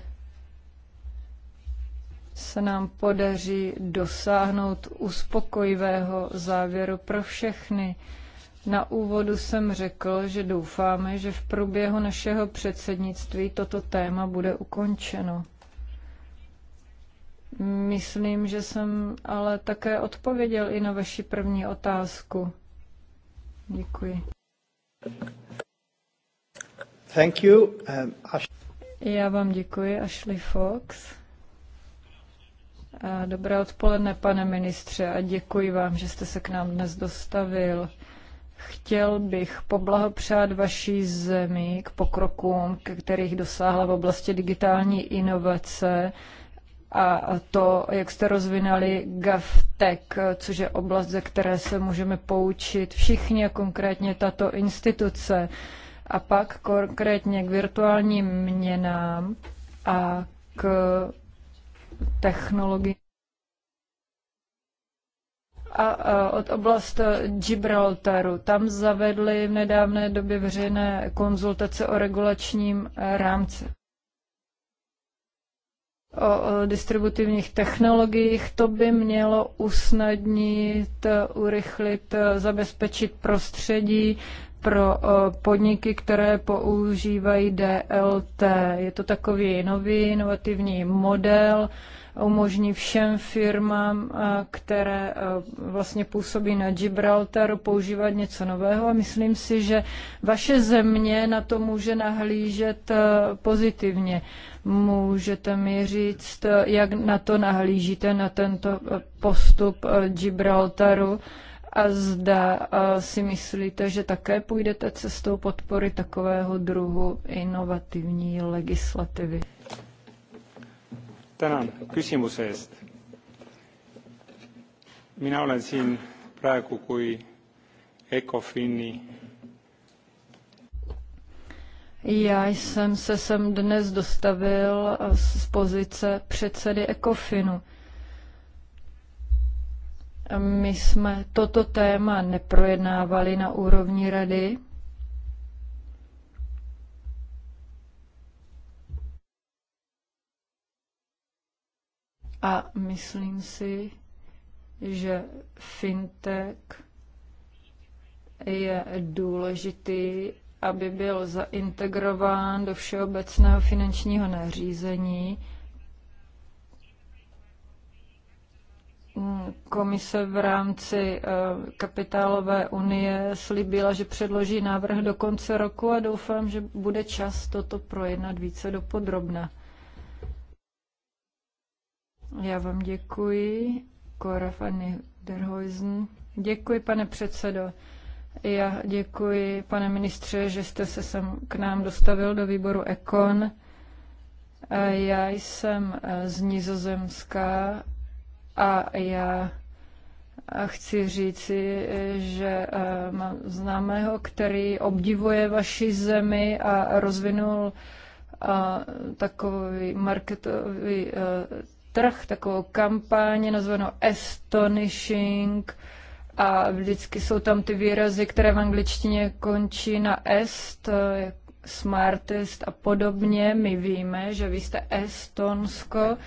se nám podaří dosáhnout uspokojivého závěru pro všechny. Na úvodu jsem řekl, že doufáme, že v průběhu našeho předsednictví toto téma bude ukončeno. Myslím, že jsem ale také odpověděl i na vaši první otázku. Děkuji. Thank you. Um, Ash- Já vám děkuji, Ashley Fox. A dobré odpoledne, pane ministře, a děkuji vám, že jste se k nám dnes dostavil. Chtěl bych poblahopřát vaší zemi k pokrokům, k kterých dosáhla v oblasti digitální inovace a to, jak jste rozvinali GovTech, což je oblast, ze které se můžeme poučit všichni a konkrétně tato instituce. A pak konkrétně k virtuálním měnám a k technologii a, od oblast Gibraltaru. Tam zavedli v nedávné době veřejné konzultace o regulačním e, rámci o distributivních technologiích. To by mělo usnadnit, e, urychlit, e, zabezpečit prostředí pro podniky, které používají DLT. Je to takový nový inovativní model, umožní všem firmám, eh, které eh, vlastně působí na Gibraltaru, používat něco nového a myslím si, že vaše země na to může nahlížet eh, pozitivně. Můžete mi říct, jak na to nahlížíte, na tento postup Gibraltaru? a zda si myslíte, že také půjdete cestou podpory takového druhu inovativní legislativy tänan küsimuse eest. mina olen siin praegu kui ecofin já jsem se sem dnes dostavil z pozice předsedy Ekofinu. My jsme toto téma neprojednávali na úrovni rady, A myslím si, že fintech je důležitý, aby byl zaintegrován do všeobecného finančního nařízení. Komise v rámci eh, kapitálové unie slibila, že předloží návrh do konce roku a doufám, že bude čas toto projednat více dopodrobna. Já vám děkuji. Cora van Děkuji, pane předsedo. Já děkuji, pane ministře, že jste se sem k nám dostavil do výboru Ekon. Já jsem eh, z Nizozemska a já eh, chci říci, že eh, mám známého, který obdivuje vaši zemi a rozvinul takový marketový trh, takovou kampaně nazvanou Astonishing a vždycky jsou tam ty výrazy, které v angličtině končí na est, smartest a podobně. My víme, že vy jste Estonsko, a,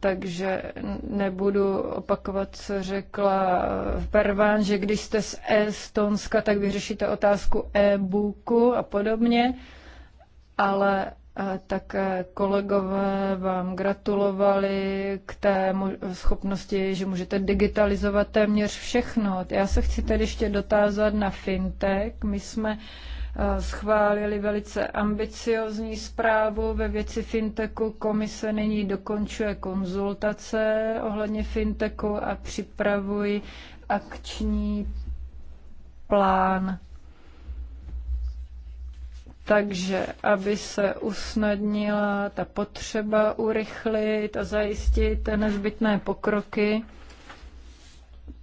takže nebudu opakovat, co řekla Pervan, že když jste z Estonska, tak vyřešíte otázku e-booku a podobně, ale také eh, kolegové vám gratulovali k té schopnosti, že můžete digitalizovat téměř všechno. Já se chci tedy ještě dotázat na fintech. My jsme eh, schválili velice ambiciozní zprávu ve věci fintechu. Komise nyní dokončuje konzultace ohledně fintechu a připravuji akční plán takže, aby se usnadnila ta potřeba urychlit a zajistit nezbytné pokroky,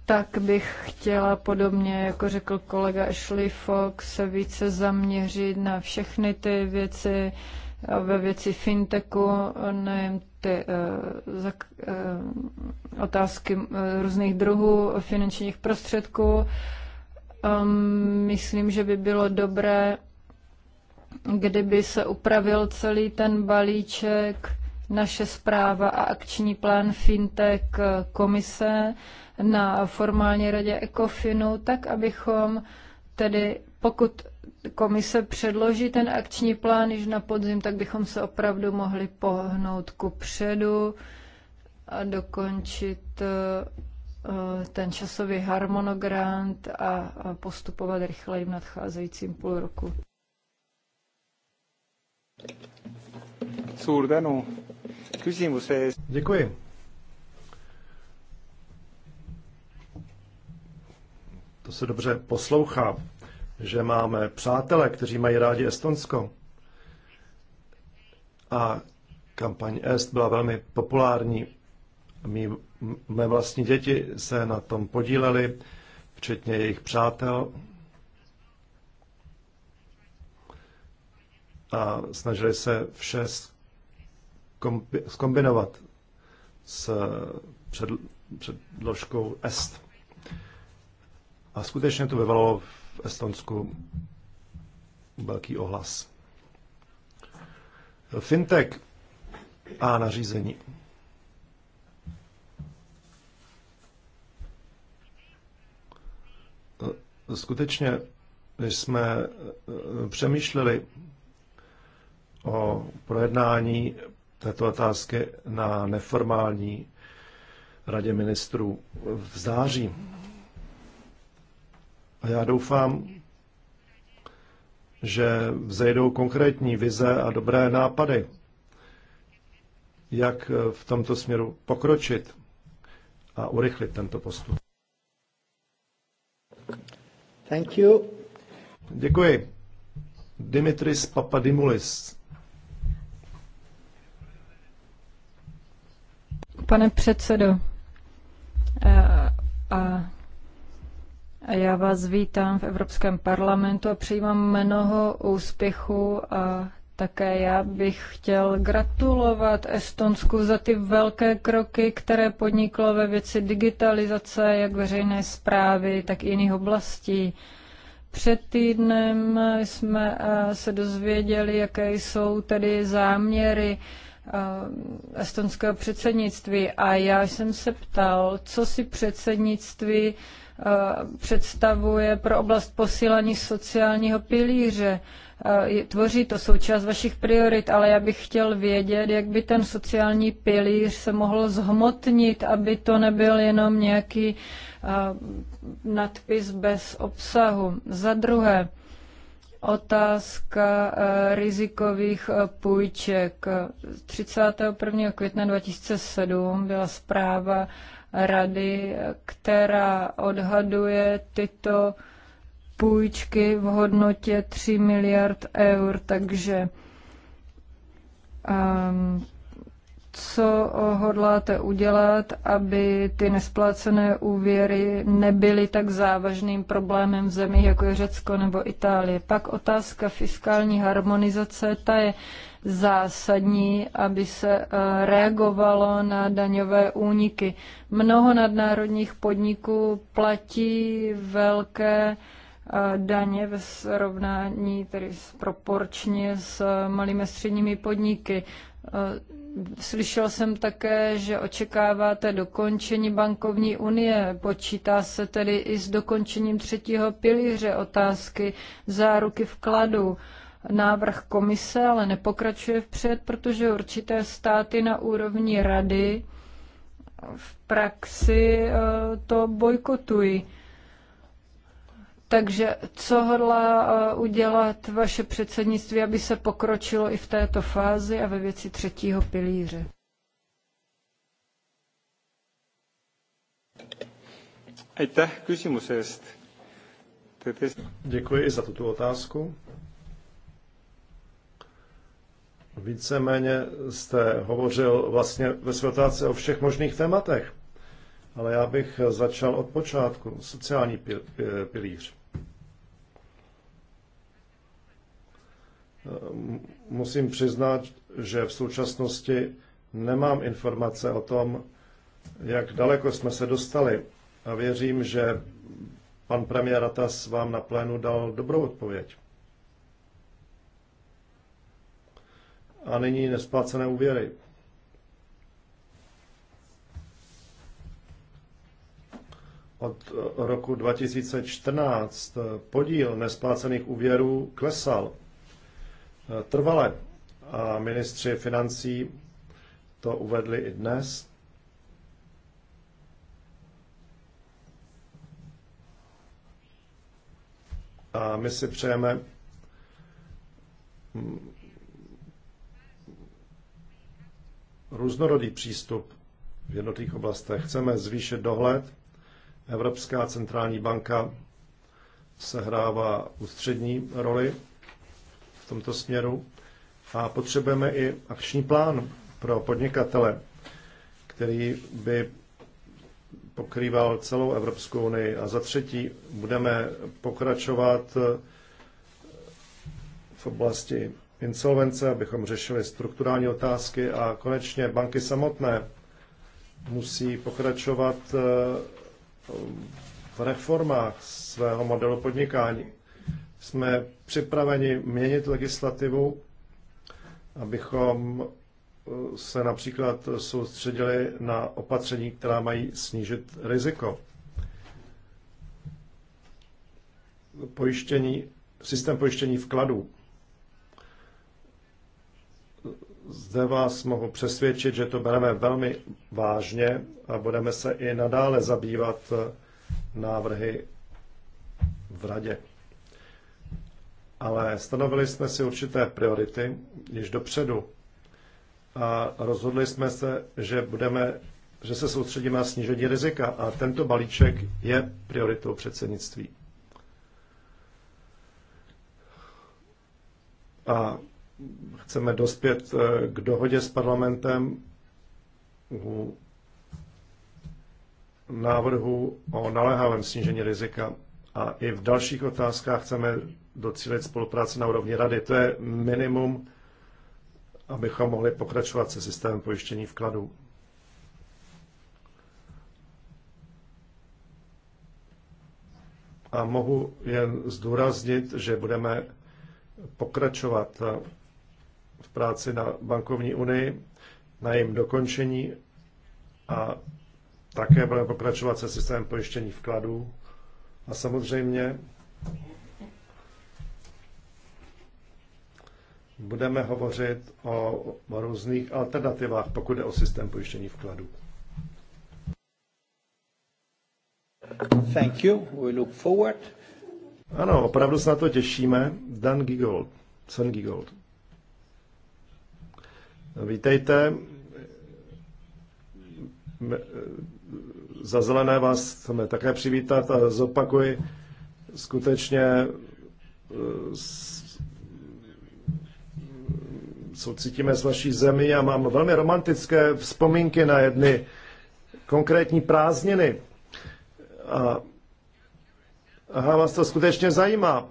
tak bych chtěla podobně, jako řekl kolega Ashley Fox, se více zaměřit na všechny ty věci, ve věci fintechu, nejen ty uh, zak, uh, otázky uh, různých druhů finančních prostředků. Um, myslím, že by bylo dobré kdyby se upravil celý ten balíček, naše zpráva a akční plán FinTech komise na formální radě ECOFINu, tak abychom tedy, pokud komise předloží ten akční plán již na podzim, tak bychom se opravdu mohli pohnout ku předu a dokončit eh, ten časový harmonogram a postupovat rychleji v nadcházejícím půl roku. Suur tänu küsimuse eest. Děkuji. To se dobře poslouchá, že máme přátele, kteří mají rádi Estonsko. A kampaň Est byla velmi populární. Mí, mé vlastní děti se na tom podíleli, včetně jejich přátel, a snažili se vše skombinovat s před, předložkou Est. A skutečně to vyvalo v Estonsku velký ohlas. Fintech a nařízení. Skutečně jsme eh, přemýšleli o projednání této otázky na neformální radě ministrů v září. A já doufám, že vzejdou konkrétní vize a dobré nápady, jak v tomto směru pokročit a urychlit tento postup. Thank you. Děkuji. Dimitris Papadimulis Pane předsedo, a já vás vítám v Evropském parlamentu a přijímám mnoho úspěchů a také já bych chtěl gratulovat Estonsku za ty velké kroky, které podniklo ve věci digitalizace jak veřejné zprávy, tak i jiných oblastí. Před týdnem jsme se dozvěděli, jaké jsou tedy záměry Eh, estonského předsednictví a já jsem se ptal, co si předsednictví eh, představuje pro oblast posílení sociálního pilíře. Eh, tvoří to součást vašich priorit, ale já bych chtěl vědět, jak by ten sociální pilíř se mohl zhmotnit, aby to nebyl jenom nějaký nadpis bez obsahu. Za druhé, Otázka eh, rizikových eh, půjček. 31. května 2007 byla zpráva rady, která odhaduje tyto půjčky v hodnotě 3 miliard eur, takže ehm, co hodláte udělat, aby ty nesplácené úvěry nebyly tak závažným problémem v zemích, jako je Řecko nebo Itálie. Pak otázka fiskální harmonizace, ta je zásadní, aby se eh, reagovalo na daňové úniky. Mnoho nadnárodních podniků platí velké eh, daně ve srovnání, tedy proporčně s eh, malými středními podniky Slyšel jsem také, že očekáváte dokončení bankovní unie. Počítá se tedy i s dokončením třetího pilíře otázky záruky vkladu. Návrh komise ale nepokračuje vpřed, protože určité státy na úrovni rady v praxi eh, to bojkotují. Takže co hodlá eh, udělat vaše předsednictví, aby se pokročilo i v této fázi a ve věci třetího pilíře? Děkuji i za tuto otázku. Víceméně jste hovořil vlastně ve své otázce o všech možných tématech ale já bych začal od počátku. Sociální pilíř. Eh, musím přiznat, že v současnosti nemám informace o tom, jak daleko jsme se dostali. A věřím, že pan premiér Ratas vám na plénu dal dobrou odpověď. A nyní nesplácené úvěry. od eh, roku 2014 eh, podíl nesplácených úvěrů klesal eh, trvale a ministři financí to uvedli i dnes. A my si přejeme mm, různorodý přístup v jednotlivých oblastech. Chceme zvýšit dohled Evropská centrální banka sehrává ústřední roli v tomto směru a potřebujeme i akční plán pro podnikatele, který by pokrýval celou Evropskou unii. A za třetí budeme pokračovat v oblasti insolvence, abychom řešili strukturální otázky a konečně banky samotné musí pokračovat v reformách svého modelu podnikání. Jsme připraveni měnit legislativu, abychom eh, se například soustředili na opatření, která mají snížit riziko. Pojištění, systém pojištění vkladů zde vás mohu přesvědčit, že to bereme velmi vážně a budeme se i nadále zabývat eh, návrhy v radě. Ale stanovili jsme si určité priority již dopředu a rozhodli jsme se, že budeme že se soustředíme na snížení rizika a tento balíček je prioritou předsednictví. A chceme dospět eh, k dohodě s parlamentem u návrhu o naléhavém snížení rizika. A i v dalších otázkách chceme docílit spolupráce na úrovni rady. To je minimum, abychom mohli pokračovat se systémem pojištění vkladů. A mohu jen zdůraznit, že budeme pokračovat v práci na bankovní unii, na jejím dokončení a také budeme pokračovat se systémem pojištění vkladů. A samozřejmě budeme hovořit o různých alternativách, pokud jde o systém pojištění vkladů. Thank you. We look forward. Ano, opravdu se na to těšíme. Dan Gigold. Sen Gigold. Vítejte. Eh, za zelené vás chceme také přivítat a zopakuji, skutečně soucítíme eh, s vaší zemí a mám velmi romantické vzpomínky na jedny konkrétní prázdniny. A, a vás to skutečně zajímá.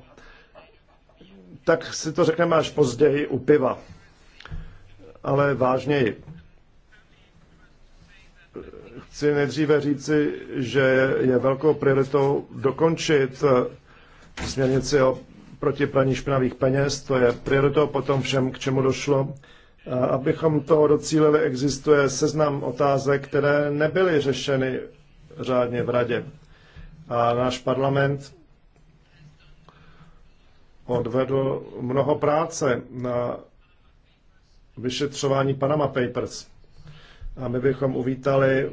Tak si to řekneme až později u piva ale vážněji. Chci nejdříve říci, že je velkou prioritou dokončit eh, směrnici o proti praní špinavých peněz. To je prioritou potom všem, k čemu došlo. Eh, abychom toho docílili, existuje seznam otázek, které nebyly řešeny řádně v radě. A náš parlament odvedl mnoho práce na vyšetřování Panama Papers. A my bychom uvítali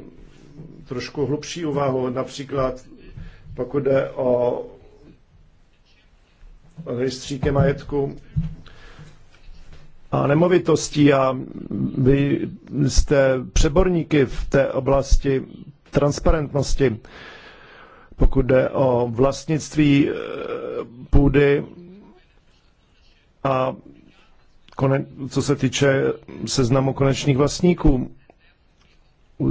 trošku hlubší úvahu, například pokud jde o rejstříky majetku a nemovitostí a vy jste přeborníky v té oblasti transparentnosti, pokud jde o vlastnictví eh, půdy a co se týče seznamu konečných vlastníků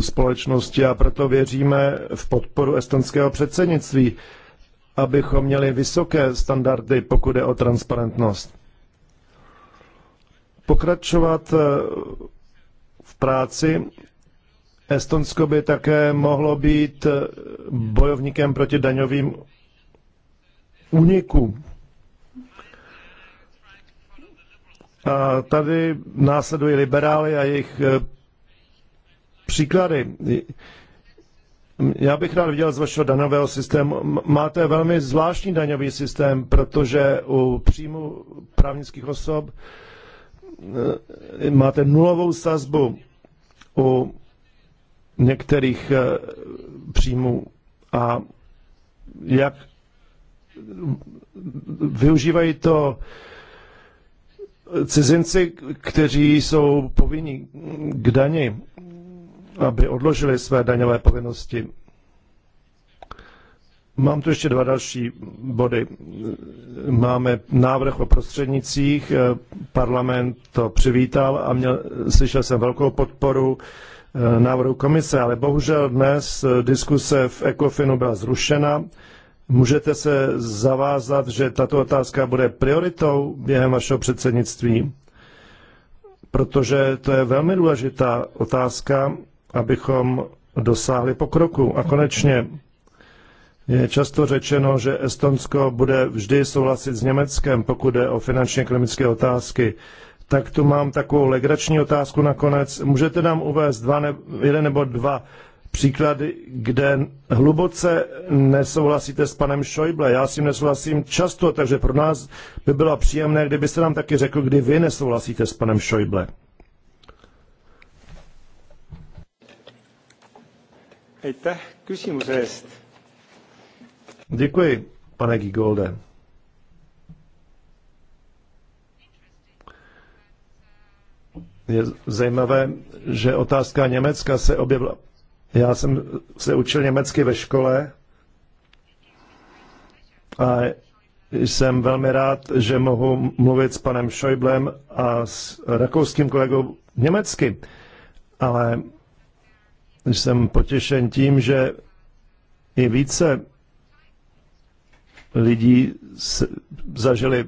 společnosti a proto věříme v podporu estonského předsednictví, abychom měli vysoké standardy, pokud je o transparentnost. Pokračovat eh, v práci Estonsko by také mohlo být eh, bojovníkem proti daňovým únikům. A tady následují liberály a jejich e, příklady. Já bych rád viděl z vašeho daňového systému. Máte velmi zvláštní daňový systém, protože u příjmu právnických osob e, máte nulovou sazbu u některých e, příjmů a jak využívají to cizinci, kteří jsou povinni k dani, aby odložili své daňové povinnosti. Mám tu ještě dva další body. Máme návrh o prostřednicích, parlament to přivítal a měl, slyšel jsem velkou podporu eh, návrhu komise, ale bohužel dnes eh, diskuse v Ekofinu byla zrušena Můžete se zavázat, že tato otázka bude prioritou během vašeho předsednictví? Protože to je velmi důležitá otázka, abychom dosáhli pokroku. A konečně je často řečeno, že Estonsko bude vždy souhlasit s Německem, pokud jde o finančně klinické otázky. Tak tu mám takovou legrační otázku nakonec. Můžete nám uvést dva ne, jeden nebo dva příklady, kde hluboce nesouhlasíte s panem Schäuble. Já s tím nesouhlasím často, takže pro nás by bylo příjemné, kdybyste nám taky řekl, kdy vy nesouhlasíte s panem Schäuble. Děkuji, pane Gigolde. Je zajímavé, že otázka Německa se objevila já jsem se učil německy ve škole a jsem velmi rád, že mohu mluvit s panem Schäublem a s rakouským kolegou německy, ale jsem potěšen tím, že i více lidí zažili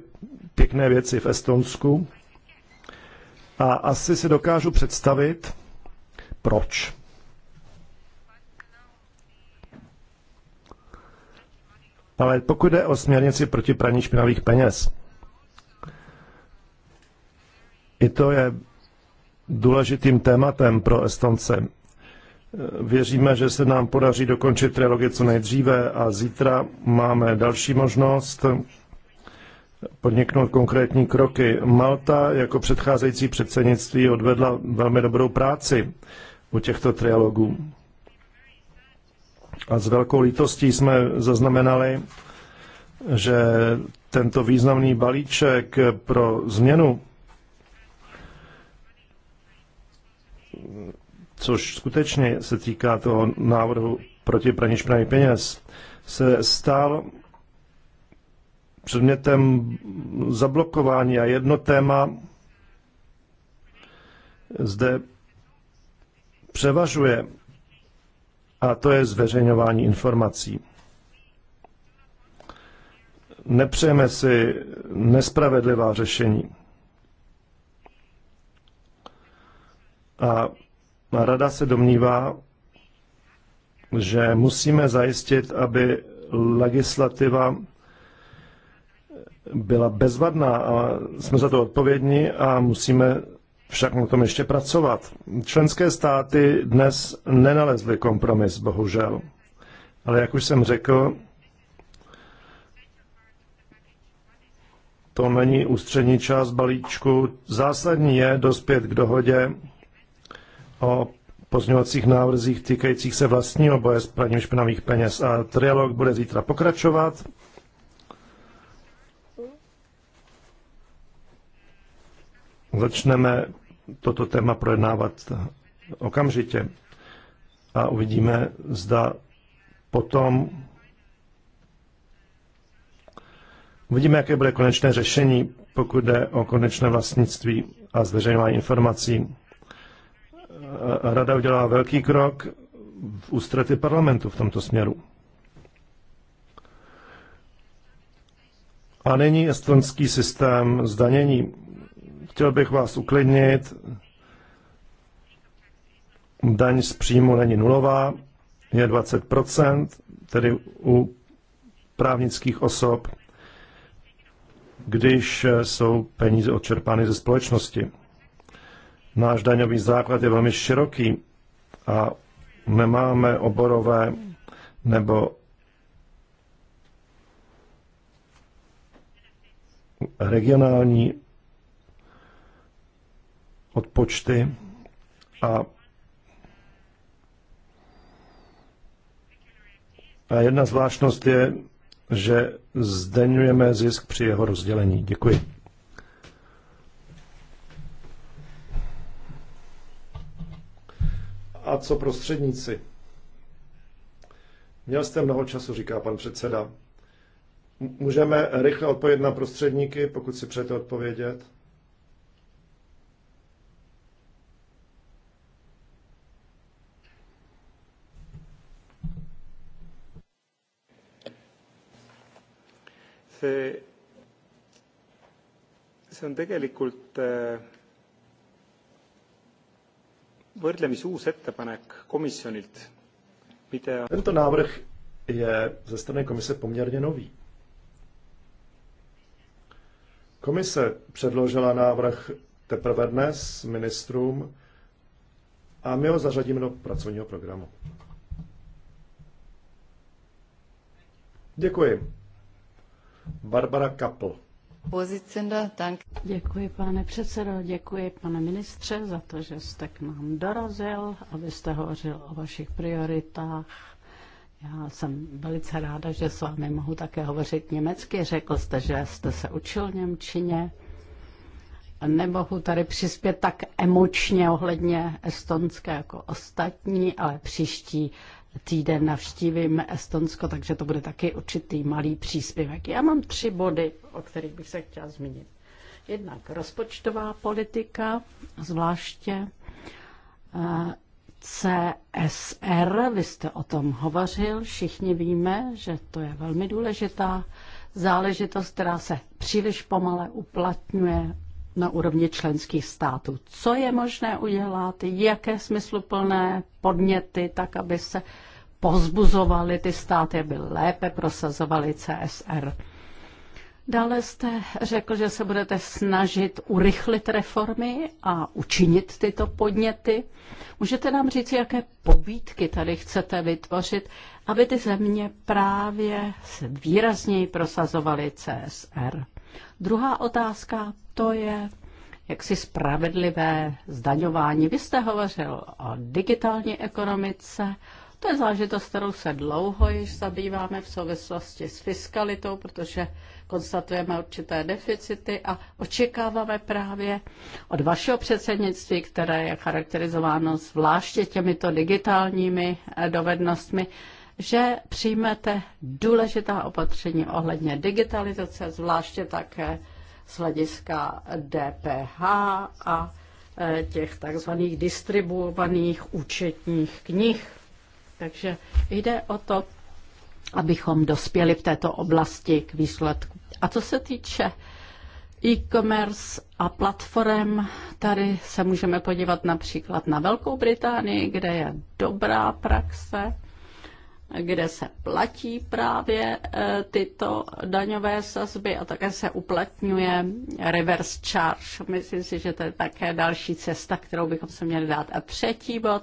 pěkné věci v Estonsku a asi si dokážu představit, proč. Ale pokud jde o směrnici proti praní špinavých peněz, i to je důležitým tématem pro Estonce. Věříme, že se nám podaří dokončit trilogy co nejdříve a zítra máme další možnost podniknout konkrétní kroky. Malta jako předcházející předsednictví odvedla velmi dobrou práci u těchto trialogů. A s velkou lítostí jsme zaznamenali, že tento významný balíček pro změnu, což skutečně se týká toho návrhu proti praní špinavých peněz, se stal předmětem zablokování a jedno téma zde převažuje a to je zveřejňování informací. Nepřejeme si nespravedlivá řešení. A rada se domnívá, že musíme zajistit, aby legislativa byla bezvadná a jsme za to odpovědní a musíme však na tom ještě pracovat. Členské státy dnes nenalezly kompromis, bohužel. Ale jak už jsem řekl, to není ústřední část balíčku. Zásadní je dospět k dohodě o pozňovacích návrzích týkajících se vlastního boje s praním špinavých peněz. A trialog bude zítra pokračovat. Začneme toto téma projednávat okamžitě. A uvidíme, zda potom uvidíme, jaké bude konečné řešení, pokud jde o konečné vlastnictví a zveřejňování informací. Rada udělala velký krok v ústrety parlamentu v tomto směru. A nyní estonský systém zdanění Chtěl bych vás uklidnit. Daň z příjmu není nulová, je 20%, tedy u právnických osob, když jsou peníze odčerpány ze společnosti. Náš daňový základ je velmi široký a nemáme oborové nebo regionální odpočty a A jedna zvláštnost je, že zdeňujeme zisk při jeho rozdělení. Děkuji. A co prostředníci? Měl jste mnoho času, říká pan předseda. Můžeme rychle odpovědět na prostředníky, pokud si přejete odpovědět. see on tegelikult äh, võrdlemisi uus ettepanek komisjonilt, mida Tento návrh je ze strany komise poměrně nový. Komise předložila návrh teprve dnes ministrům a my ho zařadíme do pracovního programu. Děkuji. Barbara Kapl. Děkuji, pane předsedo, děkuji, pane ministře, za to, že jste k nám dorazil, abyste hovořil o vašich prioritách. Já jsem velice ráda, že s vámi mohu také hovořit německy. Řekl jste, že jste se učil Němčině. Nemohu tady přispět tak emočně ohledně estonské jako ostatní, ale příští týden navštívím Estonsko, takže to bude taky určitý malý příspěvek. Já mám tři body, o kterých bych se chtěla zmínit. Jednak rozpočtová politika, zvláště eh, CSR, vy jste o tom hovořil, všichni víme, že to je velmi důležitá záležitost, která se příliš pomale uplatňuje na úrovni členských států. Co je možné udělat, jaké smysluplné podněty, tak aby se pozbuzovaly ty státy, aby lépe prosazovaly CSR. Dále jste řekl, že se budete snažit urychlit reformy a učinit tyto podněty. Můžete nám říct, jaké pobídky tady chcete vytvořit, aby ty země právě se výrazněji prosazovaly CSR? Druhá otázka, to je jaksi spravedlivé zdaňování. Vy jste hovořil o digitální ekonomice, to je záležitost, kterou se dlouho již zabýváme v souvislosti s fiskalitou, protože konstatujeme určité deficity a očekáváme právě od vašeho předsednictví, které je charakterizováno zvláště těmito digitálními dovednostmi, že přijmete důležitá opatření ohledně digitalizace, zvláště také z hlediska DPH a e, těch takzvaných distribuovaných účetních knih. Takže jde o to, abychom dospěli v této oblasti k výsledku. A co se týče e-commerce a platform, tady se můžeme podívat například na Velkou Británii, kde je dobrá praxe kde se platí právě e, tyto daňové sazby a také se uplatňuje reverse charge. Myslím si, že to je také další cesta, kterou bychom se měli dát. A třetí bod,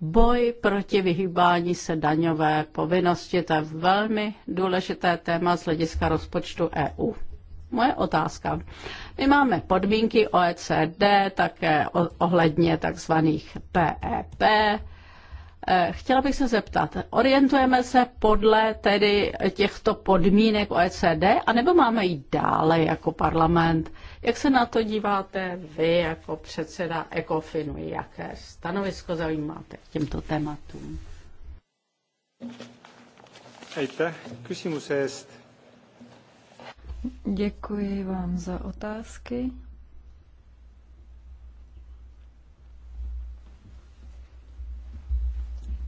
boj proti vyhýbání se daňové povinnosti. To je velmi důležité téma z hlediska rozpočtu EU. Moje otázka. My máme podmínky OECD, také ohledně takzvaných PEP, e Eh, chtěla bych se zeptat, orientujeme se podle tedy těchto podmínek OECD, anebo máme jít dále jako parlament? Jak se na to díváte vy jako předseda ECOFINu? Jaké stanovisko zajímáte k těmto tématům? Děkuji vám za otázky.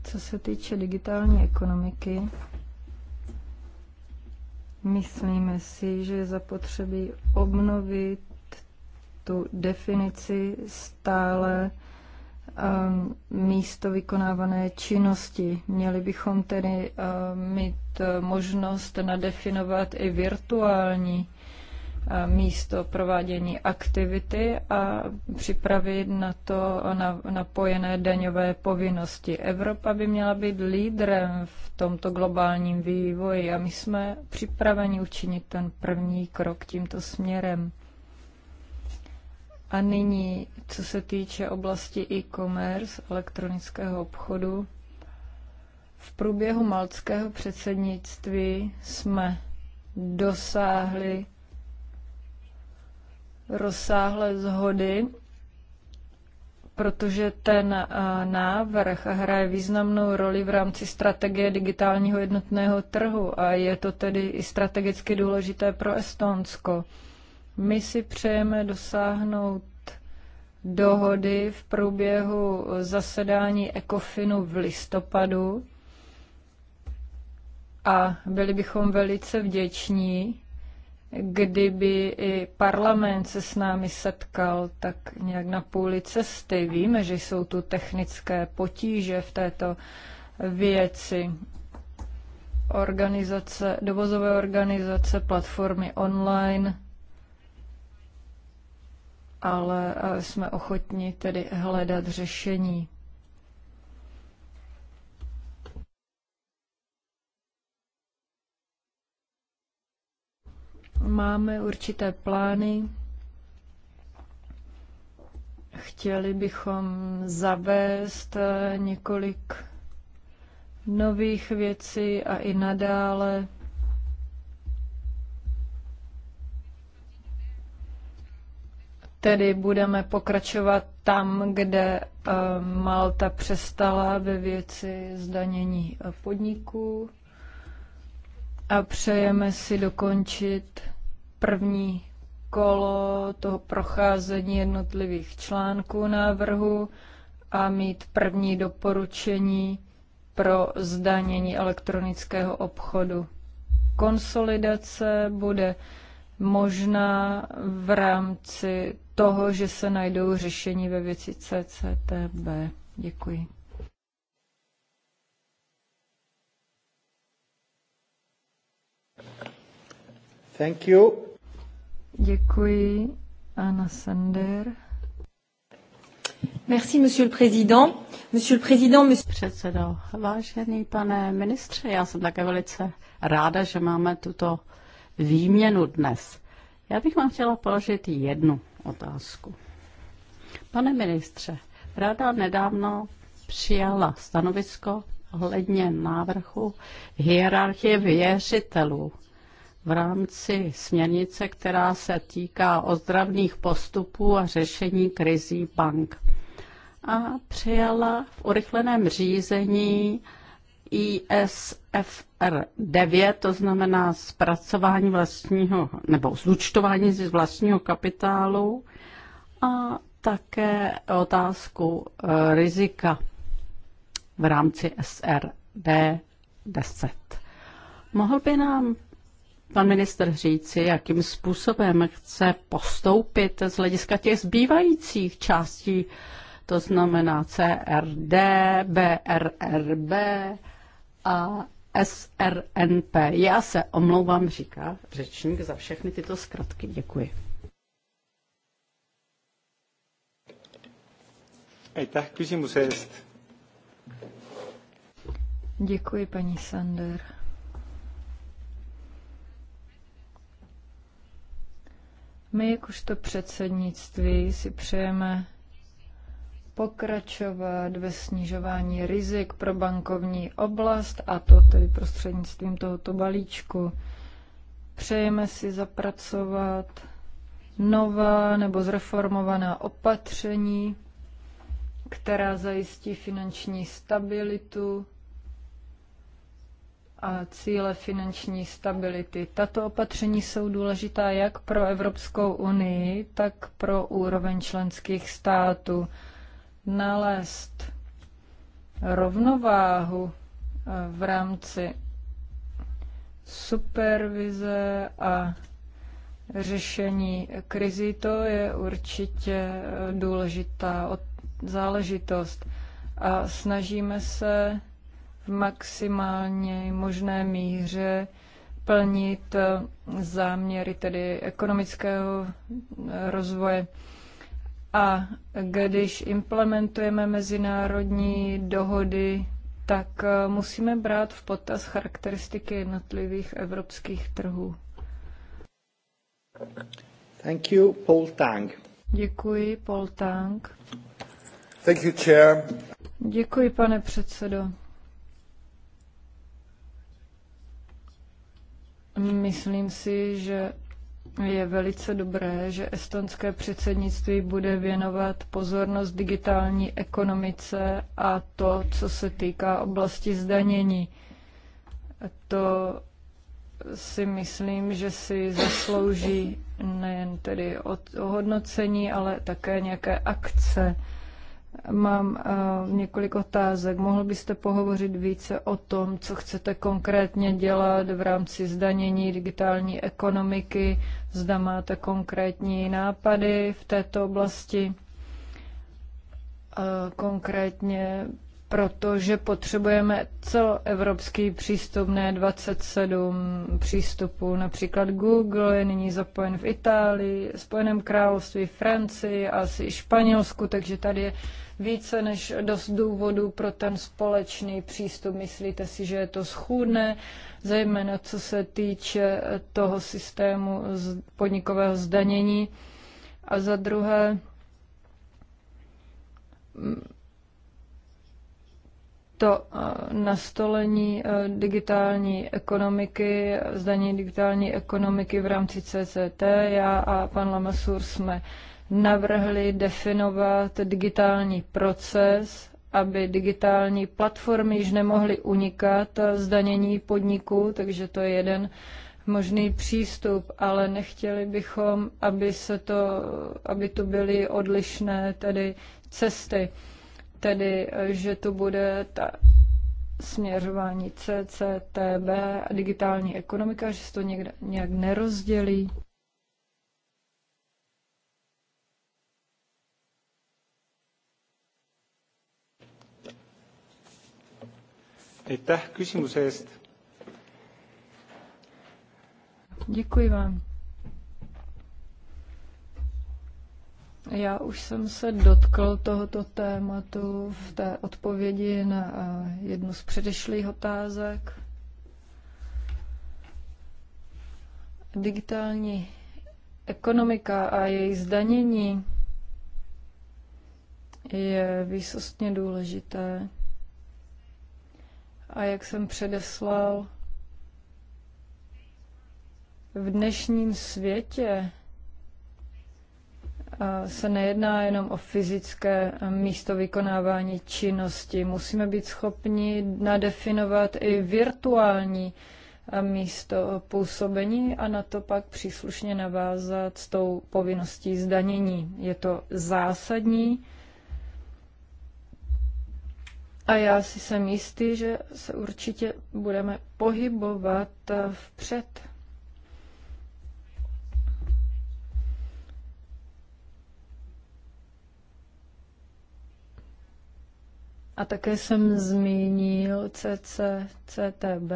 Co se týče digitální ekonomiky, myslíme si, že je zapotřebí obnovit tu definici stále um, místo vykonávané činnosti. Měli bychom tedy uh, mít uh, možnost nadefinovat i virtuální místo provádění aktivity a připravit na to napojené daňové povinnosti. Evropa by měla být lídrem v tomto globálním vývoji a my jsme připraveni učinit ten první krok tímto směrem. A nyní, co se týče oblasti e-commerce, elektronického obchodu, v průběhu maltského předsednictví jsme dosáhli rozsáhlé zhody, protože ten eh, návrh hraje významnou roli v rámci strategie digitálního jednotného trhu a je to tedy i strategicky důležité pro Estonsko. My si přejeme dosáhnout dohody v průběhu zasedání ECOFINu v listopadu a byli bychom velice vděční, kdyby i parlament se s námi setkal tak nějak na půli cesty. Víme, že jsou tu technické potíže v této věci. Organizace, dovozové organizace, platformy online, ale jsme ochotni tedy hledat řešení. Máme určité plány. Chtěli bychom zavést eh, několik nových věcí a i nadále tedy budeme pokračovat tam, kde eh, Malta přestala ve věci zdanění eh, podniků a přejeme si dokončit první kolo toho procházení jednotlivých článků návrhu a mít první doporučení pro zdanění elektronického obchodu. Konsolidace bude možná v rámci toho, že se najdou řešení ve věci CCTB. Děkuji. Thank you. Děkuji. Anna Sander. Merci, monsieur le président. Monsieur le président, monsieur... Předsedo, vážený pane ministře, já jsem také velice ráda, že máme tuto výměnu dnes. Já bych vám chtěla položit jednu otázku. Pane ministře, ráda nedávno přijala stanovisko ohledně návrhu hierarchie věřitelů v rámci směrnice, která se týká ozdravných postupů a řešení krizí bank. A přijala v urychleném řízení ISFR 9, to znamená zpracování vlastního nebo zúčtování z vlastního kapitálu a také otázku e, rizika v rámci SRD 10. Mohl by nám pan minister říci, jakým způsobem chce postoupit z hlediska těch zbývajících částí, to znamená CRD, BRRB a SRNP. Já se omlouvám, říká řečník, za všechny tyto zkratky. Děkuji. Děkuji, paní Sander. My, jakožto předsednictví, si přejeme pokračovat ve snižování rizik pro bankovní oblast, a to tedy prostřednictvím tohoto balíčku. Přejeme si zapracovat nová nebo zreformovaná opatření, která zajistí finanční stabilitu a cíle finanční stability. Tato opatření jsou důležitá jak pro Evropskou unii, tak pro úroveň členských států. Nalézt rovnováhu eh, v rámci supervize a řešení krizí, to je určitě eh, důležitá záležitost. A snažíme se v maximálně možné míře plnit záměry tedy ekonomického rozvoje. A když implementujeme mezinárodní dohody, tak musíme brát v potaz charakteristiky jednotlivých evropských trhů. Thank you, Paul Tang. Děkuji, Paul Tang. Thank you, chair. Děkuji, pane předsedo. Myslím si, že je velice dobré, že estonské předsednictví bude věnovat pozornost digitální ekonomice a to, co se týká oblasti zdanění. To si myslím, že si zaslouží nejen tedy od ohodnocení, ale také nějaké akce. Mám uh, několik otázek. Mohl byste pohovořit více o tom, co chcete konkrétně dělat v rámci zdanění digitální ekonomiky? Zda máte konkrétní nápady v této oblasti? Uh, konkrétně protože potřebujeme celoevropský přístup, ne 27 přístupů. Například Google je nyní zapojen v Itálii, Spojeném království, Francii, asi Španělsku, takže tady je více než dost důvodů pro ten společný přístup. Myslíte si, že je to schůdné, zejména co se týče toho systému podnikového zdanění? A za druhé, to eh, nastolení eh, digitální ekonomiky, zdanění digitální ekonomiky v rámci CCT. Já a pan Lamasur jsme navrhli definovat digitální proces, aby digitální platformy již nemohly unikat eh, zdanění podniků, takže to je jeden možný přístup, ale nechtěli bychom, aby, se to, aby tu byly odlišné tedy cesty tedy že to bude ta směřování CCTB a digitální ekonomika, že se to někde, nějak nerozdělí? Aitäh küsimuse eest. Děkuji vám. Já už jsem se dotkl tohoto tématu v té odpovědi na eh, jednu z předešlých otázek. Digitální ekonomika a její zdanění je výsostně důležité. A jak jsem předeslal, v dnešním světě Eh, se nejedná jenom o fyzické eh, místo vykonávání činnosti. Musíme být schopni nadefinovat i virtuální eh, místo působení a na to pak příslušně navázat s tou povinností zdanění. Je to zásadní a já si jsem jistý, že se určitě budeme pohybovat vpřed. A také jsem zmínil CCCTB.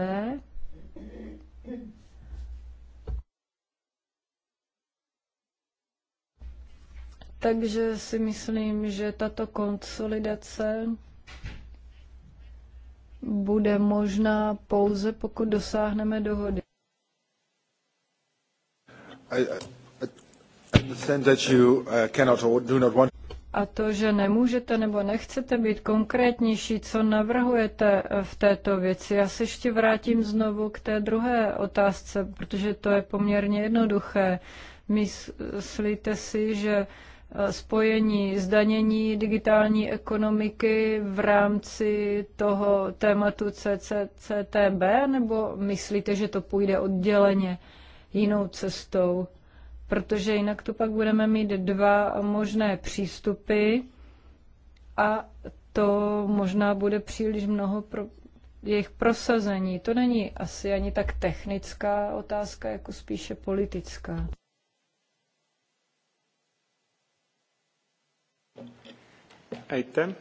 Takže si myslím, že tato konsolidace bude možná pouze, pokud dosáhneme dohody. I, I understand that you uh, cannot or do not want a to, že nemůžete nebo nechcete být konkrétnější, co navrhujete v této věci. Já se ještě vrátím znovu k té druhé otázce, protože to je poměrně jednoduché. Myslíte si, že eh, spojení zdanění digitální ekonomiky v rámci toho tématu CCCTB, nebo myslíte, že to půjde odděleně jinou cestou? protože jinak tu pak budeme mít dva možné přístupy a to možná bude příliš mnoho pro jejich prosazení. To není asi ani tak technická otázka, jako spíše politická. Aitäh.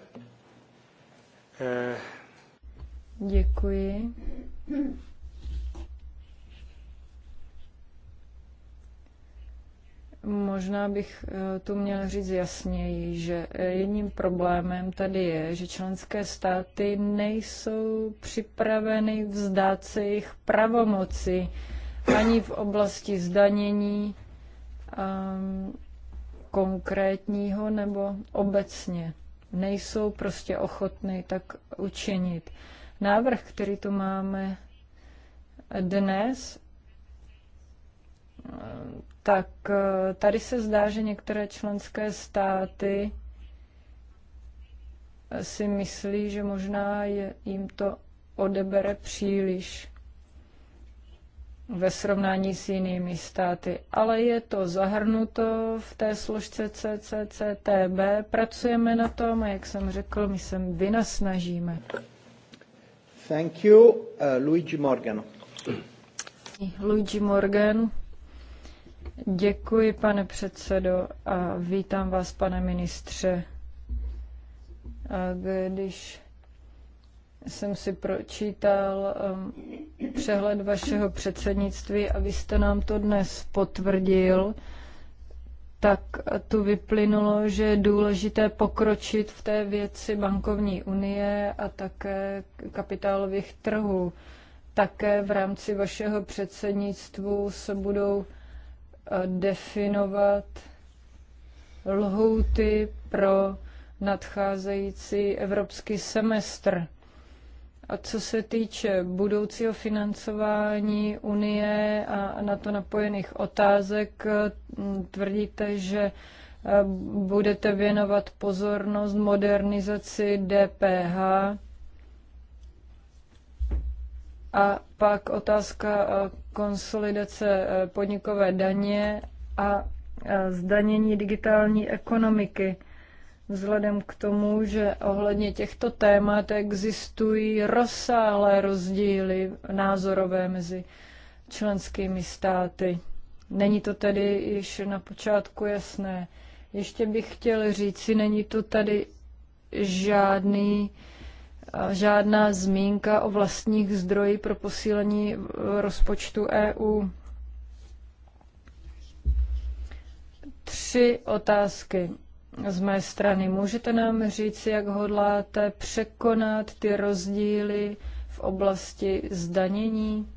Eh. Děkuji. Možná bych eh, tu měl říct jasněji, že eh, jedním problémem tady je, že členské státy nejsou připraveny vzdát se jejich pravomoci ani v oblasti zdanění um, konkrétního nebo obecně. Nejsou prostě ochotny tak učinit. Návrh, který tu máme dnes, tak eh, tady se zdá, že některé členské státy eh, si myslí, že možná je, jim to odebere příliš ve srovnání s jinými státy. Ale je to zahrnuto v té složce CCCTB. Pracujeme na tom a jak jsem řekl, my se vynasnažíme. Thank you, uh, Luigi Morgan. Luigi Morgan. Děkuji, pane předsedo, a vítám vás, pane ministře. A když jsem si pročítal um, přehled vašeho předsednictví a vy jste nám to dnes potvrdil, tak tu vyplynulo, že je důležité pokročit v té věci bankovní unie a také kapitálových trhů. Také v rámci vašeho předsednictvu se budou definovat lhouty pro nadcházející evropský semestr. A co se týče budoucího financování Unie a na to napojených otázek, tvrdíte, že eh, budete věnovat pozornost modernizaci DPH a pak otázka e, konsolidace e, podnikové daně a e, zdanění digitální ekonomiky. Vzhledem k tomu, že ohledně těchto témat existují rozsáhlé rozdíly názorové mezi členskými státy. Není to tedy již na počátku jasné. Ještě bych chtěl říct, si není to tady žádný uh, žádná zmínka o vlastních zdroji pro posílení e, rozpočtu EU. Tři otázky z mé strany. Můžete nám říct, jak hodláte překonat ty rozdíly v oblasti zdanění?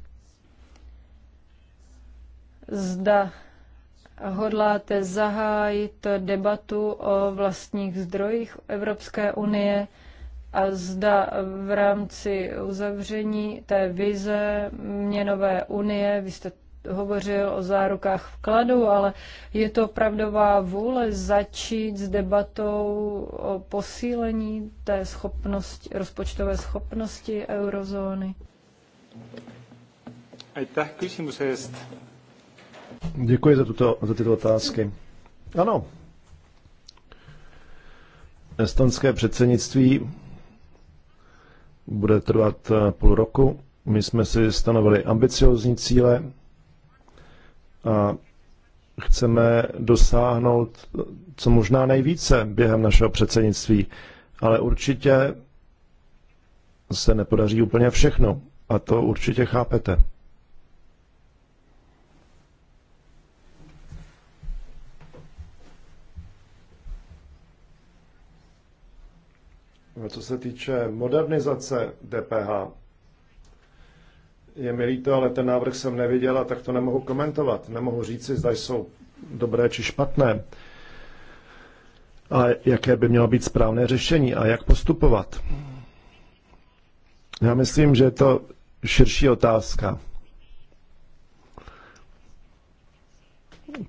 Zda hodláte zahájit debatu o vlastních zdrojích Evropské unie? a zda v rámci uzavření té vize měnové unie, vy jste hovořil o zárukách vkladu, ale je to pravdová vůle začít s debatou o posílení té schopnosti, rozpočtové schopnosti eurozóny? Děkuji za, tuto, za tyto otázky. Ano. Estonské předsednictví bude trvat eh, půl roku. My jsme si stanovili ambiciozní cíle a chceme dosáhnout eh, co možná nejvíce během našeho předsednictví, ale určitě se nepodaří úplně všechno a to určitě chápete. co se týče modernizace DPH, je mi líto, ale ten návrh jsem neviděl a tak to nemohu komentovat. Nemohu říci, zda jsou dobré či špatné. A jaké by mělo být správné řešení a jak postupovat. Já myslím, že je to širší otázka.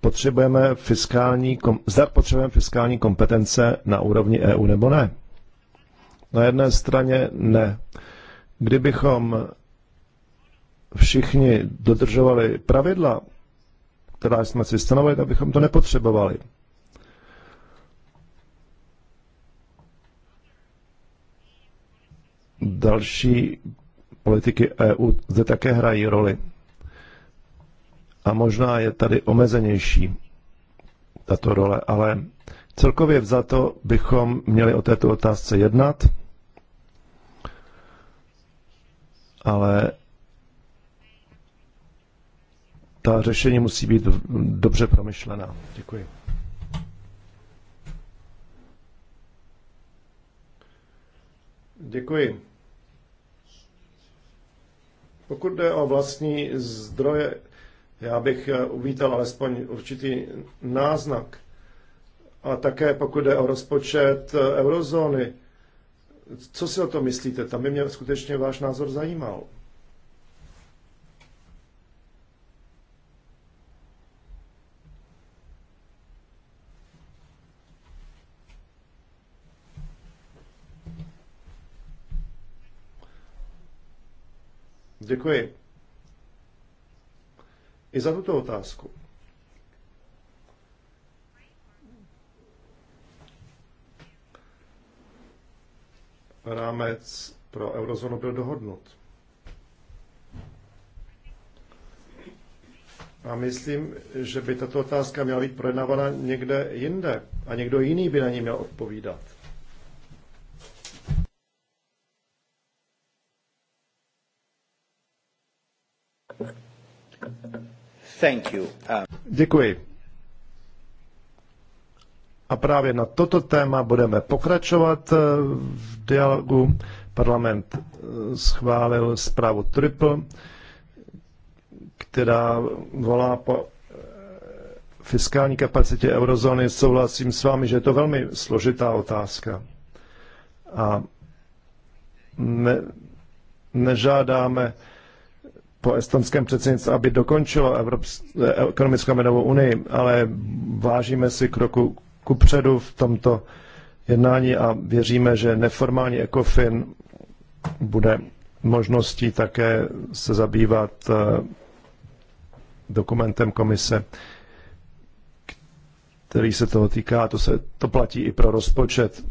Potřebujeme fiskální, zda potřebujeme fiskální kompetence na úrovni EU nebo ne. Na jedné straně ne. Kdybychom všichni dodržovali pravidla, která jsme si stanovili, tak bychom to nepotřebovali. Další politiky EU zde také hrají roli. A možná je tady omezenější tato role, ale celkově vzato bychom měli o této otázce jednat ale ta řešení musí být dobře promyšlená. Děkuji. Děkuji. Pokud jde o vlastní zdroje, já bych eh, uvítal alespoň určitý náznak. A také pokud jde o rozpočet eh, eurozóny, co si o to myslíte? Tam by mě skutečně váš názor zajímal. Děkuji. I za tuto otázku. rámec pro eurozónu byl dohodnut. A myslím, že by tato otázka měla být projednávána někde jinde a někdo jiný by na ní měl odpovídat. Thank you. Um... Děkuji. A právě na toto téma budeme pokračovat eh, v dialogu. Parlament eh, schválil zprávu Triple, která volá po eh, fiskální kapacitě eurozóny. Souhlasím s vámi, že je to velmi složitá otázka. A ne, nežádáme po estonském předsednictví, aby dokončilo Evrops- ekonomickou měnovou unii, ale vážíme si kroku kupředu v tomto jednání a věříme, že neformální ECOFIN bude možností také se zabývat eh, dokumentem komise, který se toho týká. To, se, to platí i pro rozpočet.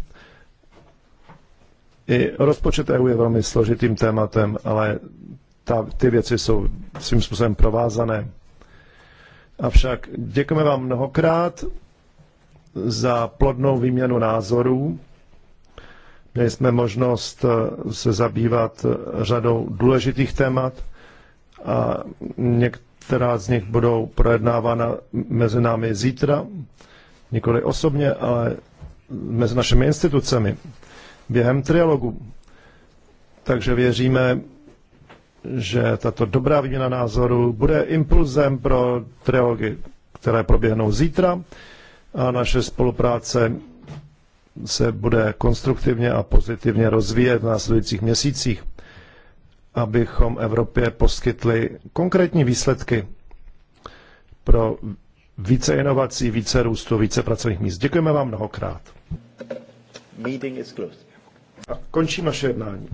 I rozpočet EU je velmi složitým tématem, ale ta, ty věci jsou svým způsobem provázané. Avšak děkujeme vám mnohokrát za plodnou výměnu názorů. Měli jsme možnost eh, se zabývat eh, řadou důležitých témat a některá z nich budou projednávána mezi námi zítra, nikoli osobně, ale mezi našimi institucemi během trialogu. Takže věříme, že tato dobrá výměna názoru bude impulzem pro trialogy, které proběhnou zítra a naše spolupráce se bude konstruktivně a pozitivně rozvíjet v následujících měsících, abychom Evropě poskytli konkrétní výsledky pro více inovací, více růstu, více pracovních míst. Děkujeme vám mnohokrát. Meeting is closed. A končím naše jednání.